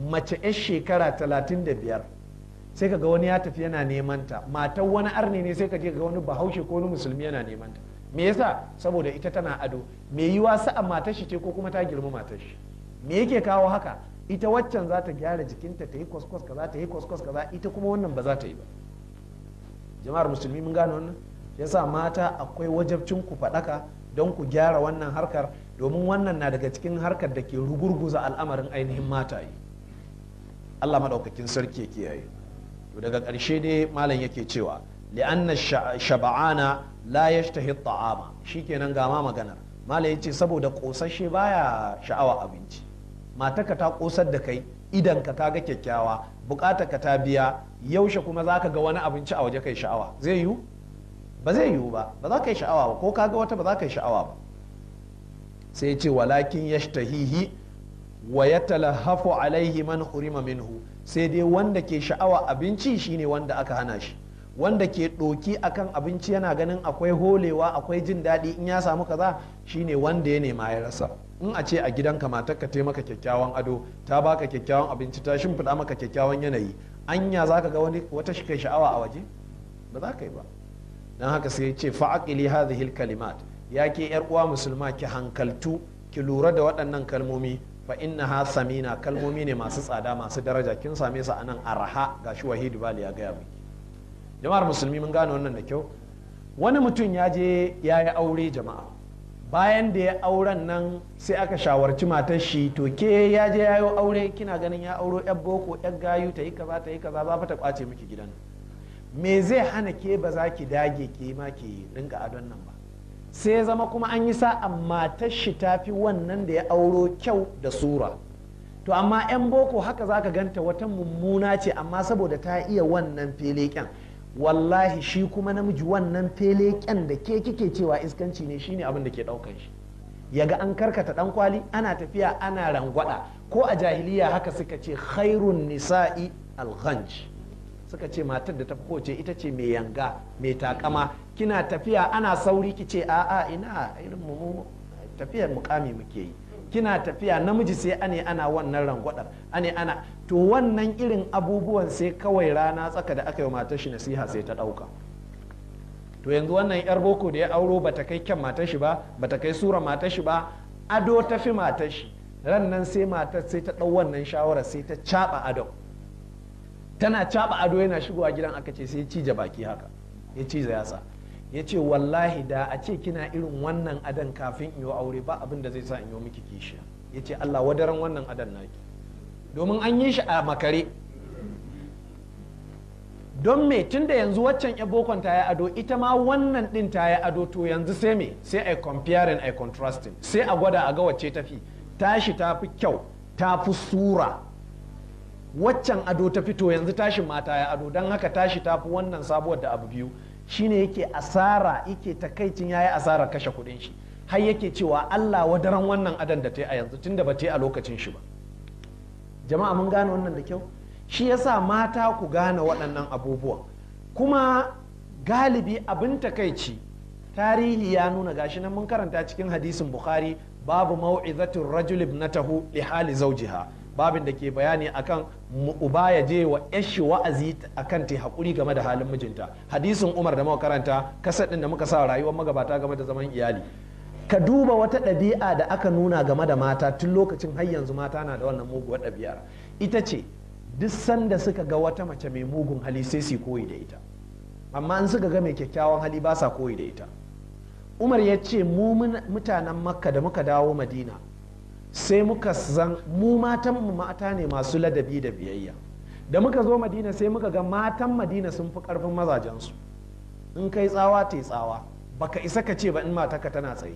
mace 'yar shekara 35 sai ka ga wani ya tafi yana neman ta matan wani arni ne sai ka je ga wani bahaushe ko wani musulmi yana neman ta me yasa saboda ita tana ado me yiwa sa'a matashi shi ce ko kuma ta girma matar me yake kawo haka ita waccan za ta gyara jikinta ta yi kwaskwas kaza ta yi kwaskwas kaza ita kuma wannan ba za ta yi ba jama'ar musulmi mun gane wannan yasa mata akwai wajabcin ku faɗaka don ku gyara wannan harkar domin wannan na daga cikin harkar da ke rugurguza al'amarin ainihin mata yi Allah maɗaukakin sarki ya kiyaye to daga ƙarshe dai malam yake cewa li'anna shaba'ana la yashtahi ta'ama shikenan ga ma maganar malam yace saboda kosashe baya sha'awa abinci matarka ta kosar da kai idan ka ga kyakkyawa bukata ka ta biya yaushe kuma za ka ga wani abinci a waje kai sha'awa zai yiwu ba zai yiwu ba ba za ka yi sha'awa ba ko ka ga wata ba za ka yi sha'awa ba sai ce walakin yashtahihi wa yatalahhafu alaihi man hurima minhu sai dai wanda ke sha'awa abinci shine wanda aka hana shi wanda ke ɗoki akan abinci yana ganin akwai holewa akwai jin daɗi in ya samu kaza shine wanda ya nema ya rasa in a ce a gidanka matar ka maka kyakkyawan ado ta baka kyakkyawan abinci ta shimfiɗa maka kyakkyawan yanayi anya za ka ga wani wata shi sha'awa a waje ba za ka yi ba don haka sai ce fa'aƙili hadhihi kalimat ya ke yar uwa musulma ki hankaltu ki lura da waɗannan kalmomi fa ha samina kalmomi ne masu tsada masu daraja kin same su anan arha gashi wahidu bali ya gaya miki jama'ar musulmi mun gane wannan da kyau wani mutum ya je ya yi aure jama'a bayan da ya auren nan sai aka shawarci matar shi to ke ya je ya yi aure kina ganin ya auro yar boko yar gayu ta yi kaza ta yi kaza ba ta kwace miki gidan me zai hana ke ba za ki dage ke ma ke dinga adon nan ba sai zama kuma an yi sa'a matar shi ta fi wannan da ya auro kyau da sura to amma yan boko haka za ka ganta wata mummuna ce amma saboda ta iya wannan kyan wallahi shi kuma namiji wannan fele da ke kike cewa iskanci ne shine abin da ke daukan shi yaga an karkata dan kwali ana tafiya ana rangwada ko a jahiliya haka suka ce khairun nisa'i alghanj suka ce matar da ta kowace ita ce mai yanga mai takama kina tafiya ana sauri ki ce a'a ina irin mu tafiyar mukami muke yi kina tafiya namiji sai ane ana wannan rangwadar ane ana to wannan irin abubuwan sai kawai rana tsaka da aka yi matar shi nasiha sai ta ɗauka to yanzu wannan yar boko da ya auro bata kai kyan matar shi ba bata kai sura matar shi ba ado ta fi matar shi ran nan sai matar sai ta ɗau wannan shawarar sai ta caɓa ado tana caɓa ado yana shigowa gidan aka ce sai cije baki haka ya ciza yasa ya ce wallahi da a ce kina irin wannan adan kafin in yi aure ba abin zai sa in yi miki kishiya ya ce Allah wadaran wannan adan naki domin an yi shi a makare don me tun da yanzu waccan ya bokon ta yi ado ita ma wannan din ta ado to yanzu sai me sai a comparing a contrasting sai a gwada a ga wacce tafi tashi ta fi kyau ta fi sura waccan ado ta fito yanzu tashi mata ya ado don haka tashi ta fi wannan sabuwar da abu biyu shine yake asara yake takaicin yayi asara kashe kudin shi har yake cewa Allah wadaran wannan adan da ta a yanzu tunda ba ta a lokacin shi ba jama'a mun gane wannan da kyau shi yasa mata ku gane waɗannan abubuwan kuma galibi abin takaici tarihi ya nuna gashi nan mun karanta cikin hadisin bukhari babu mau'izatul rajul ibnatahu li hali zawjiha babin da ke bayani akan uba ya je wa yashi wa'azi akan ta hakuri game da halin mijinta hadisin umar da muka karanta kasar din da muka sa rayuwar magabata game da zaman iyali ka duba wata ɗabi'a da aka nuna game da mata tun lokacin har yanzu mata na da wannan muguwar ɗabi'ar ita ce duk sanda suka ga wata mace mai mugun hali sai su koyi da ita amma in suka ga mai kyakkyawan hali ba sa koyi da ita umar ya ce mu mutanen makka da muka dawo madina sai muka san mu matan mu mata ne masu ladabi da biyayya da muka zo madina sai muka ga matan madina sun fi karfin mazajensu in kai tsawa ta tsawa baka isa ka ce ba in mataka tana tsaye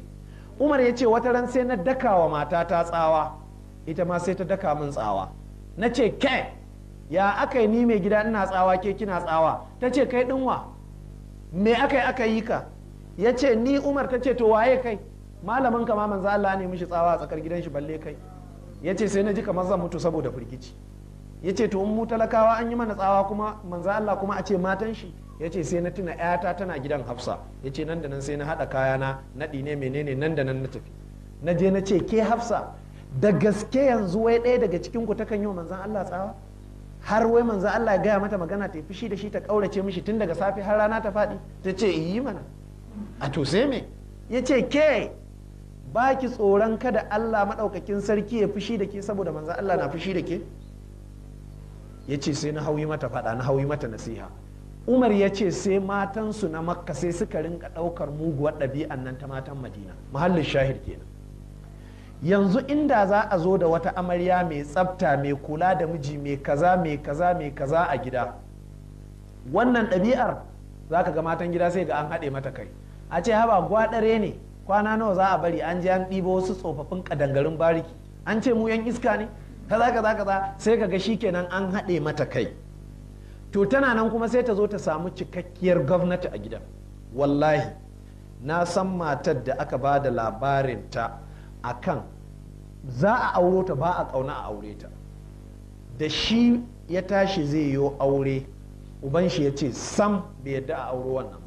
umar ya ce wata ran sai na daka wa mata ta tsawa ita ma sai ta daka min tsawa na ce ke ya aka yi ni mai gida ina tsawa ke kina tsawa ta ce kai dinwa me aka yi aka yi ka ya ce ni umar ta ce to waye kai malamin kama manzo Allah ne mishi tsawa a tsakar gidan shi balle kai yace sai na ji kamar zan mutu saboda firgici yace to mu talakawa an yi mana tsawa kuma manzo Allah kuma a ce matan shi yace sai na tuna yata tana gidan Hafsa yace nan da nan sai na hada kayana naɗi ne menene nan da nan na tafi na je na ce ke Hafsa da gaske yanzu wai ɗaya daga cikin ku takan yi wa manzon Allah tsawa har wai manzo Allah ya gaya mata magana ta fishi da shi ta kaurace mishi tun daga safe har rana ta faɗi ta ce yi mana a to sai me ya ce ke ba ki tsoron kada Allah maɗaukakin sarki ya fushi da ke saboda manzan Allah na fushi da ke ya ce sai na hauyi mata faɗa na hauyi mata nasiha umar ya ce sai matansu na makka sai suka rinka ɗaukar muguwar ɗabi'an nan ta matan madina mahallin Shahir kenan yanzu inda za a zo da wata amarya mai tsafta mai kula da miji mai kaza mai kaza mai kaza a gida wannan ɗabi'ar za ka ga matan gida sai ga an haɗe mata kai a ce haba gwaɗare ne kwana nawa za a bari an je an ɗibo wasu tsofaffin kadangarin bariki an ce mu yan iska ne kaza kaza kaza sai ka ga shikenan an haɗe mata kai to tana nan kuma sai ta zo ta samu cikakkiyar gwamnati a gidan wallahi na san matar da aka ba da labarinta a kan za a auro ta ba a ƙauna a aure ta da shi ya tashi zai yi aure uban shi ya ce sam bai yadda a auro wannan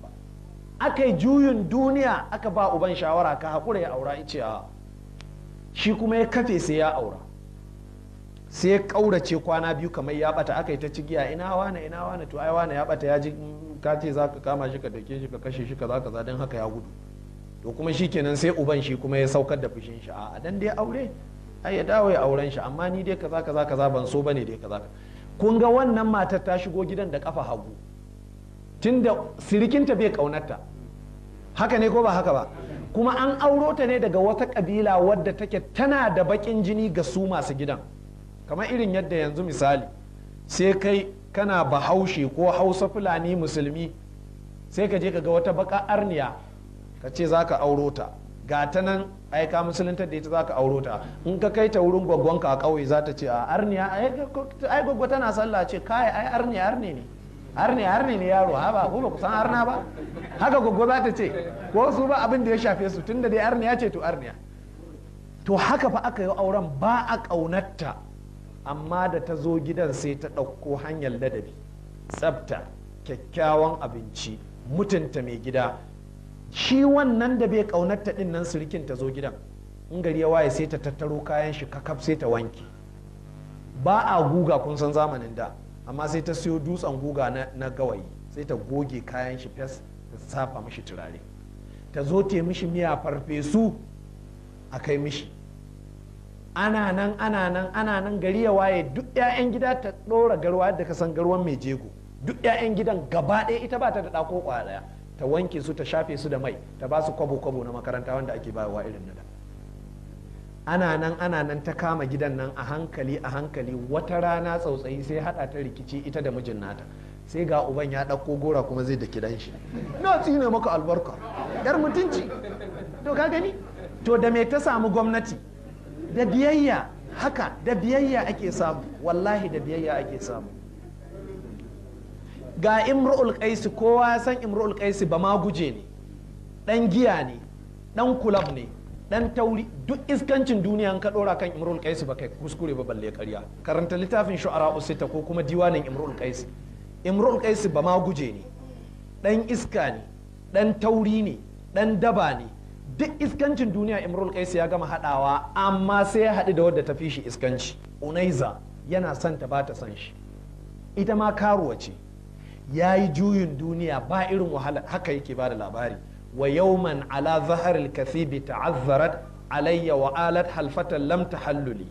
aka yi juyin duniya aka ba uban shawara ka haƙura ya aura ce a shi kuma ya kafe sai ya aura sai ya ƙaurace kwana biyu kamar ya bata aka yi ta cigiya ina wane ina wane to ai wane ya bata ya ji ka ce za ka kama shi ka dake shi ka kashe shi ka za ka za don haka ya gudu to kuma shi kenan sai uban shi kuma ya saukar da fushin shi a dan dai aure ai ya dawo ya auren shi amma ni dai kaza kaza kaza ban so bane dai kaza kun ga wannan matar ta shigo gidan da kafa hagu tunda sirikinta bai kaunarta haka ne ko ba haka ba kuma an auro ta ne daga wata kabila wadda take tana da bakin jini ga su masu gidan kamar irin yadda yanzu misali sai kai kana bahaushe ko hausa fulani musulmi sai ka je ka ga wata baka arniya ka ce za ka auro ta ga ta nan aika musulunta da ita za ka auro ta in ka kai ta wurin gwaggonka a kauye za ta ce a arniya ai gwaggo tana sallah ce kai ai arniya arniya ne har ne har ne ne yaro ha ba ko ba ku san harna ba haka gogo za ta ce ko su ba abin da ya shafe su tunda dai arniya ce to arniya to haka fa aka yi auren ba a ƙaunarta amma da ta zo gidan sai ta ɗauko hanyar ladabi tsafta kyakkyawan abinci mutunta mai gida shi wannan da bai ƙaunarta ɗin nan sirikin ta zo gidan in gari ya waye sai ta tattaro kayan shi kakaf sai ta wanke ba a guga kun san zamanin da amma sai ta siyo dutsen guga na gawayi sai ta goge kayan shi fes ta safa mishi turare ta zo te mishi miya farfesu a kai mishi ana nan ana nan ana nan gari ya waye duk 'ya'yan gida ta ɗora garwa da ka san garwan mai jego duk 'ya'yan gidan gaba ɗaya ita ba ta da ɗako ɗaya ta wanke su ta shafe su da mai ta ba su kwabo-kwabo na makaranta wanda ake bayarwa irin na da ana nan ana nan ta kama gidan nan a hankali a hankali wata rana tsautsayi sai hada ta rikici ita da mijin nata sai ga uban ya dauko gora kuma zai da kidan shi na tsine maka albarka yar mutunci to ka gani to da me ta samu gwamnati da biyayya haka da biyayya ake samu wallahi da biyayya ake samu ga imru'ul qaisi kowa san imru'ul qaisi ba ma guje ne dan giya ne dan kulab ne dan tauri duk iskancin duniya ka dora kan imrul qais ba kai kuskure ba balle ƙarya karanta littafin shu'ara usita ko kuma diwanin imrul qais imrul qais ba ma guje ne dan iska ne dan tauri ne dan daba ne duk iskancin duniya imrul qais ya gama hadawa amma sai ya hadu da wadda ta fi shi iskanci unaiza yana son ta bata ta son shi ita ma karuwa ce yayi juyin duniya ba irin wahala haka yake ba da labari wa yawman ala zaharil kathibi ta'azzarat alayya wa alat halfatan lam tahalluli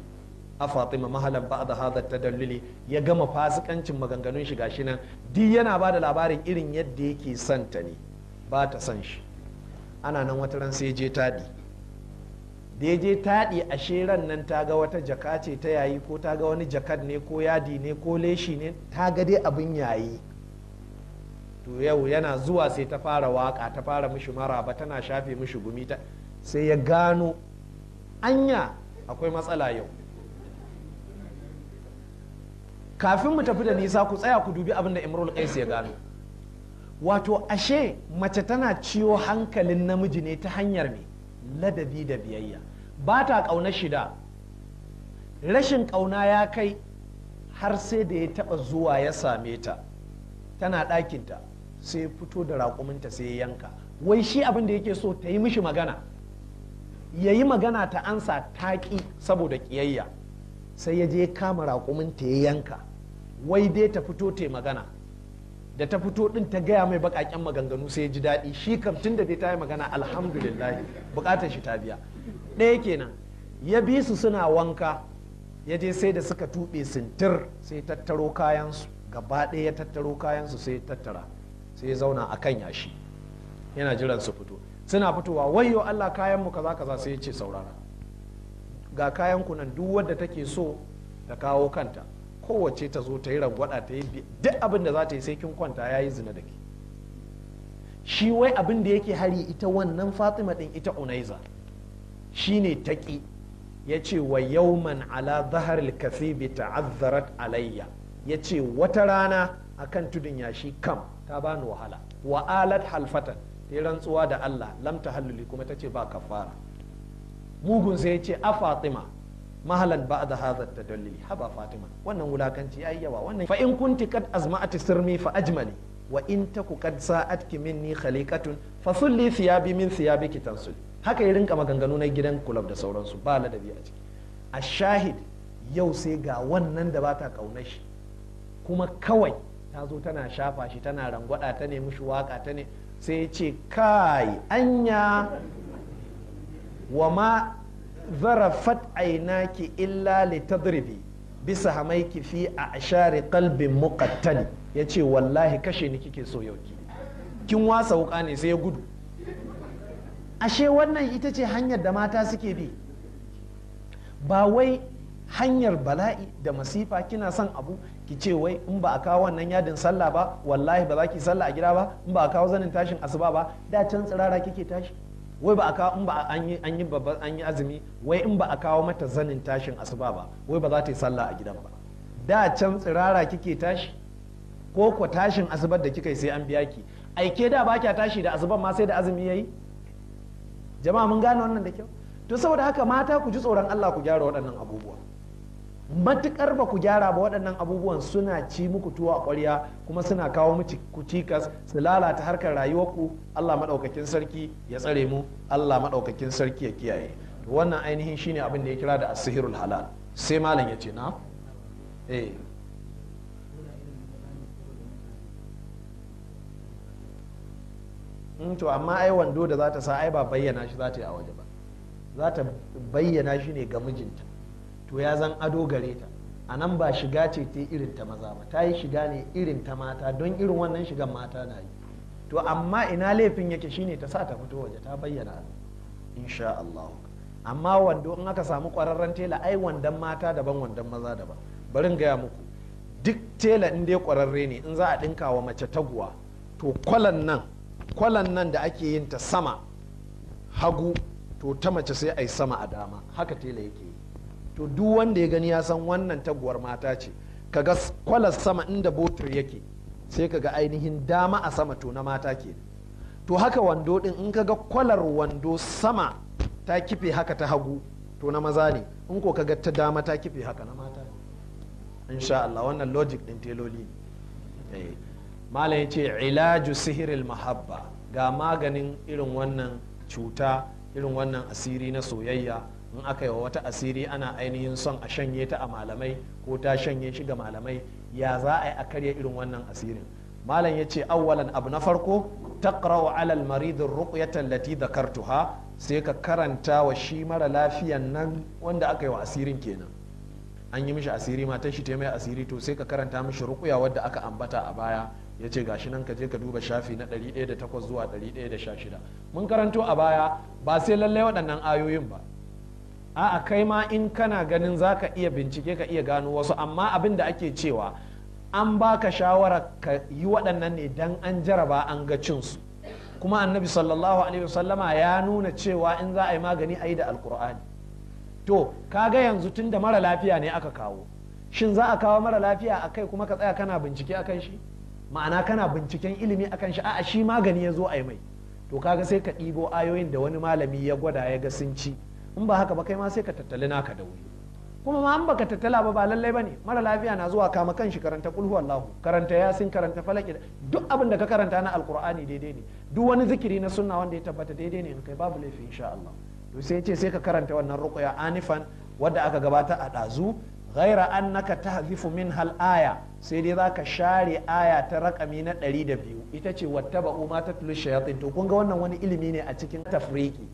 a fatima mahalan ba'da hadha dalili ya gama fasikancin maganganun shi gashi nan di yana ba da labarin irin yadda yake son ta ne ba ta son shi ana nan wata ran sai je taɗi da ya je taɗi a sheran nan ta ga wata jaka ce ta yayi ko ta ga wani jakad ne ko yadi ne ko leshi ne ta ga dai abin yayi to yau yana zuwa sai ta fara waka ta fara mishi maraba tana shafe mishi gumi ta sai ya gano anya akwai matsala yau kafin mu tafi da nisa ku tsaya ku dubi abin da imrul qais ya gano wato ashe mace tana ciwo hankalin namiji ne ta hanyar me ladabi da biyayya ba ta kauna shida rashin kauna ya kai har sai da ya taɓa zuwa ya same ta tana ɗakinta sai fito da raƙuminta sai ya yanka wai shi abin da yake so ta yi mishi magana ya yi magana ta ansa taƙi saboda ƙiyayya sai ya je kama raƙuminta ya yanka wai dai ta fito ta magana da ta fito din ta gaya mai baƙaƙen maganganu sai ya ji daɗi shi kam tun da dai ta yi magana alhamdulillah buƙatar shi ta biya ɗaya kenan ya bi su suna wanka ya je sai da suka tuɓe sintir sai tattaro kayansu gaba ɗaya ya tattaro kayansu sai ya tattara sai ya zauna a kan yashi yana jiran su fito suna fitowa wayo allah kayanmu kaza kaza sai ya ce saurara ga kayan ku nan duk wadda take so ta kawo kanta kowace ta zo ta yi ragwada ta yi duk abin da za ta yi sai kin kwanta ya yi zina da ke shi wai abin da yake hari ita wannan fatima din ita unaiza ne taƙi ya ce wa yauman ala zahar bi ta'azzarat alayya ya ce wata rana akan tudun yashi kam ta bani wahala wa alat halfatan ta rantsuwa da Allah lamta tahalluli kuma ta ce ba kafara mugun sai ya ce a fatima mahalan ba da hadha dalili haba fatima wannan wulakanci yi yawa wannan fa in kunti kad azma'ati sirmi fa ajmali wa in taku kad sa'atki minni khaliqatun fa sulli thiyabi min thiyabiki tansul haka ya rinka maganganu na gidan kulab da sauransu ba ladabi a ciki a shahid yau sai ga wannan da ba ta kuma kawai ta zo tana shafa shi tana rangwada ta nemi shi waka ta ne sai ce kai anya wa ma zarafat ainaki illa litadribi bisa hamaiki fi a ashari kalbin muqattali ya ce wallahi kashe ni kike so yauki kin wasa wuka ne sai ya gudu ashe wannan ita ce hanyar da mata suke bi ba wai hanyar bala'i da masifa kina son abu ki ce wai in ba a kawo wannan yadin sallah ba wallahi ba za ki sallah a gida ba in ba a kawo zanin tashin asuba ba da can tsirara kike tashi wai ba a kawo in ba an yi babban an yi azumi wai in ba a kawo mata zanin tashin asuba ba wai ba za ta yi sallah a gidan ba da can tsirara kike tashi ko ko tashin asubar da kika yi sai an biya ki aike da ba kya tashi da asuban ma sai da azumi yayi jama'a mun gane wannan da kyau to saboda haka mata ku ji tsoron Allah ku gyara waɗannan abubuwa matukar ba ku gyara ba waɗannan abubuwan suna ci muku tuwa a ƙwarya kuma suna kawo mu cikas su lalata harkar rayuwarku Allah maɗaukakin sarki ya tsare mu Allah maɗaukakin sarki ya kiyaye wannan ainihin shine abin da ya kira da asihirul halal sai malam ya ce na eh hmm, to amma ai wando da za ta sa ai ba bayyana shi za ta yi a waje ba za ta bayyana shi ne ga mijinta to ya zan ado gare ta a nan ba shiga ce ta irin ta maza ba ta yi shiga ne irin ta mata don irin wannan shigan mata na yi to amma ina laifin yake shine ta sa ta fito waje ta bayyana insha Allah amma wando in aka samu kwararren tela ai wandan mata daban wandan maza daban barin gaya muku duk tela in dai kwararre ne in za a dinka wa mace taguwa to kwalan nan kwalan nan da ake yin ta sama hagu to ta mace sai ai sama a dama haka tela yake to duk wanda ya gani ya san wannan taguwar mata ce kaga kwalas sama inda botur yake sai kaga ainihin dama a sama to na mata ke to haka wando din in kaga kwalar wando sama ta kife haka ta hagu to na maza ne in ko kaga ta dama ta kife haka na mata ne insha Allah wannan logic din teloli ne eh. malam yace ilaju sihirin mahabba ga maganin irin wannan cuta irin wannan asiri na soyayya in aka yi wa wata asiri ana ainihin son a shanye ta a malamai ko ta shanye shi ga malamai ya za a yi a karya irin wannan asirin malam ya ce awwalan abu na farko taqra'u alal maridin ruqyatan lati dhakartuha sai ka karanta wa shi mara lafiyan nan wanda aka yi wa asirin kenan an yi mishi asiri matan shi ta mai asiri to sai ka karanta mishi ruqya wadda aka ambata a baya ya ce gashi nan ka je ka duba shafi na 108 zuwa 116 mun karanto a baya ba sai lallai waɗannan ayoyin ba a'a kai ma in kana ganin za ka iya bincike ka iya gano wasu amma abin da ake cewa an baka shawara ka yi waɗannan ne dan an jaraba an ga cinsu kuma annabi sallallahu alaihi wasallama ya nuna cewa in za a yi magani a yi da alkur'ani to kaga yanzu tun da mara lafiya ne aka kawo shin za a kawo mara lafiya a kai kuma ka tsaya kana bincike akan shi ma'ana kana binciken ilimi akan shi a'a shi magani ya zo a yi mai to kaga sai ka ɗibo ayoyin da wani malami ya gwada ya ga sun ci in ba haka ba kai ma sai ka tattali naka da wuri kuma ma an baka tattala ba ba lallai bane mara lafiya na zuwa kama kanshi karanta kulhu wallahu karanta yasin karanta falaki duk abin da ka karanta na alkur'ani daidai ne duk wani zikiri na sunna wanda ya tabbata daidai ne in kai babu laifi insha Allah to sai ce sai ka karanta wannan ruqya anifan wadda aka gabata a dazu ghaira annaka tahzifu min hal aya sai dai zaka share aya ta rakami na 102 ita ce wattaba umma tatlu shayatin to kun ga wannan wani ilimi ne a cikin tafriki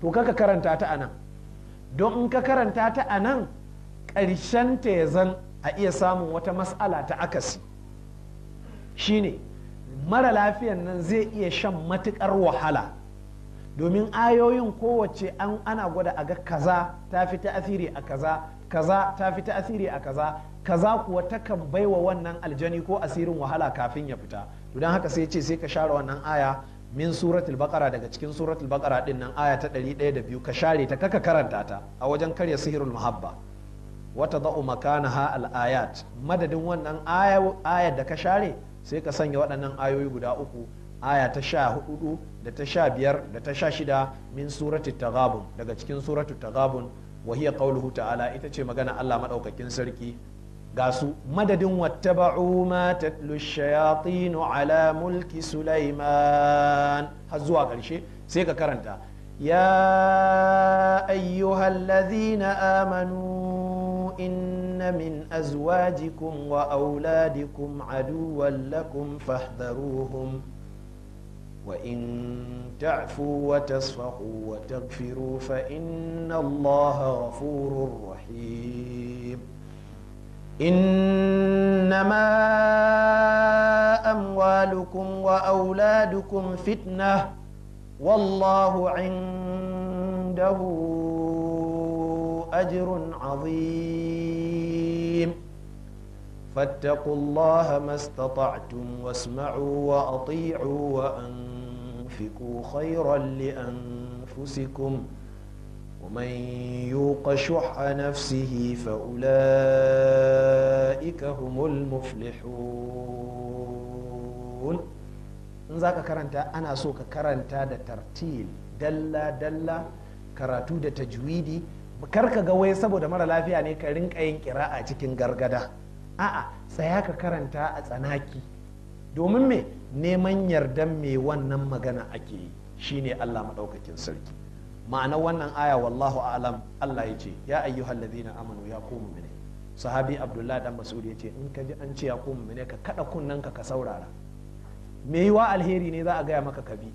to ka karanta ta anan don in ka karanta ta anan ƙarshen ta ya zan a iya samun wata mas'ala ta akasi shine mara lafiyan nan zai iya shan matuƙar wahala domin ayoyin kowace an ana gwada a ga kaza ta fi ta'asiri a kaza kaza ta fi ta'asiri a kaza kaza kuwa takan baiwa wannan aljani ko asirin wahala kafin ya fita don haka sai ce sai ka share wannan aya min suratul baqara daga cikin suratul baqara din nan aya ta 102 ka share ta kaka karanta ta a wajen karya sihirul muhabba wata da'u makanaha al ayat madadin wannan ayar da ka share sai ka sanya waɗannan ayoyi guda uku aya ta sha hudu da ta sha biyar da ta sha shida min suratul tagabun daga cikin suratul tagabun wa hiya qawluhu ta'ala ita ce magana Allah madaukakin sarki ga su madadin wattaba'u ma tatlu shayatinu ala mulki sulaiman har zuwa ƙarshe sai ka karanta ya ayyuhallazina amanu inna min azwajikum wa auladikum aduwwan lakum fahdharuhum وإن تعفوا وتصفحوا وتغفروا فإن الله غفور رحيم إنما أموالكم وأولادكم فتنة والله عنده أجر عظيم فاتقوا الله ما استطعتم واسمعوا وأطيعوا وأنفقوا خيرا لأنفسكم ۖ ومن يوق شح نفسه فأولئك هم المفلحون in za ka karanta ana so ka karanta da tartil dalla dalla karatu da tajwidi kar ka ga wai saboda mara lafiya ne ka rinka yin kira'a cikin gargada a'a tsaya ka karanta a tsanaki domin me neman yardan me wannan magana ake yi shine Allah maɗaukakin sarki ma'anar wannan aya wallahu a'lam Allah ya ce ya ayyuhal ladina amanu ya ku mine sahabi abdullahi dan mas'ud ya ce in ka ji an ce ya ku mine ka kada kunnanka ka saurara me yiwa alheri ne za a gaya maka ka bi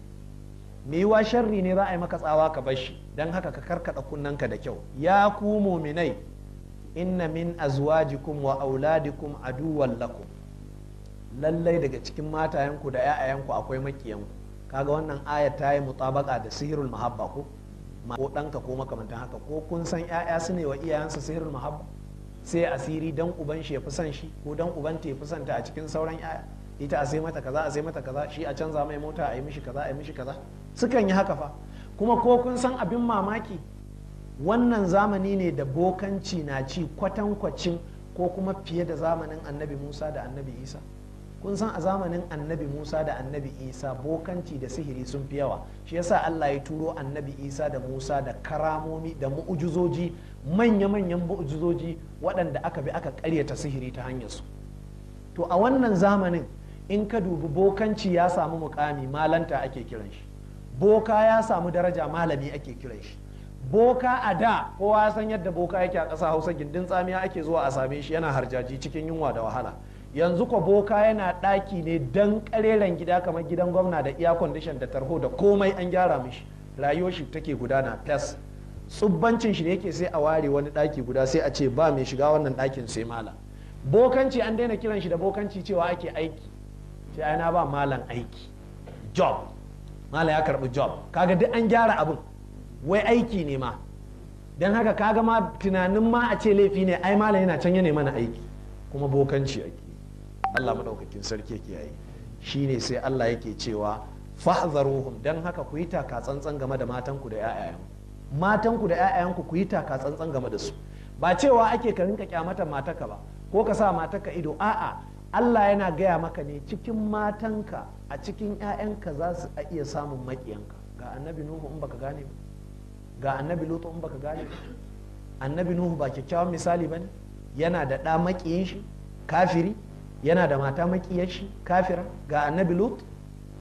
me yiwa sharri ne za a yi maka tsawa ka bar shi dan haka ka karkada kunnanka da kyau ya ku mu'minai inna min azwajikum wa auladikum aduwwan lakum lallai daga cikin matayenku da 'ya'yanku akwai makiyanku kaga wannan aya ta yi mutabaka da sihirul mahabba ko ko ɗanka ko makamantan haka ko kun san 'ya'ya su ne wa iyayensu sihirin mahabba sai asiri dan uban shi ya fi shi ko dan uban ta ya fi son ta a cikin sauran 'ya'ya ita a sai mata kaza a sai mata kaza shi a canza mai mota a yi mishi kaza a yi mishi kaza sukan yi haka fa kuma ko kun san abin mamaki wannan zamani ne da bokanci na ci kwatankwacin ko kuma fiye da zamanin annabi musa da annabi isa kun san a zamanin annabi musa da annabi isa bokanci da sihiri sun fi yawa shi yasa allah ya turo annabi isa da musa da karamomi da mu'ujizoji manya-manyan mu'ujizoji waɗanda aka bi aka karyata sihiri ta hanyarsu to a wannan zamanin in ka dubi bokanci ya samu mukami malanta ake kiran shi boka ya samu daraja malami ake kiran shi boka a da kowa san yadda boka yake a ƙasa hausa gindin tsamiya ake zuwa a same shi yana harjaji cikin yunwa da wahala yanzu ko boka yana daki ne dan kareren gida kamar gidan gwamna da iya kondishin da tarho da komai an gyara mishi rayuwar shi take gudana fes tsubbancin shi ne yake sai a ware wani daki guda sai a ce ba mai shiga wannan dakin sai malam bokanci an daina kiran shi da bokanci cewa ake aiki sai ai na ba malam aiki job malam ya karbi job kaga duk an gyara abin wai aiki ne ma don haka kaga ma tunanin ma a ce laifi ne ai malam yana can ya mana aiki kuma bokanci ake Allah madaukakin sarki yake yayi shine sai Allah yake cewa fahzaruhum dan haka ku yi taka tsantsan game da matanku da matan matanku da 'ya'yanku ku yi taka tsantsan game da su ba cewa ake ka rinka kyamatan matarka ba ko ka sa matarka ido a'a Allah yana gaya maka ne cikin matanka a cikin 'ya'yanka za su iya samun maƙiyanka ga annabi nuhu in baka gane ba ga annabi lutu in baka gane ba annabi nuhu ba kyakkyawan misali bane yana da ɗa maƙiyin shi kafiri yana da mata makiyar shi kafira ga annabi lut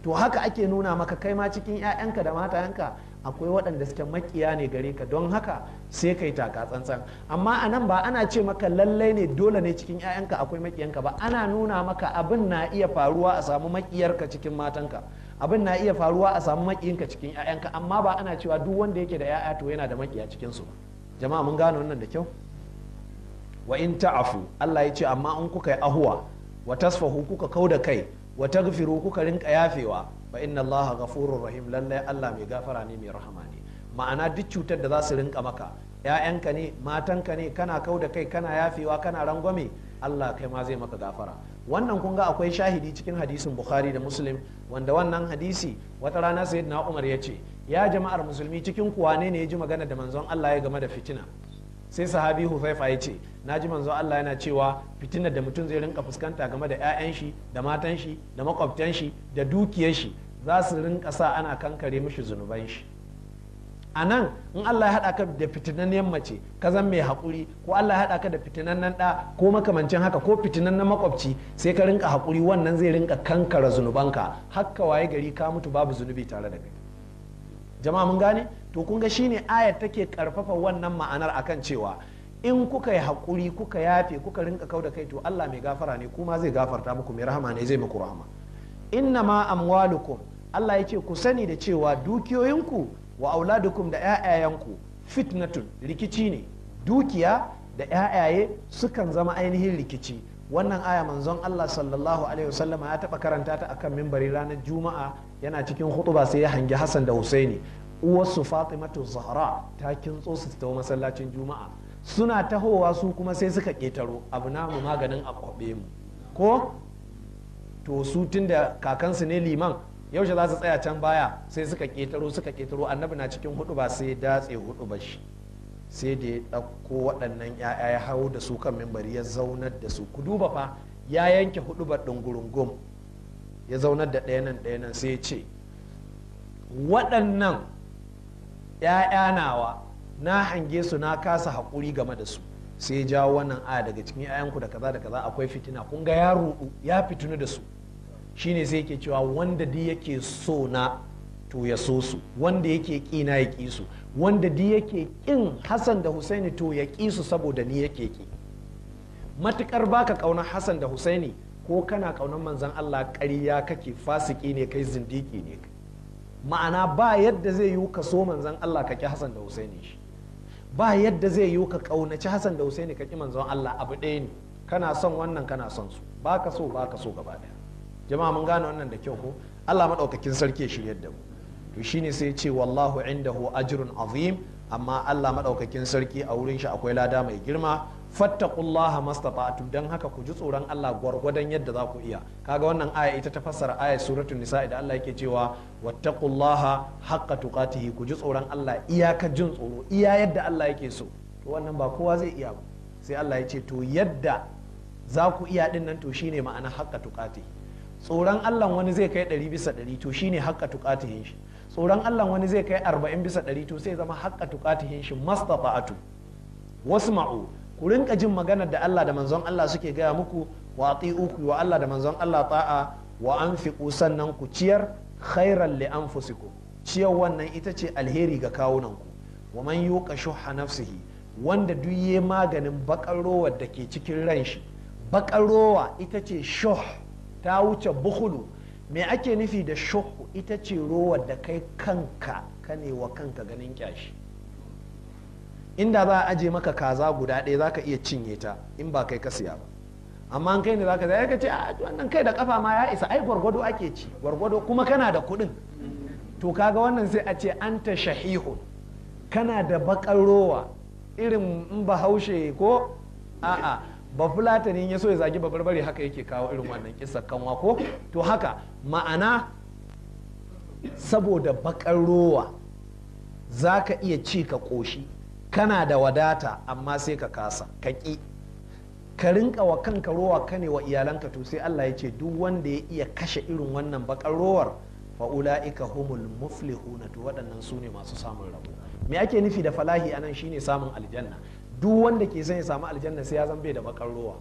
to haka ake nuna maka kai ma cikin 'ya'yanka da matayanka akwai waɗanda suke makiya ne gare ka don haka sai kai taka tsantsan amma a nan ba ana ce maka lallai ne dole ne cikin 'ya'yanka akwai makiyanka ba ana nuna maka abin na iya faruwa a samu makiyarka cikin matanka abin na iya faruwa a samu makiyinka cikin 'ya'yanka amma ba ana cewa duk wanda yake da 'ya'ya to yana da makiya cikin su jama'a mun gane wannan da kyau wa in ta'afu Allah ya ce amma in kuka yi ahuwa wa kuka kau da kai wata gafiru kuka rinka yafewa fa inna Allah ghafurur rahim lallai Allah mai gafara ne mai rahama ne ma'ana duk cutar da za su rinka maka ‘ya'yanka ne matanka ne kana kau da kai kana yafewa kana rangwame Allah kai ma zai maka gafara wannan kun ga akwai shahidi cikin hadisin bukhari da muslim wanda wannan hadisi wata rana sayyidina umar ya ce ya jama'ar musulmi cikin kuwa ne ya ji magana da manzon Allah ya game da fitina sai sahabi hufaifa ya ce na ji manzo Allah yana cewa fitinar da mutum zai rinka fuskanta game da 'ya'yan shi da matan shi da makwabtan shi da dukiyar shi za su rinka sa ana kankare mishi zunuban shi a nan in Allah ya haɗa ka da fitinan mace ka zan mai haƙuri ko Allah ya haɗa ka da fitinan nan ɗa ko makamancin haka ko fitinan na makwabci sai ka rinka haƙuri wannan zai rinka kankara zunubanka hakka waye gari ka mutu babu zunubi tare da kai jama'a mun gane to kun ga shine ayat take karfafa wannan ma'anar akan cewa in kuka yi haƙuri kuka yafe kuka rinka kau da kai to Allah mai gafara ne kuma zai gafarta muku mai rahama ne zai muku rahama inna ma amwalukum Allah ya ce ku sani da cewa dukiyoyinku wa auladukum da ƴaƴayanku fitnatun rikici ne dukiya da ƴaƴaye sukan zama ainihin rikici wannan aya manzon Allah sallallahu alaihi wasallama ya taɓa karanta ta akan minbari ranar juma'a yana cikin hutuba sai ya hangi Hassan da Husaini uwarsu Fatimatu Zahra ta kintso su ta masallacin juma'a suna tahowa su kuma sai suka ƙetaro abu namu maganin a kwaɓe mu ko to su tun da kakansu ne liman yaushe za su tsaya can baya sai suka ƙetaro suka ƙetaro annabi na cikin hudu ba sai datse hudu ba shi sai da ya ɗauko waɗannan ‘ya'ya ya hau da su kan mimbari ya zaunar da su ku duba fa ya yanke hudu ba ɗungurungum ya zaunar da ɗaya nan ɗaya sai ya ce waɗannan ‘ya'ya nawa na hange su na kasa haƙuri game da su sai ya jawo wannan aya daga cikin ayanku da kaza da kaza akwai fitina kun ga ya rudu ya fitinu da su shine sai yake cewa wanda di yake so na to ya so su wanda yake ki na ya ki su wanda di yake kin Hassan da Husaini to ya ki su saboda ni yake ki matukar baka kauna Hassan da Husaini ko kana kaunar manzon Allah ƙarya kake fasiki ne kai zindiki ne ma'ana ba yadda zai yi ka so manzon Allah ka ƙi Hassan da Husaini shi ba yadda zai yiwu ka kaunaci Hassan da Husaini ka kiman manzon Allah abu ɗaya ne kana son wannan kana son su baka so baka so gaba ɗaya jama'a mun gane wannan da kyau ko Allah maɗaukakin sarki ya shirya da mu to shi ne sai ce wallahu inda hu ajirun azim amma Allah maɗaukakin sarki a wurin shi akwai lada mai girma fattaqullaha mastata'tum dan haka ku ji tsoron Allah gwargwadon yadda za ku iya kaga wannan aya ita ta fassara aya suratul nisa idan Allah yake cewa wattaqullaha haqqa tuqatihi ku ji tsoron Allah iyaka jin tsoro iya yadda Allah yake so to wannan ba kowa zai iya ba sai Allah ya ce to yadda za ku iya din nan to shine ma'ana haqqa tuqatihi tsoron Allah wani zai kai 100 bisa 100 to shine haqqa tuqatihin shi tsoron Allah wani zai kai 40 bisa 100 to sai zama haqqa tuqatihin shi mastata'atu wasma'u ku rinka jin maganar da Allah da manzon Allah suke gaya muku wa uku wa Allah da manzon Allah ta'a wa anfiqu sannan ku ciyar khairan li anfusikum ciyar wannan ita ce alheri ga kawunanku wa man yuqa shuhha nafsihi wanda duk ya maganin bakar rowa da ke cikin ran shi bakar rowa ita ce shuh ta wuce buhulu me ake nufi da shuh ita ce rowa da kai kanka kane wa kanka ganin kyashi inda za a aje maka kaza guda ɗaya za ka iya cinye ta in ba kai ka siya ba amma kai ne za ka zai ce a ah, wannan kai da kafa ma ya isa ai gwargwado ake ci gwargwado kuma kana da kuɗin to kaga wannan sai a ce an ta shahihu kana da bakar rowa irin in ba haushe ko a'a ba fulatani ya so ya zagi babarbare haka yake kawo irin wannan kisa kanwa ko to haka ma'ana saboda bakar rowa za ka iya ci ka koshi. kana da wadata amma sai ka kasa ka ƙi ka rinka wa kanka rowa ka ne wa iyalanka to sai Allah ya ce duk wanda ya iya kashe irin wannan bakar rowar fa'ula'ika humul muflihuna to waɗannan su ne masu samun rabo me ake nufi da falahi anan shine samun aljanna duk wanda ke son ya samu aljanna sai ya zan bai da bakar rowa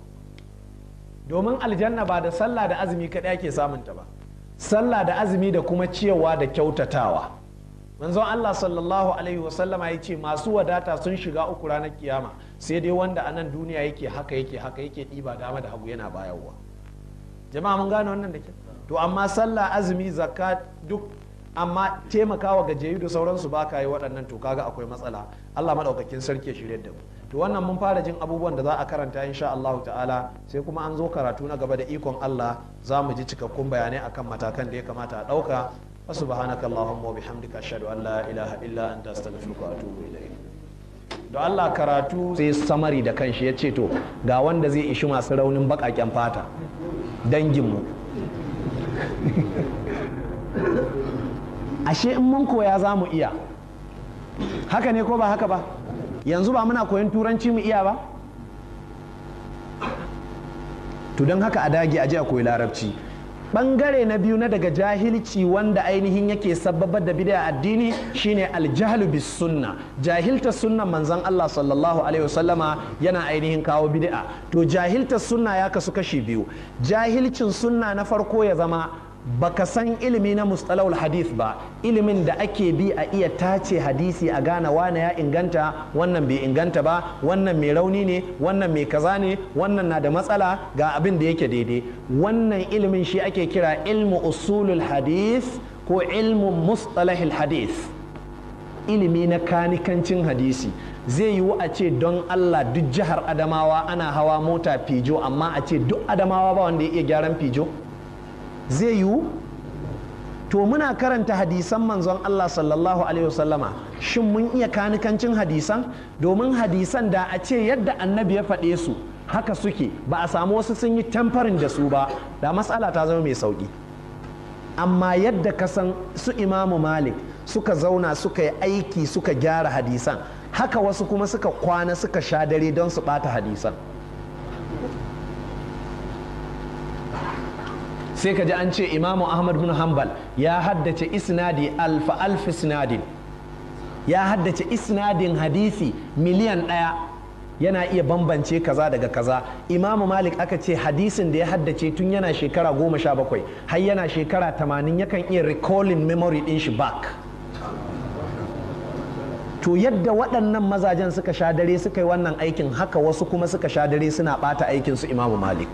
domin aljanna ba da sallah da azumi kaɗai ake samunta ba sallah da azumi da kuma ciyarwa da kyautatawa manzon Allah sallallahu alaihi wasallama ya ce masu wadata sun shiga uku ranar kiyama sai dai wanda a nan duniya yake haka yake haka yake ɗiba dama da hagu yana bayarwa jama'a mun gane wannan da ke to amma sallah azumi zakat duk amma taimakawa jayu da sauransu ba ka yi waɗannan to kaga akwai matsala Allah maɗaukakin sarki ya shirya da mu to wannan mun fara jin abubuwan da za a karanta insha Allah ta'ala sai kuma an zo karatu na gaba da ikon Allah za mu ji cikakkun bayanai akan matakan da ya kamata a ɗauka subhanaka allahumma wa bihamdika ashhadu an la ilaha illa anta astaghfiruka wa atubu ilayk don Allah karatu sai samari da kanshi ya ce to ga wanda zai ishi masu raunin bakaken fata danginmu ashe in mun koya za mu iya haka ne ko ba haka ba yanzu ba muna koyon turanci mu iya ba to don haka a dage a a koyi larabci bangare na biyu na daga jahilci wanda ainihin yake sababar da bid'a addini shine aljahlu bis sunna jahilta sunna manzon Allah sallallahu alaihi wasallama yana ainihin kawo bid'a to jahilta sunna ya kasu kashi biyu jahilcin sunna na farko ya zama baka san ilimi na mustalahul hadith ba ilimin da ake bi a iya tace hadisi a gane wane ya inganta wannan bai inganta ba wannan mai rauni ne wannan mai kaza ne wannan na da matsala ga abin da yake daidai wannan ilimin shi ake kira ilmu usulul hadith ko ilmu mustalahil hadith ilimi na kanikancin hadisi zai yiwu a ce don Allah duk jihar Adamawa ana hawa mota fijo amma a ce duk Adamawa ba wanda ya iya gyaran fijo zai yiwu to muna karanta hadisan manzon Allah sallallahu alaihi wasallama shin mun iya kanikancin hadisan domin hadisan da a ce yadda annabi ya faɗe su haka suke ba a samu wasu sun yi tamfarin da su ba da matsala ta zama mai sauƙi amma yadda ka san su imamu malik suka zauna suka yi aiki suka gyara hadisan haka wasu kuma suka kwana suka sha dare don su ɓata hadisan sai ka ji an ce imamu ahmad bin hanbal ya haddace isnadi alfa ya haddace isnadin hadisi miliyan ɗaya yana iya bambance kaza daga kaza imamu malik aka ce hadisin da ya haddace tun yana shekara goma sha bakwai har yana shekara tamanin yakan iya recalling memory din shi back to yadda waɗannan mazajen suka sha dare suka yi wannan aikin haka wasu kuma suka sha dare suna ɓata aikinsu imamu malik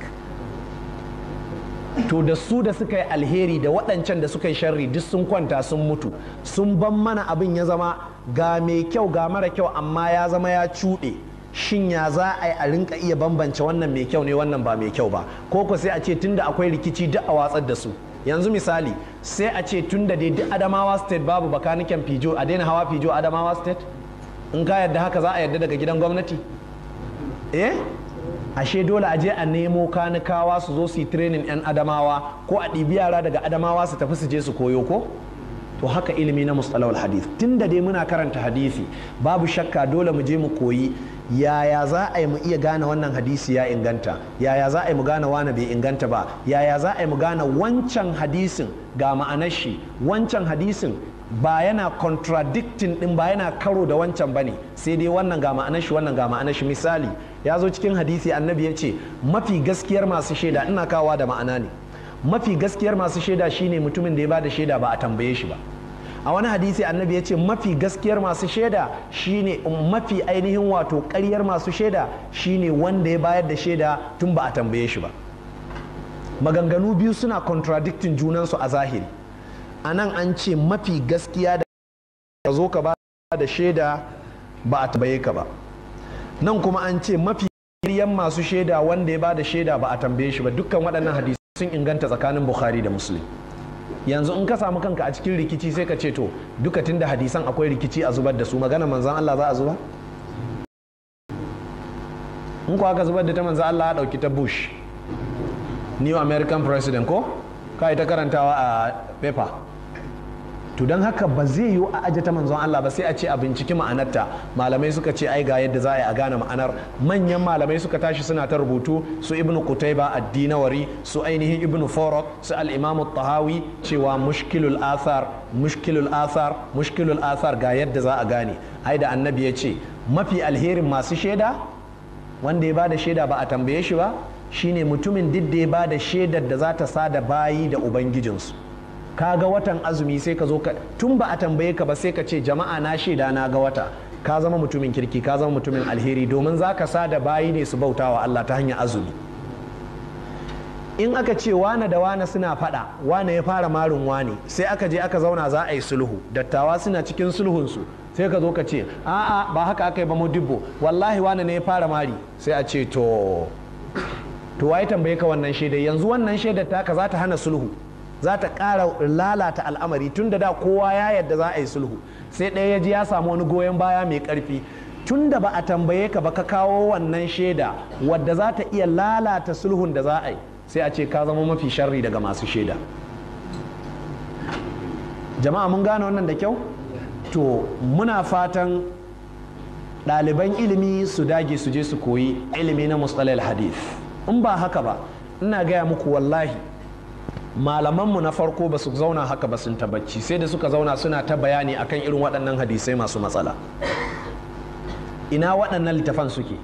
to da su da suka yi alheri da waɗancan da suka yi sharri duk sun kwanta sun mutu sun ban mana abin ya zama ga mai kyau ga mara kyau amma ya zama ya cuɗe shin ya za a yi a rinka iya bambance wannan mai kyau ne wannan ba mai kyau ba ko ko sai a ce tunda akwai rikici duk a watsar da su yanzu misali sai a ce tunda dai duk adamawa state babu bakaniken fijo a daina hawa fijo adamawa state in ka yadda haka za a yadda daga gidan gwamnati eh ashe dole a je a nemo kanikawa su zo su yi training 'yan adamawa ko a ɗibi yara daga adamawa su tafi su je su koyo ko to haka ilimi na mustalawar hadith tun da dai muna karanta hadisi babu shakka dole mu je mu koyi yaya za a yi mu iya gane wannan hadisi ya inganta yaya za a yi mu gane wane bai inganta ba yaya za a yi mu gane wancan hadisin ga ma'anar shi wancan hadisin ba yana contradicting din ba yana karo da wancan bane sai dai wannan ga ma'anar shi wannan ga ma'anar shi misali ya zo cikin hadisi annabi ya ce mafi gaskiyar masu shaida ina kawa da ma'ana ne mafi gaskiyar masu shaida shine mutumin da ya bada shaida ba a tambaye shi ba a wani hadisi annabi ya ce mafi gaskiyar masu shaida shine mafi ainihin wato karyar masu shaida shine wanda ya bayar da shaida tun ba a tambaye shi ba maganganu biyu suna junan junansu a zahiri a nan an ce mafi gaskiya da ka zo ka ba da shaida ba a tambaye ka ba nan kuma an ce mafi kiryan masu shaida wanda ya bada shaida ba a tambaye shi ba dukkan waɗannan hadisi sun inganta tsakanin bukhari da muslim yanzu in ka samu kanka a cikin rikici sai ka ce to duka tunda hadisan akwai rikici a zubar da su magana manzan Allah za a zuba in kuwa ka zubar da ta manzan Allah a ɗauki ta Bush new American president ko ka yi ta karantawa a paper to don haka ba zai yiwu a aje ta manzon Allah ba sai a ce a binciki ma'anarta malamai suka ce ai ga yadda za a yi a gane ma'anar manyan malamai suka tashi suna ta rubutu su ibnu kutaiba addinawari su ainihin ibnu forok su al-imamu tahawi cewa mushkilul asar mushkilul asar mushkilul asar ga yadda za a gane ai da annabi ya ce mafi alherin masu shaida wanda ya ba da shaida ba a tambaye shi ba shine mutumin didda ya ba da shaidar da za ta sada bayi da ubangijinsu ka ga watan azumi sai ka zo ka tun ba a tambaye ka ba sai ka ce jama'a na shaida na ga wata ka zama mutumin kirki ka zama mutumin alheri domin za ka sa da bayi ne su bauta wa Allah ta hanyar azumi in aka ce wane da wane suna fada wane ya fara marin wane sai aka je aka zauna za a yi sulhu dattawa suna cikin sulhunsu sai ka zo ka ce a'a ba haka aka yi ba mu dubbo wallahi wane ne ya fara mari sai a ce to to waye tambaye ka wannan shaidar yanzu wannan shaidar ta ka za ta hana sulhu za ta ƙara lalata al'amari tun da da kowa ya yadda za a yi sulhu sai ɗaya ya ji ya samu wani goyon baya mai ƙarfi tun da ba a tambaye ka ba ka kawo wannan shaida wadda za ta iya lalata sulhun da za a yi sai a ce ka zama mafi sharri daga masu shaida jama'a mun gane wannan da kyau to muna fatan ɗaliban ilimi su dage su je su koyi ilimi na hadith in ba haka ba ina gaya muku wallahi malamanmu na farko ba su zauna haka ba sun tabbaci sai da suka zauna suna ta bayani akan irin waɗannan hadisai masu matsala ina waɗannan littafan suke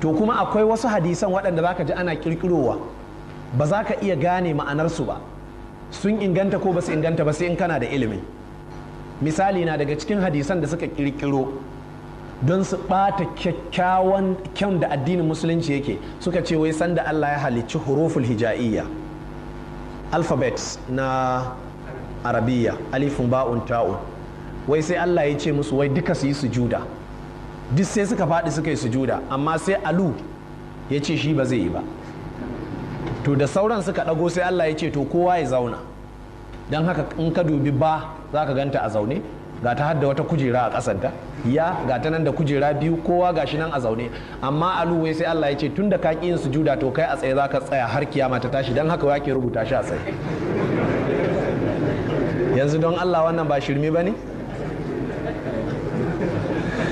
to kuma akwai wasu hadisan waɗanda za ka ji ana ƙirƙirowa ba za ka iya gane ma'anarsu ba sun inganta ko ba su inganta ba sai in kana da ilimi misali na daga cikin hadisan da suka ƙirƙiro don su ɓata kyakkyawan kyan da addinin musulunci yake suka ce wai sanda Allah ya halicci huruful hija'iyya alfabet na arabiya alifun ba'un ta'un wai sai Allah ya ce musu wai duka su yi sujuda duk sai suka faɗi suka yi sujuda amma sai alu ya ce shi ba zai yi ba to da sauran suka ɗago sai Allah ya ce to kowa ya zauna don haka in ka dubi ba za ka ganta a zaune ga ta hadda wata kujera a kasanta ya ga ta nan da kujera biyu kowa ga shi nan a zaune amma aluwai sai Allah ya ce tun da ka ƙi yin sujuda to kai a tsaye za ka tsaya har kiyama ta tashi don haka wake rubuta shi a tsaye yanzu don Allah wannan ba shirme ba ne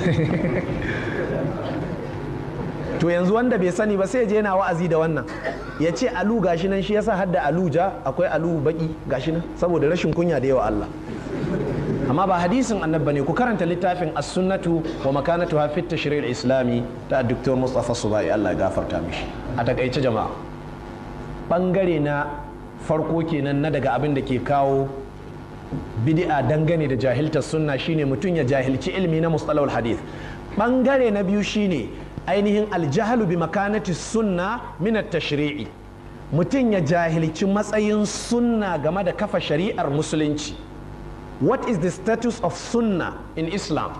to yanzu wanda bai sani ba sai je na wa'azi da wannan ya ce alu gashi nan shi yasa hadda aluja akwai alu baki gashi nan saboda rashin kunya da yawa Allah amma ba hadisin annabi bane ku karanta littafin as-sunnatu wa ha fit tashri'il islami ta Dr. Mustafa Subai Allah ya gafarta mishi a takaice jama'a bangare na farko kenan na daga abin da ke kawo bid'a dangane da jahiltar sunna shine mutum ya jahilci ilmi na mustalahul hadith bangare na biyu shine ainihin aljahalu bi makanati sunna min at-tashri'i mutum ya jahilci matsayin sunna game da kafa shari'ar musulunci what is the status of sunna in islam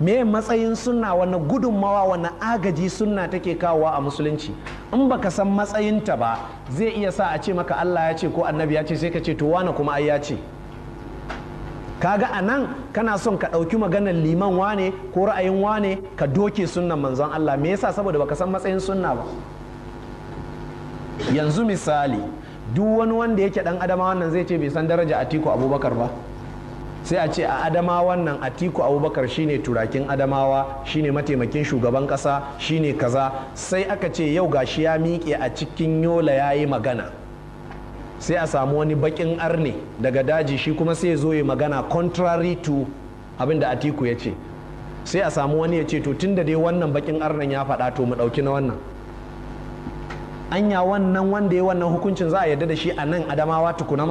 me matsayin sunna wani gudunmawa wani agaji sunna take kawowa a musulunci in baka san matsayinta ba zai iya sa a ce maka allah ya ce ko annabi ya ce sai ka ce to wane kuma ai ya ce kaga a nan kana son ka ɗauki maganar liman wane ko ra'ayin wane ka doke sunnan manzon allah me yasa saboda baka san matsayin sunna ba yanzu misali duk wani wanda yake dan adama wannan zai ce bai san daraja atiku abubakar ba sai a ce a adamawa nan atiku abubakar shine turakin adamawa shine mataimakin shugaban kasa shine kaza sai aka ce yau ga shi ya miƙe a cikin yola ya yi magana sai a samu wani bakin arne daga daji shi kuma sai zo ya magana contrary to abin da atiku ya ce sai a samu wani ya ce to tun da dai wannan bakin arnan ya faɗa to mu ɗauki na wannan anya wannan wanda ya wannan hukuncin za a yarda da shi a nan adamawa tukuna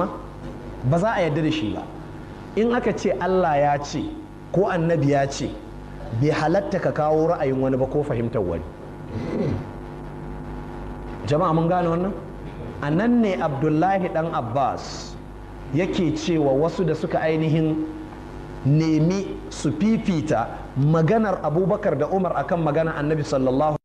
ba za a yarda da shi ba in aka ce Allah ya ce ko annabi ya ce bai halatta ka kawo ra'ayin wani ba ko fahimtar wani jama'a mun gane wannan a nan ne abdullahi dan abbas yake cewa wasu da suka ainihin nemi su fifita maganar abubakar da umar akan magana annabi sallallahu